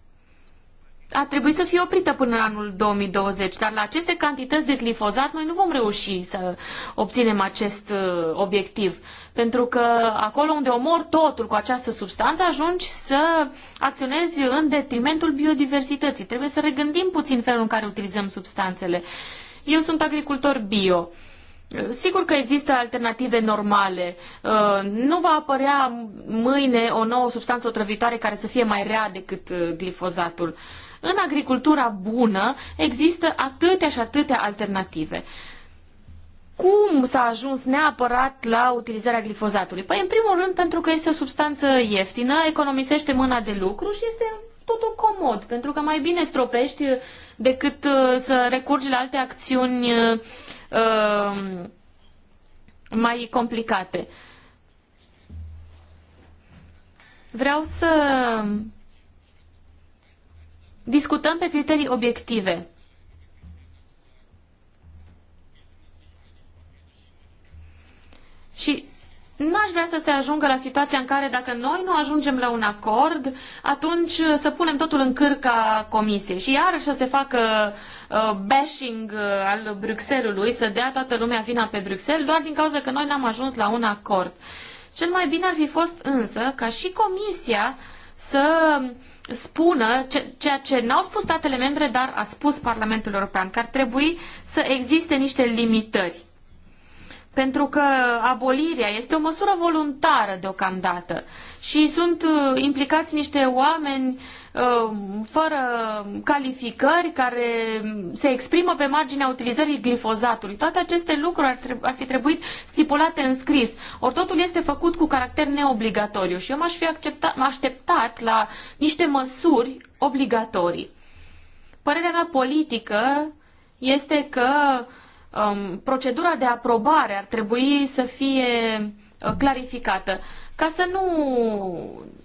a trebuit să fie oprită până în anul 2020, dar la aceste cantități de glifozat noi nu vom reuși să obținem acest uh, obiectiv. Pentru că acolo unde omori totul cu această substanță, ajungi să acționezi în detrimentul biodiversității. Trebuie să regândim puțin felul în care utilizăm substanțele. Eu sunt agricultor bio. Sigur că există alternative normale. Uh, nu va apărea mâine o nouă substanță otrăvitoare care să fie mai rea decât uh, glifozatul. În agricultura bună există atâtea și atâtea alternative. Cum s-a ajuns neapărat la utilizarea glifozatului? Păi, în primul rând, pentru că este o substanță ieftină, economisește mâna de lucru și este totul comod, pentru că mai bine stropești decât uh, să recurgi la alte acțiuni uh, uh, mai complicate. Vreau să discutăm pe criterii obiective. Și n-aș vrea să se ajungă la situația în care dacă noi nu ajungem la un acord, atunci să punem totul în cârca comisiei și iarăși să se facă uh, bashing uh, al Bruxellesului, să dea toată lumea vina pe Bruxelles, doar din cauza că noi n-am ajuns la un acord. Cel mai bine ar fi fost însă ca și comisia uh, să spună ceea ce n-au spus statele membre, dar a spus Parlamentul European, că ar trebui să existe niște limitări. Pentru că abolirea este o măsură voluntară deocamdată și sunt uh, implicați niște oameni uh, Uh, fără calificări, care se exprimă pe marginea utilizării glifozatului. Toate aceste lucruri ar, ar fi trebuit stipulate în scris. Ori totul este făcut cu caracter neobligatoriu și eu m-aș fi acceptat, așteptat la niște măsuri obligatorii. Părerea mea politică este că um, procedura de aprobare ar trebui să fie uh, clarificată ca să nu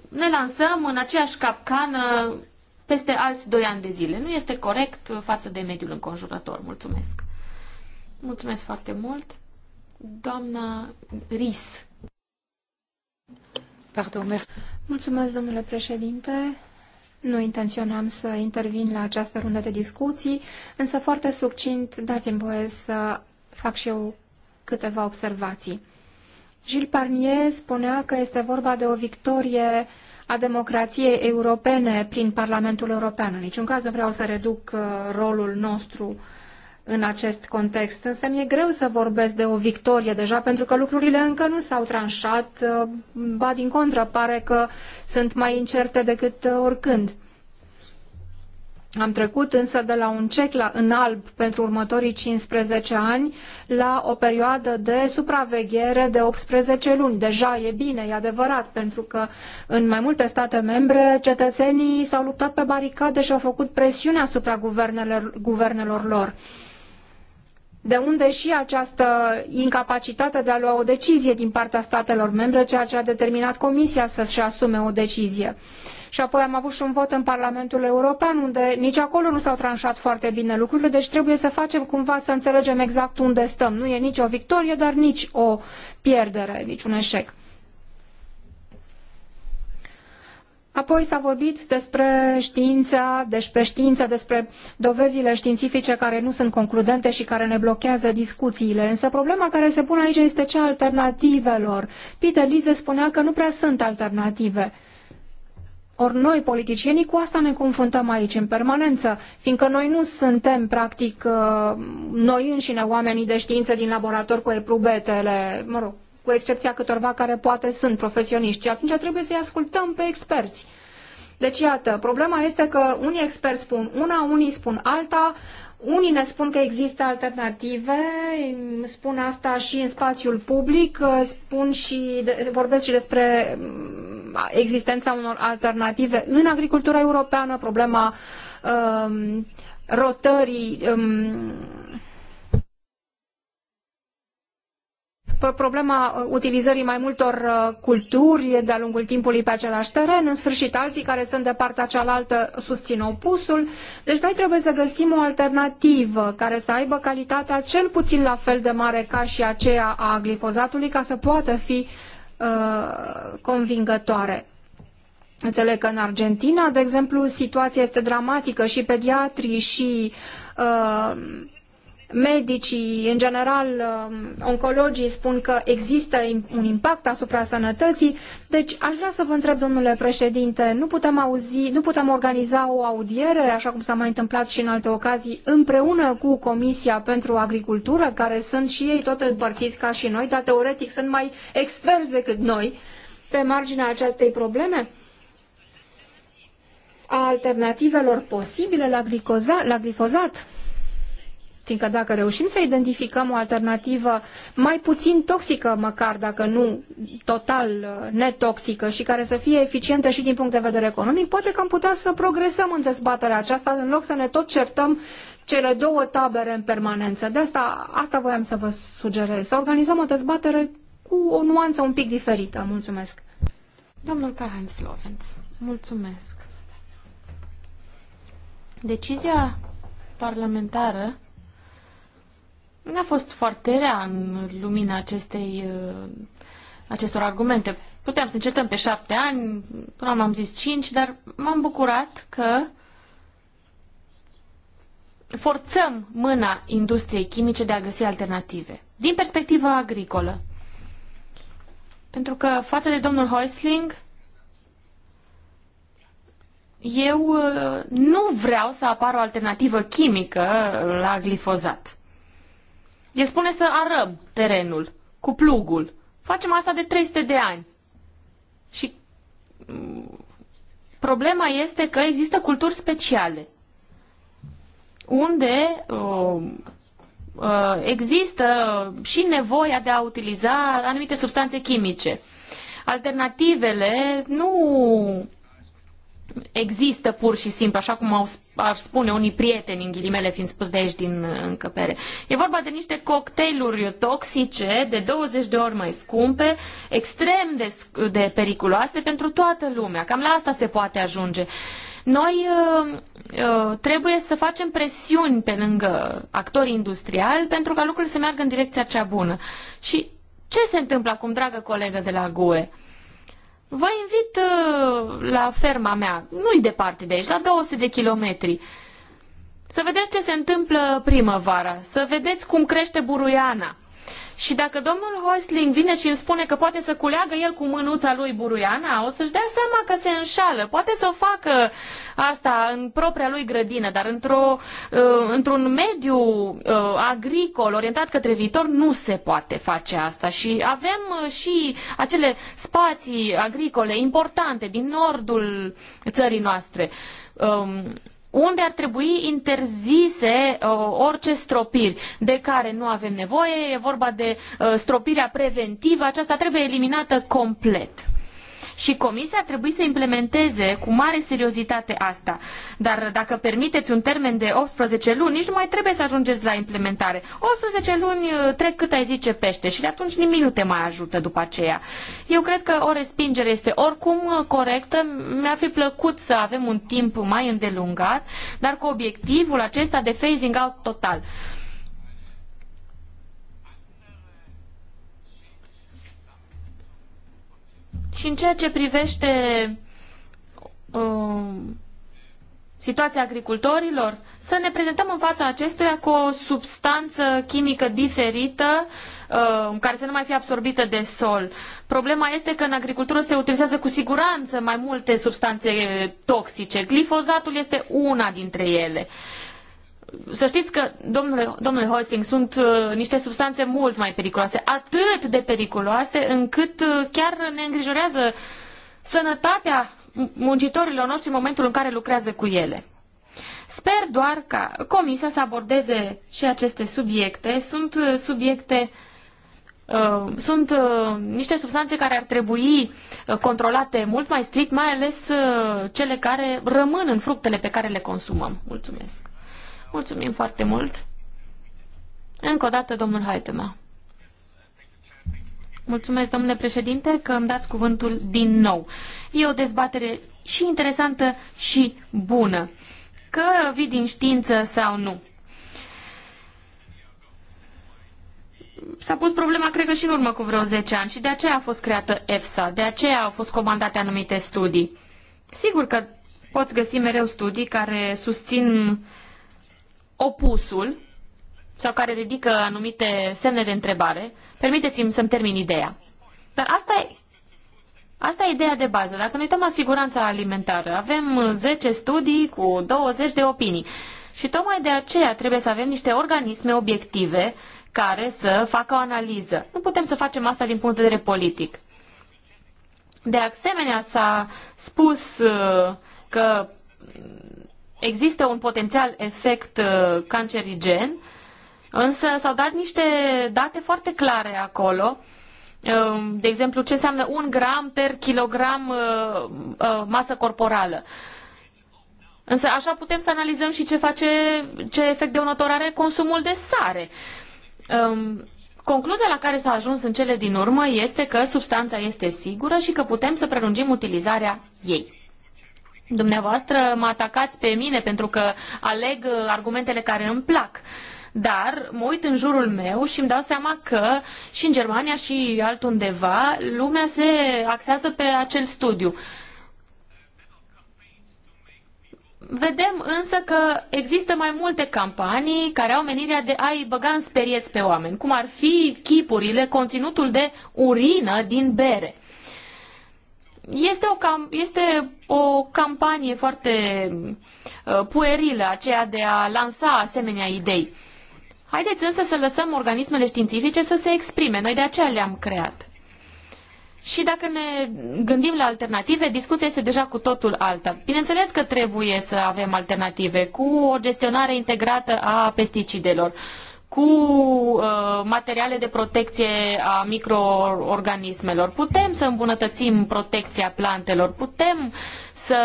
ne lansăm în aceeași capcană peste alți doi ani de zile. Nu este corect față de mediul înconjurător. Mulțumesc. Mulțumesc foarte mult. Doamna Ris. Pardon, merci. Mulțumesc, domnule președinte. Nu intenționam să intervin la această rundă de discuții, însă foarte succint dați-mi voie să fac și eu câteva observații. Gilles Parnier spunea că este vorba de o victorie a democrației europene prin Parlamentul European. În niciun caz nu vreau să reduc uh, rolul nostru în acest context, însă mi-e greu să vorbesc de o victorie deja, pentru că lucrurile încă nu s-au tranșat, uh, ba din contră, pare că sunt mai incerte decât uh, oricând. Am trecut însă de la un cec la, în alb pentru următorii 15 ani la o perioadă de supraveghere de 18 luni. Deja e bine, e adevărat, pentru că în mai multe state membre cetățenii s-au luptat pe baricade și au făcut presiune asupra guvernelor, guvernelor lor de unde și această incapacitate de a lua o decizie din partea statelor membre, ceea ce a determinat Comisia să-și asume o decizie. Și apoi am avut și un vot în Parlamentul European, unde nici acolo nu s-au tranșat foarte bine lucrurile, deci trebuie să facem cumva să înțelegem exact unde stăm. Nu e nici o victorie, dar nici o pierdere, nici un eșec. Apoi s-a vorbit despre știința, despre știință, despre dovezile științifice care nu sunt concludente și care ne blochează discuțiile. Însă problema care se pune aici este cea alternativelor. Peter Lise spunea că nu prea sunt alternative. Ori noi, politicienii, cu asta ne confruntăm aici în permanență, fiindcă noi nu suntem, practic, uh, noi înșine oamenii de știință din laborator cu eprubetele, mă rog, cu excepția câtorva care poate sunt profesioniști, și atunci trebuie să-i ascultăm pe experți. Deci, iată, problema este că unii experți spun una, unii spun alta, unii ne spun că există alternative, spun asta și în spațiul public, spun și, vorbesc și despre mm, existența unor alternative în agricultura europeană, problema um, rotării um, problema uh, utilizării mai multor uh, culturi de-a lungul timpului pe același teren, în sfârșit alții care sunt de partea cealaltă susțin opusul. Deci noi trebuie să găsim o alternativă care să aibă calitatea cel puțin la fel de mare ca și aceea a glifozatului ca să poată fi uh, convingătoare. Înțeleg că în Argentina, de exemplu, situația este dramatică și pediatrii și uh, medicii, în general um, oncologii spun că există un impact asupra sănătății. Deci aș vrea să vă întreb, domnule președinte, nu putem auzi, nu putem organiza o audiere, așa cum s-a mai întâmplat și în alte ocazii, împreună cu Comisia pentru Agricultură, care sunt și ei tot împărțiți ca și noi, dar teoretic sunt mai experți decât noi pe marginea acestei probleme? a alternativelor posibile la, glicoza, la glifozat? Fiindcă dacă reușim să identificăm o alternativă mai puțin toxică, măcar dacă nu total uh, netoxică și care să fie eficientă și din punct de vedere economic, poate că am putea să progresăm în dezbaterea aceasta în loc să ne tot certăm cele două tabere în permanență. De asta, asta voiam să vă sugerez. Să organizăm o dezbatere cu o nuanță un pic diferită. Mulțumesc. Domnul Karl-Heinz mulțumesc. Decizia parlamentară a fost foarte rea în lumina acestei, uh, acestor argumente. Puteam să încetăm pe șapte ani, până am zis cinci, dar m-am bucurat că forțăm mâna industriei chimice de a găsi alternative. Din perspectiva agricolă. Pentru că față de domnul Heusling, eu uh, nu vreau să apară o alternativă chimică la glifozat. El spune să arăm terenul cu plugul. Facem asta de 300 de ani. Și mm, problema este că există culturi speciale unde uh, uh, există și nevoia de a utiliza anumite substanțe chimice. Alternativele nu există pur și simplu, așa cum au, ar spune unii prieteni, în ghilimele fiind spus de aici din uh, încăpere. E vorba de niște cocktailuri toxice, de 20 de ori mai scumpe, extrem de, de periculoase pentru toată lumea. Cam la asta se poate ajunge. Noi uh, uh, trebuie să facem presiuni pe lângă actorii industriali pentru ca lucrurile să meargă în direcția cea bună. Și ce se întâmplă acum, dragă colegă de la GUE? Uh, Vă invit uh, la ferma mea, nu-i departe de aici, la 200 de kilometri. Să vedeți ce se întâmplă primăvara, să vedeți cum crește buruiana, și dacă domnul Hoisling vine și îmi spune că poate să culeagă el cu mânuța lui buruiana, o să-și dea seama că se înșală. Poate să o facă asta în propria lui grădină, dar într-o, uh, într-un mediu uh, agricol orientat către viitor nu se poate face asta. Și avem uh, și acele spații agricole importante din nordul țării noastre um, unde ar trebui interzise uh, orice stropiri de care nu avem nevoie. E vorba de uh, stropirea preventivă, aceasta trebuie eliminată complet și Comisia ar trebui să implementeze cu mare seriozitate asta. Dar dacă permiteți un termen de 18 luni, nici nu mai trebuie să ajungeți la implementare. 18 luni uh, trec cât ai zice pește și de atunci nimic nu te mai ajută după aceea. Eu cred că o respingere este oricum uh, corectă. Mi-ar fi plăcut să avem un timp mai îndelungat, dar cu obiectivul acesta de phasing out total. Și în ceea ce privește um, situația agricultorilor, să ne prezentăm în fața acestuia cu o substanță chimică diferită uh, care să nu mai fie absorbită de sol. Problema este că în agricultură se utilizează cu siguranță mai multe substanțe toxice. Glifozatul este una dintre ele. Uh, să știți că, domnule, domnule Hosting, sunt uh, niște substanțe mult mai periculoase, atât de periculoase încât uh, chiar ne îngrijorează sănătatea muncitorilor noștri în momentul în care lucrează cu ele. Sper doar ca Comisia să abordeze și aceste subiecte. Sunt uh, subiecte uh, sunt uh, niște substanțe care ar trebui uh, controlate mult mai strict, mai ales uh, cele care rămân în fructele pe care le consumăm. Mulțumesc. Mulțumim foarte mult. Încă o dată, domnul Haitema. Mulțumesc, domnule președinte, că îmi dați cuvântul din nou. E o dezbatere și interesantă și bună, că vii din știință sau nu. S-a pus problema, cred că și în urmă cu vreo 10 ani și de aceea a fost creată EFSA, de aceea au fost comandate anumite studii. Sigur că poți găsi mereu studii care susțin opusul sau care ridică anumite semne de întrebare, permiteți-mi să-mi termin ideea. Dar asta e, asta e ideea de bază. Dacă ne uităm la siguranța alimentară, avem 10 studii cu 20 de opinii. Și tocmai de aceea trebuie să avem niște organisme obiective care să facă o analiză. Nu putem să facem asta din punct de vedere politic. De asemenea, s-a spus uh, că există un potențial efect uh, cancerigen, însă s-au dat niște date foarte clare acolo. Um, de exemplu, ce înseamnă un gram per kilogram uh, uh, masă corporală. Însă așa putem să analizăm și ce face, ce efect de unător are consumul de sare. Um, concluzia la care s-a ajuns în cele din urmă este că substanța este sigură și că putem să prelungim utilizarea ei. Dumneavoastră mă atacați pe mine pentru că aleg uh, argumentele care îmi plac. Dar mă uit în jurul meu și îmi dau seama că și în Germania și altundeva lumea se axează pe acel studiu. Vedem însă că există mai multe campanii care au menirea de a-i băga în sperieți pe oameni, cum ar fi chipurile, conținutul de urină din bere. Este o, cam, este o campanie foarte uh, puerilă aceea de a lansa asemenea idei. Haideți însă să lăsăm organismele științifice să se exprime. Noi de aceea le-am creat. Și dacă ne gândim la alternative, discuția este deja cu totul alta. Bineînțeles că trebuie să avem alternative cu o gestionare integrată a pesticidelor, cu uh, materiale de protecție a microorganismelor. Putem să îmbunătățim protecția plantelor, putem să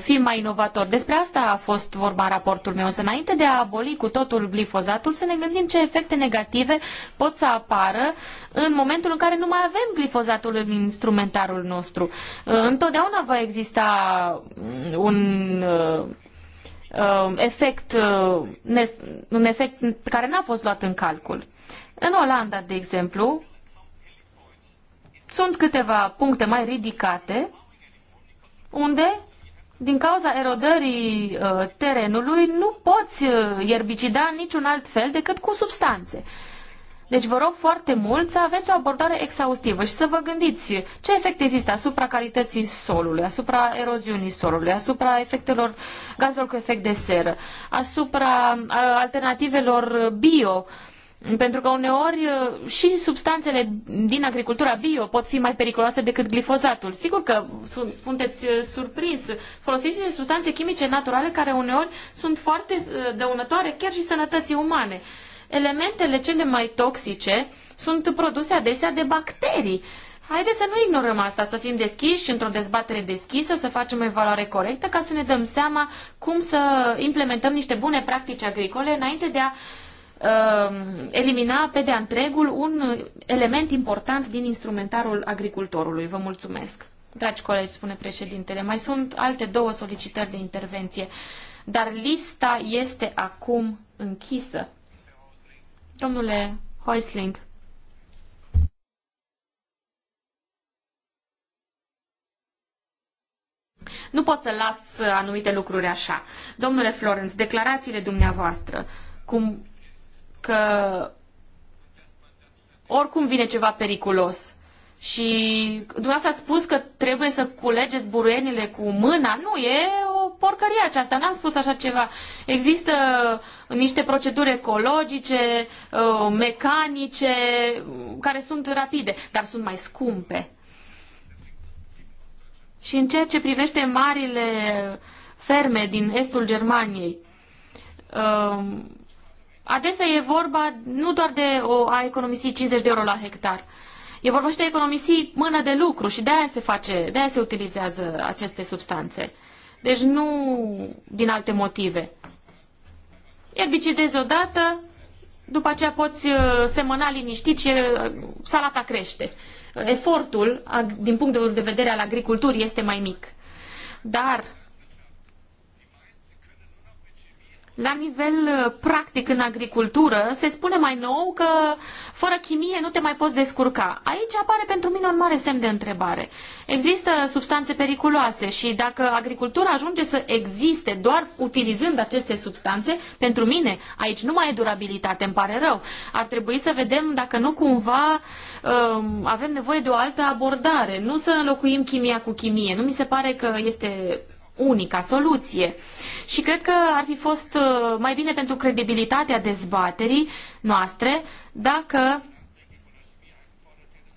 fim mai inovatori. Despre asta a fost vorba în raportul meu. Însă înainte de a aboli cu totul glifozatul, să ne gândim ce efecte negative pot să apară în momentul în care nu mai avem glifozatul în instrumentarul nostru. Uh, întotdeauna va exista un... Uh, Um, efect, uh, un efect care n-a fost luat în calcul. În Olanda, de exemplu, sunt câteva puncte mai ridicate unde, din cauza erodării uh, terenului, nu poți uh, ierbicida în niciun alt fel decât cu substanțe. Deci vă rog foarte mult să aveți o abordare exhaustivă și să vă gândiți ce efecte există asupra calității solului, asupra eroziunii solului, asupra efectelor gazelor cu efect de seră, asupra alternativelor bio, pentru că uneori și substanțele din agricultura bio pot fi mai periculoase decât glifozatul. Sigur că sunteți surprins. Folosiți substanțe chimice naturale care uneori sunt foarte dăunătoare chiar și sănătății umane. Elementele cele mai toxice sunt produse adesea de bacterii. Haideți să nu ignorăm asta, să fim deschiși, într-o dezbatere deschisă, să facem o evaluare corectă ca să ne dăm seama cum să implementăm niște bune practici agricole înainte de a uh, elimina pe de-a întregul un element important din instrumentarul agricultorului. Vă mulțumesc. Dragi colegi, spune președintele, mai sunt alte două solicitări de intervenție, dar lista este acum închisă. Domnule Heusling, nu pot să las anumite lucruri așa. Domnule Florenț, declarațiile dumneavoastră, cum că oricum vine ceva periculos și dumneavoastră ați spus că trebuie să culegeți buruienile cu mâna, nu, e o porcărie aceasta, n-am spus așa ceva. Există uh, niște proceduri ecologice, uh, mecanice, uh, care sunt rapide, dar sunt mai scumpe. Și în ceea ce privește marile ferme din estul Germaniei, um, adesea e vorba nu doar de o, a economisi 50 de euro la hectar, E vorba și de economisi mână de lucru și de aia se face, de aia se utilizează aceste substanțe. Deci nu din alte motive erbicidezi odată, după aceea poți uh, semăna liniștit și uh, salata crește. Efortul, din punctul de vedere al agriculturii, este mai mic. Dar la nivel uh, practic în agricultură, se spune mai nou că fără chimie nu te mai poți descurca. Aici apare pentru mine un mare semn de întrebare. Există substanțe periculoase și dacă agricultura ajunge să existe doar utilizând aceste substanțe, pentru mine aici nu mai e durabilitate, îmi pare rău. Ar trebui să vedem dacă nu cumva um, avem nevoie de o altă abordare, nu să înlocuim chimia cu chimie. Nu mi se pare că este unica soluție. Și cred că ar fi fost uh, mai bine pentru credibilitatea dezbaterii noastre dacă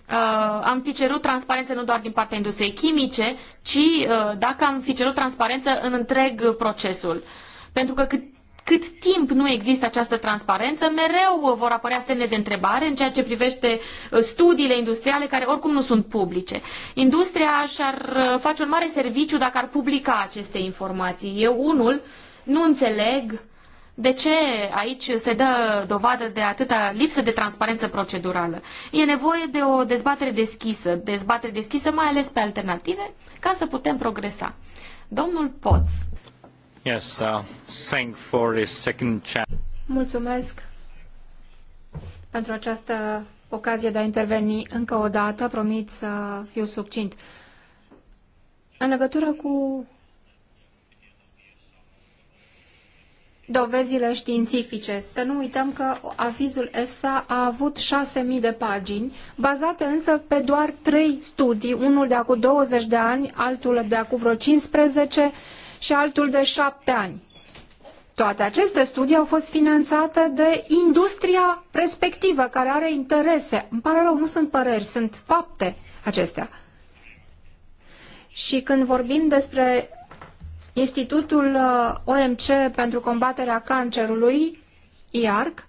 uh, am fi cerut transparență nu doar din partea industriei chimice, ci uh, dacă am fi cerut transparență în întreg procesul. Pentru că cât cât timp nu există această transparență, mereu vor apărea semne de întrebare în ceea ce privește uh, studiile industriale care oricum nu sunt publice. Industria și-ar uh, face un mare serviciu dacă ar publica aceste informații. Eu unul nu înțeleg de ce aici se dă dovadă de atâta lipsă de transparență procedurală? E nevoie de o dezbatere deschisă, dezbatere deschisă mai ales pe alternative, ca să putem progresa. Domnul Poț. Yes, uh, thank for this second chance. Mulțumesc pentru această ocazie de a interveni încă o dată. Promit să fiu succint. În legătură cu dovezile științifice. Să nu uităm că avizul EFSA a avut 6.000 de pagini, bazate însă pe doar trei studii, unul de acum 20 de ani, altul de acum vreo 15 și altul de șapte ani. Toate aceste studii au fost finanțate de industria respectivă, care are interese. Îmi pare rău, nu sunt păreri, sunt fapte acestea. Și când vorbim despre Institutul uh, OMC pentru combaterea cancerului, IARC,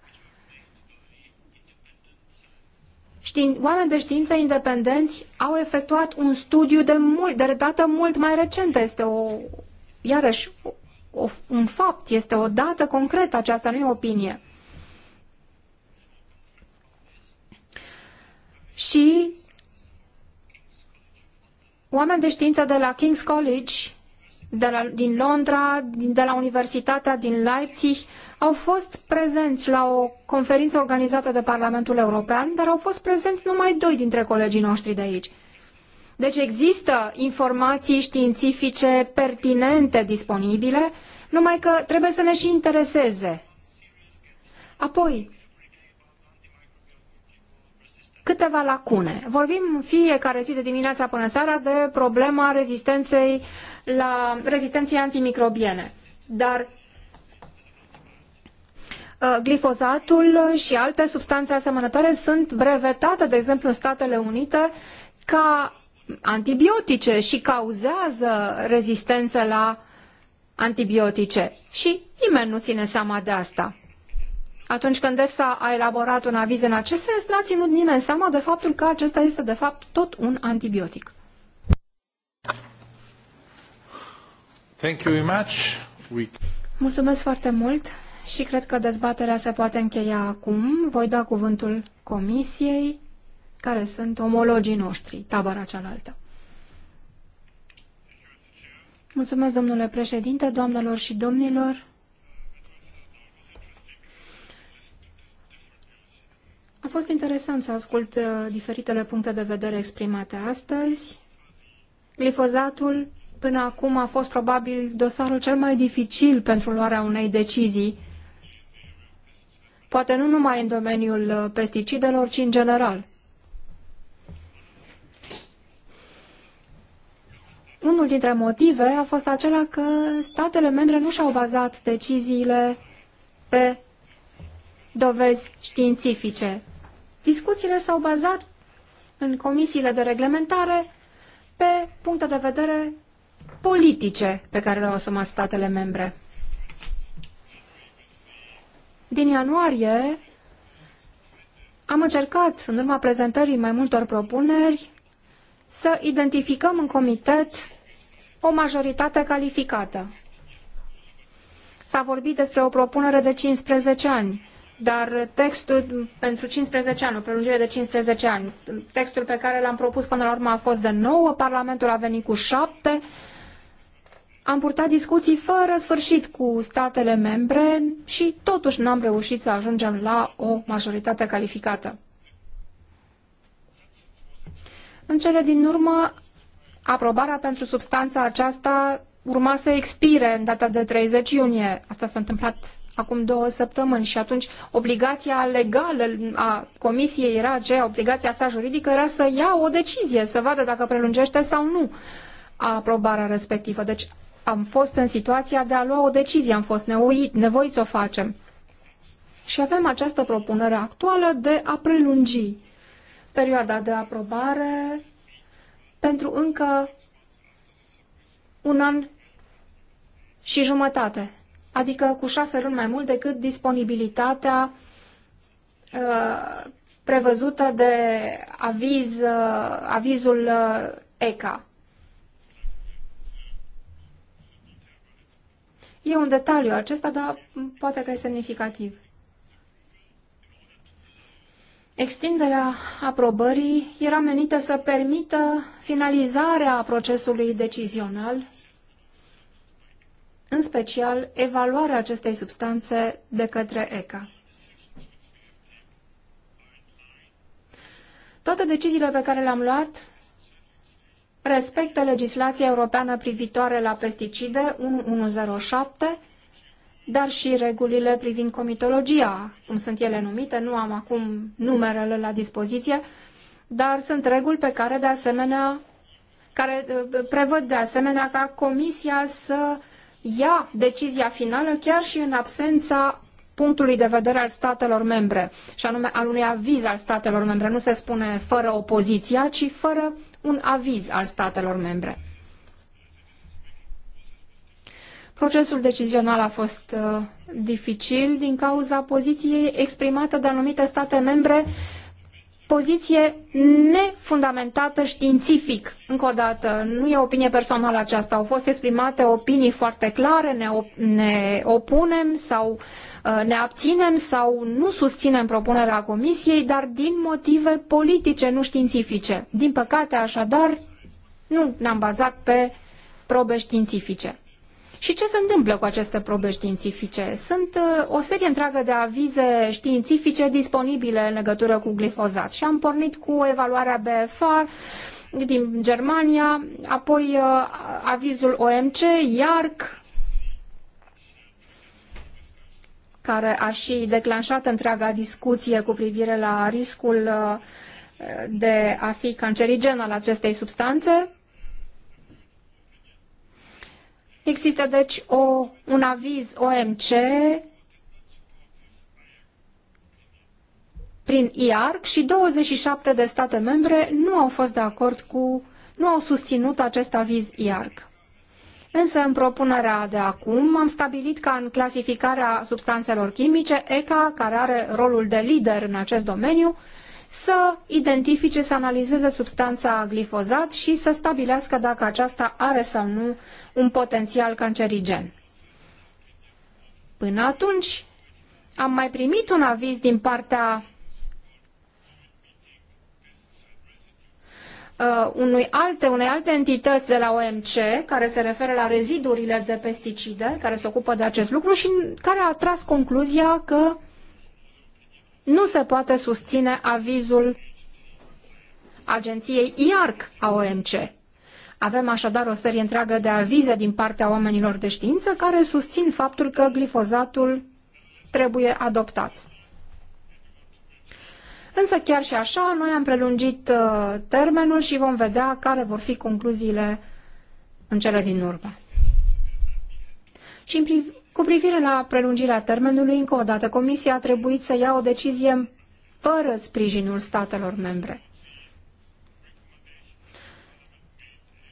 Știin, oameni de știință independenți au efectuat un studiu de, mult, de dată mult mai recentă. Este o, iarăși, o, un fapt, este o dată concretă, aceasta nu e o opinie. Și oameni de știință de la King's College, de la, din Londra, din, de la Universitatea din Leipzig, au fost prezenți la o conferință organizată de Parlamentul European, dar au fost prezenți numai doi dintre colegii noștri de aici. Deci există informații științifice pertinente disponibile, numai că trebuie să ne și intereseze. Apoi, câteva lacune. Vorbim fiecare zi de dimineața până seara de problema rezistenței la rezistenței antimicrobiene. Dar ă, glifozatul și alte substanțe asemănătoare sunt brevetate, de exemplu, în Statele Unite ca antibiotice și cauzează rezistență la antibiotice. Și nimeni nu ține seama de asta. Atunci când EFSA a elaborat un aviz în acest sens, n-a ținut nimeni seama de faptul că acesta este de fapt tot un antibiotic. Thank you very much. We... Mulțumesc foarte mult și cred că dezbaterea se poate încheia acum. Voi da cuvântul Comisiei care sunt omologii noștri, tabăra cealaltă. Mulțumesc, domnule președinte, doamnelor și domnilor. A fost interesant să ascult uh, diferitele puncte de vedere exprimate astăzi. Glifozatul până acum a fost probabil dosarul cel mai dificil pentru luarea unei decizii, poate nu numai în domeniul uh, pesticidelor, ci în general. Unul dintre motive a fost acela că statele membre nu și-au bazat deciziile pe dovezi științifice. Discuțiile s-au bazat în comisiile de reglementare pe puncte de vedere politice pe care le-au asumat statele membre. Din ianuarie am încercat, în urma prezentării mai multor propuneri, să identificăm în comitet o majoritate calificată. S-a vorbit despre o propunere de 15 ani, dar textul pentru 15 ani, o prelungire de 15 ani, textul pe care l-am propus până la urmă a fost de 9, Parlamentul a venit cu 7, am purtat discuții fără sfârșit cu statele membre și totuși n-am reușit să ajungem la o majoritate calificată. În cele din urmă, aprobarea pentru substanța aceasta urma să expire în data de 30 iunie. Asta s-a întâmplat acum două săptămâni și atunci obligația legală a comisiei era aceea, obligația sa juridică era să ia o decizie, să vadă dacă prelungește sau nu aprobarea respectivă. Deci am fost în situația de a lua o decizie, am fost nevoit, să o facem. Și avem această propunere actuală de a prelungi perioada de aprobare pentru încă un an și jumătate, adică cu șase luni mai mult decât disponibilitatea uh, prevăzută de aviz, uh, avizul uh, ECA. E un detaliu acesta, dar poate că e semnificativ. Extinderea aprobării era menită să permită finalizarea procesului decizional, în special evaluarea acestei substanțe de către ECA. Toate deciziile pe care le-am luat respectă legislația europeană privitoare la pesticide 1107 dar și regulile privind comitologia, cum sunt ele numite, nu am acum numerele la dispoziție, dar sunt reguli pe care de asemenea care uh, prevăd de asemenea ca comisia să ia decizia finală chiar și în absența punctului de vedere al statelor membre, și anume al unui aviz al statelor membre. Nu se spune fără opoziția, ci fără un aviz al statelor membre. Procesul decizional a fost uh, dificil din cauza poziției exprimată de anumite state membre, poziție nefundamentată științific. Încă o dată, nu e opinie personală aceasta, au fost exprimate opinii foarte clare, ne, op ne opunem sau uh, ne abținem sau nu susținem propunerea Comisiei, dar din motive politice, nu științifice. Din păcate, așadar, nu ne-am bazat pe probe științifice. Și ce se întâmplă cu aceste probe științifice? Sunt uh, o serie întreagă de avize științifice disponibile în legătură cu glifozat și am pornit cu evaluarea BFR din Germania, apoi uh, avizul OMC, IARC, care a și declanșat întreaga discuție cu privire la riscul uh, de a fi cancerigen al acestei substanțe. Există deci o, un aviz OMC prin IARC și 27 de state membre nu au fost de acord cu, nu au susținut acest aviz IARC. Însă în propunerea de acum am stabilit ca în clasificarea substanțelor chimice ECA, care are rolul de lider în acest domeniu, să identifice, să analizeze substanța glifozat și să stabilească dacă aceasta are sau nu un potențial cancerigen. Până atunci, am mai primit un aviz din partea uh, unui alte, unei alte entități de la OMC care se referă la rezidurile de pesticide, care se ocupă de acest lucru și care a tras concluzia că nu se poate susține avizul agenției IARC a OMC. Avem așadar o serie întreagă de avize din partea oamenilor de știință care susțin faptul că glifozatul trebuie adoptat. Însă chiar și așa, noi am prelungit uh, termenul și vom vedea care vor fi concluziile în cele din urmă. Și în, cu privire la prelungirea termenului, încă o dată, Comisia a trebuit să ia o decizie fără sprijinul statelor membre.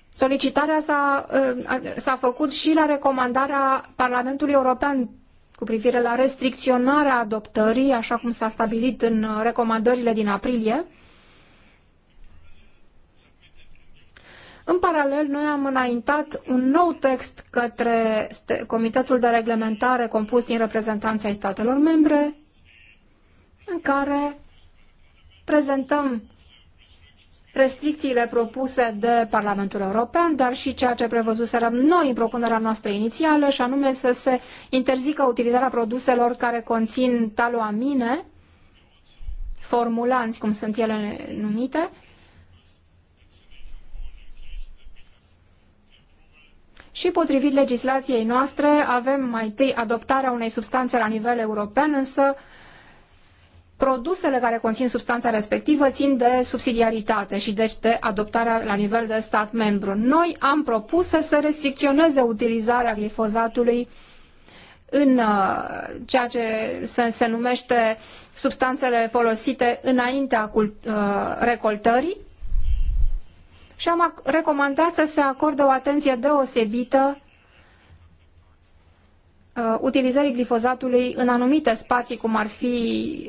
Solicitarea s-a ă, făcut și la recomandarea Parlamentului European cu privire la restricționarea adoptării, așa cum s-a stabilit în recomandările din aprilie, În paralel, noi am înaintat un nou text către Comitetul de Reglementare compus din reprezentanții ai statelor membre, în care prezentăm restricțiile propuse de Parlamentul European, dar și ceea ce prevăzuserăm noi în propunerea noastră inițială, și anume să se interzică utilizarea produselor care conțin taloamine, formulanți, cum sunt ele numite, și potrivit legislației noastre avem mai întâi adoptarea unei substanțe la nivel european, însă produsele care conțin substanța respectivă țin de subsidiaritate și deci de adoptarea la nivel de stat membru. Noi am propus să se restricționeze utilizarea glifozatului în uh, ceea ce se, se numește substanțele folosite înaintea uh, recoltării, și am recomandat să se acorde o atenție deosebită uh, utilizării glifozatului în anumite spații, cum ar fi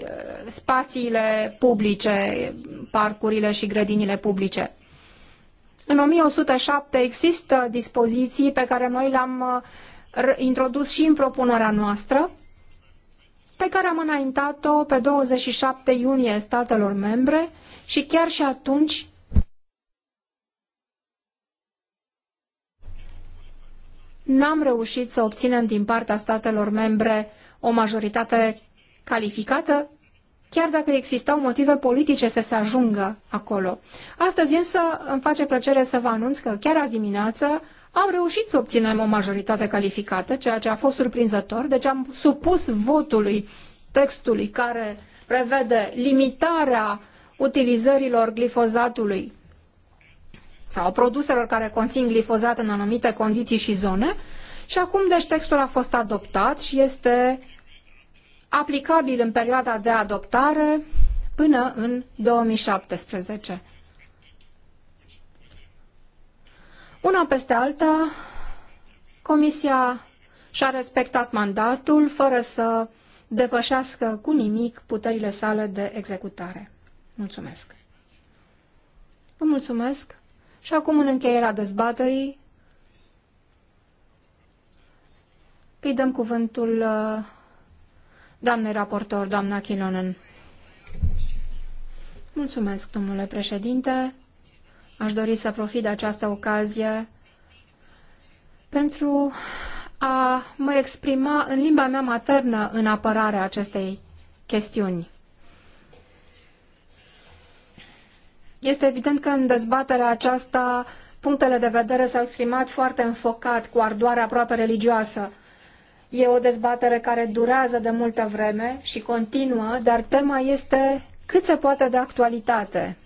uh, spațiile publice, parcurile și grădinile publice. În 1107 există dispoziții pe care noi le-am uh, introdus și în propunerea noastră, pe care am înaintat-o pe 27 iunie statelor membre și chiar și atunci n-am reușit să obținem din partea statelor membre o majoritate calificată, chiar dacă existau motive politice să se ajungă acolo. Astăzi însă îmi face plăcere să vă anunț că chiar azi dimineață am reușit să obținem o majoritate calificată, ceea ce a fost surprinzător, deci am supus votului textului care prevede limitarea utilizărilor glifozatului sau produselor care conțin glifozat în anumite condiții și zone. Și acum, deci, textul a fost adoptat și este aplicabil în perioada de adoptare până în 2017. Una peste alta, Comisia și-a respectat mandatul fără să depășească cu nimic puterile sale de executare. Mulțumesc! Vă mulțumesc! Și acum, în încheierea dezbaterii, îi dăm cuvântul uh, doamnei raportor, doamna Chilonen. Mulțumesc, domnule președinte. Aș dori să profit de această ocazie pentru a mă exprima în limba mea maternă în apărarea acestei chestiuni. Este evident că în dezbaterea aceasta punctele de vedere s-au exprimat foarte înfocat, cu ardoare aproape religioasă. E o dezbatere care durează de multă vreme și continuă, dar tema este cât se poate de actualitate.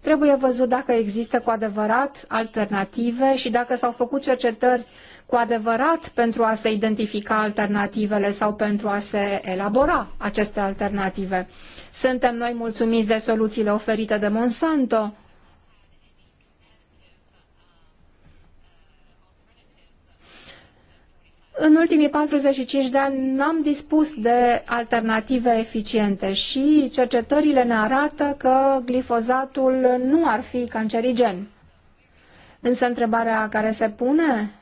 Trebuie văzut dacă există cu adevărat alternative și dacă s-au făcut cercetări cu adevărat pentru a se identifica alternativele sau pentru a se elabora aceste alternative. Suntem noi mulțumiți de soluțiile oferite de Monsanto? În ultimii 45 de ani n-am dispus de alternative eficiente și cercetările ne arată că glifozatul nu ar fi cancerigen. Însă întrebarea care se pune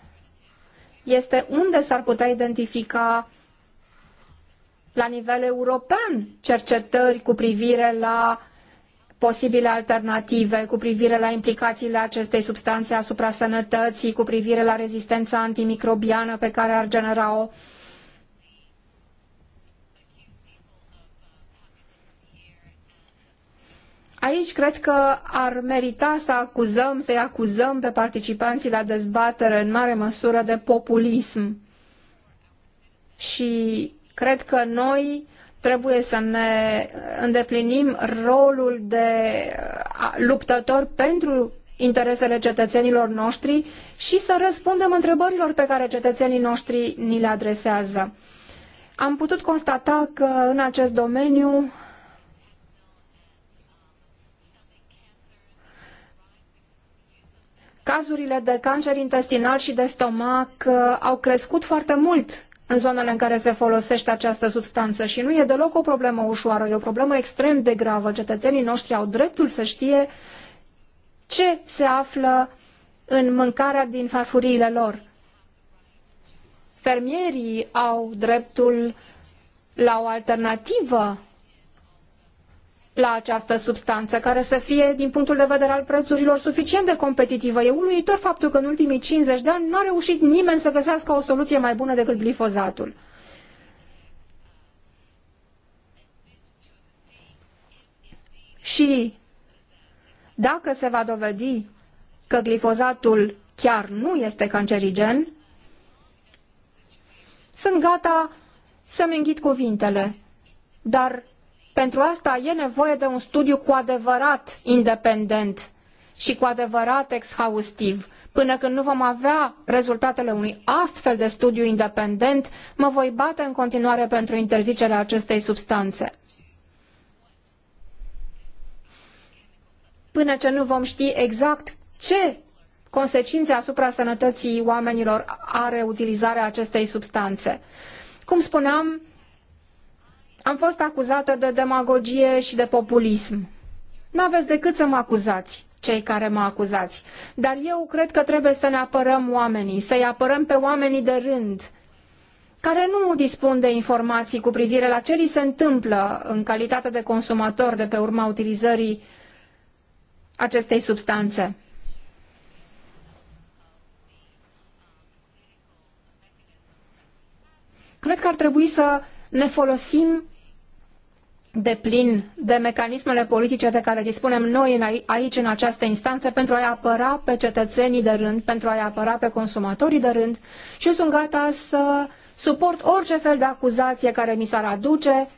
este unde s-ar putea identifica la nivel european cercetări cu privire la posibile alternative, cu privire la implicațiile acestei substanțe asupra sănătății, cu privire la rezistența antimicrobiană pe care ar genera-o uh, Aici cred că ar merita să acuzăm, să-i acuzăm pe participanții la dezbatere în mare măsură de populism. Și cred că noi trebuie să ne îndeplinim rolul de luptător pentru interesele cetățenilor noștri și să răspundem întrebărilor pe care cetățenii noștri ni le adresează. Am putut constata că în acest domeniu Cazurile de cancer intestinal și de stomac uh, au crescut foarte mult în zonele în care se folosește această substanță și nu e deloc o problemă ușoară, e o problemă extrem de gravă. Cetățenii noștri au dreptul să știe ce se află în mâncarea din farfuriile lor. Fermierii au dreptul la o alternativă la această substanță, care să fie, din punctul de vedere al prețurilor, suficient de competitivă. E uluitor faptul că în ultimii 50 de ani n-a reușit nimeni să găsească o soluție mai bună decât glifozatul. Și dacă se va dovedi că glifozatul chiar nu este cancerigen, sunt gata să-mi înghit cuvintele, dar pentru asta e nevoie de un studiu cu adevărat independent și cu adevărat exhaustiv. Până când nu vom avea rezultatele unui astfel de studiu independent, mă voi bate în continuare pentru interzicerea acestei substanțe. Până ce nu vom ști exact ce consecințe asupra sănătății oamenilor are utilizarea acestei substanțe. Cum spuneam, am fost acuzată de demagogie și de populism. N-aveți decât să mă acuzați, cei care mă acuzați. Dar eu cred că trebuie să ne apărăm oamenii, să-i apărăm pe oamenii de rând, care nu dispun de informații cu privire la ce li se întâmplă în calitate de consumator de pe urma utilizării acestei substanțe. Cred că ar trebui să ne folosim deplin de mecanismele politice de care dispunem noi aici, în această instanță, pentru a-i apăra pe cetățenii de rând, pentru a-i apăra pe consumatorii de rând și eu sunt gata să suport orice fel de acuzație care mi s-ar aduce,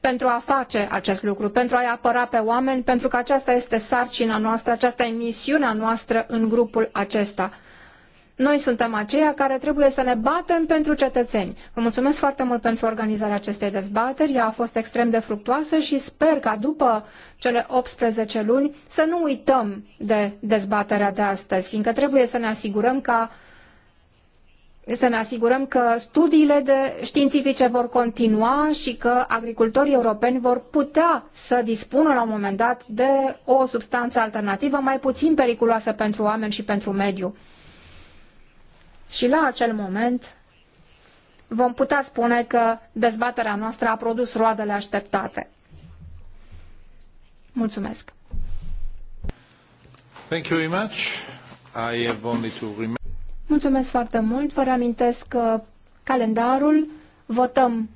pentru a face acest lucru, pentru a-i apăra pe oameni, pentru că aceasta este sarcina noastră, aceasta e misiunea noastră în grupul acesta. Noi suntem aceia care trebuie să ne batem pentru cetățeni. Vă mulțumesc foarte mult pentru organizarea acestei dezbateri. Ea a fost extrem de fructuoasă și sper ca după cele 18 luni să nu uităm de dezbaterea de astăzi, fiindcă trebuie să ne asigurăm ca să ne asigurăm că studiile de științifice vor continua și că agricultorii europeni vor putea să dispună la un moment dat de o substanță alternativă mai puțin periculoasă pentru oameni și pentru mediu. Și la acel moment vom putea spune că dezbaterea noastră a produs roadele așteptate. Mulțumesc! Thank you very much. I have only to remember... Mulțumesc foarte mult. Vă reamintesc că calendarul votăm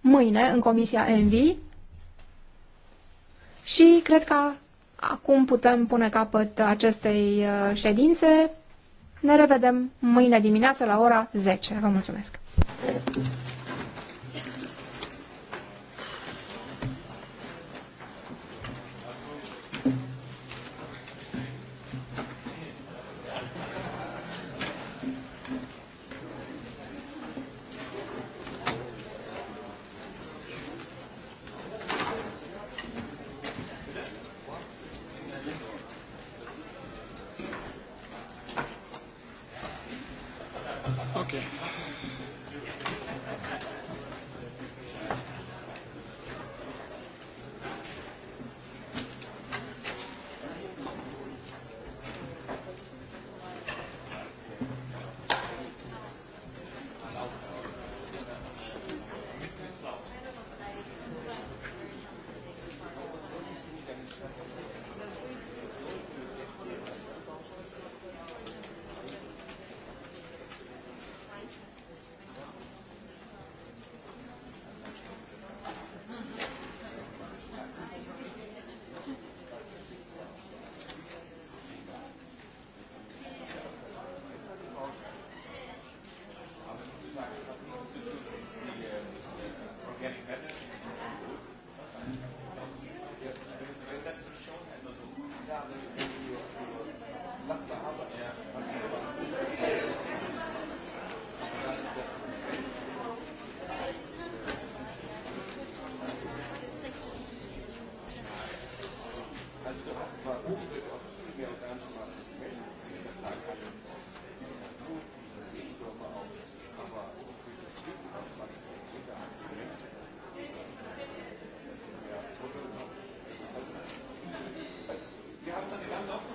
mâine în Comisia ENVI și cred că acum putem pune capăt acestei uh, ședințe. Ne revedem mâine dimineață la ora 10. Vă mulțumesc! Gracias.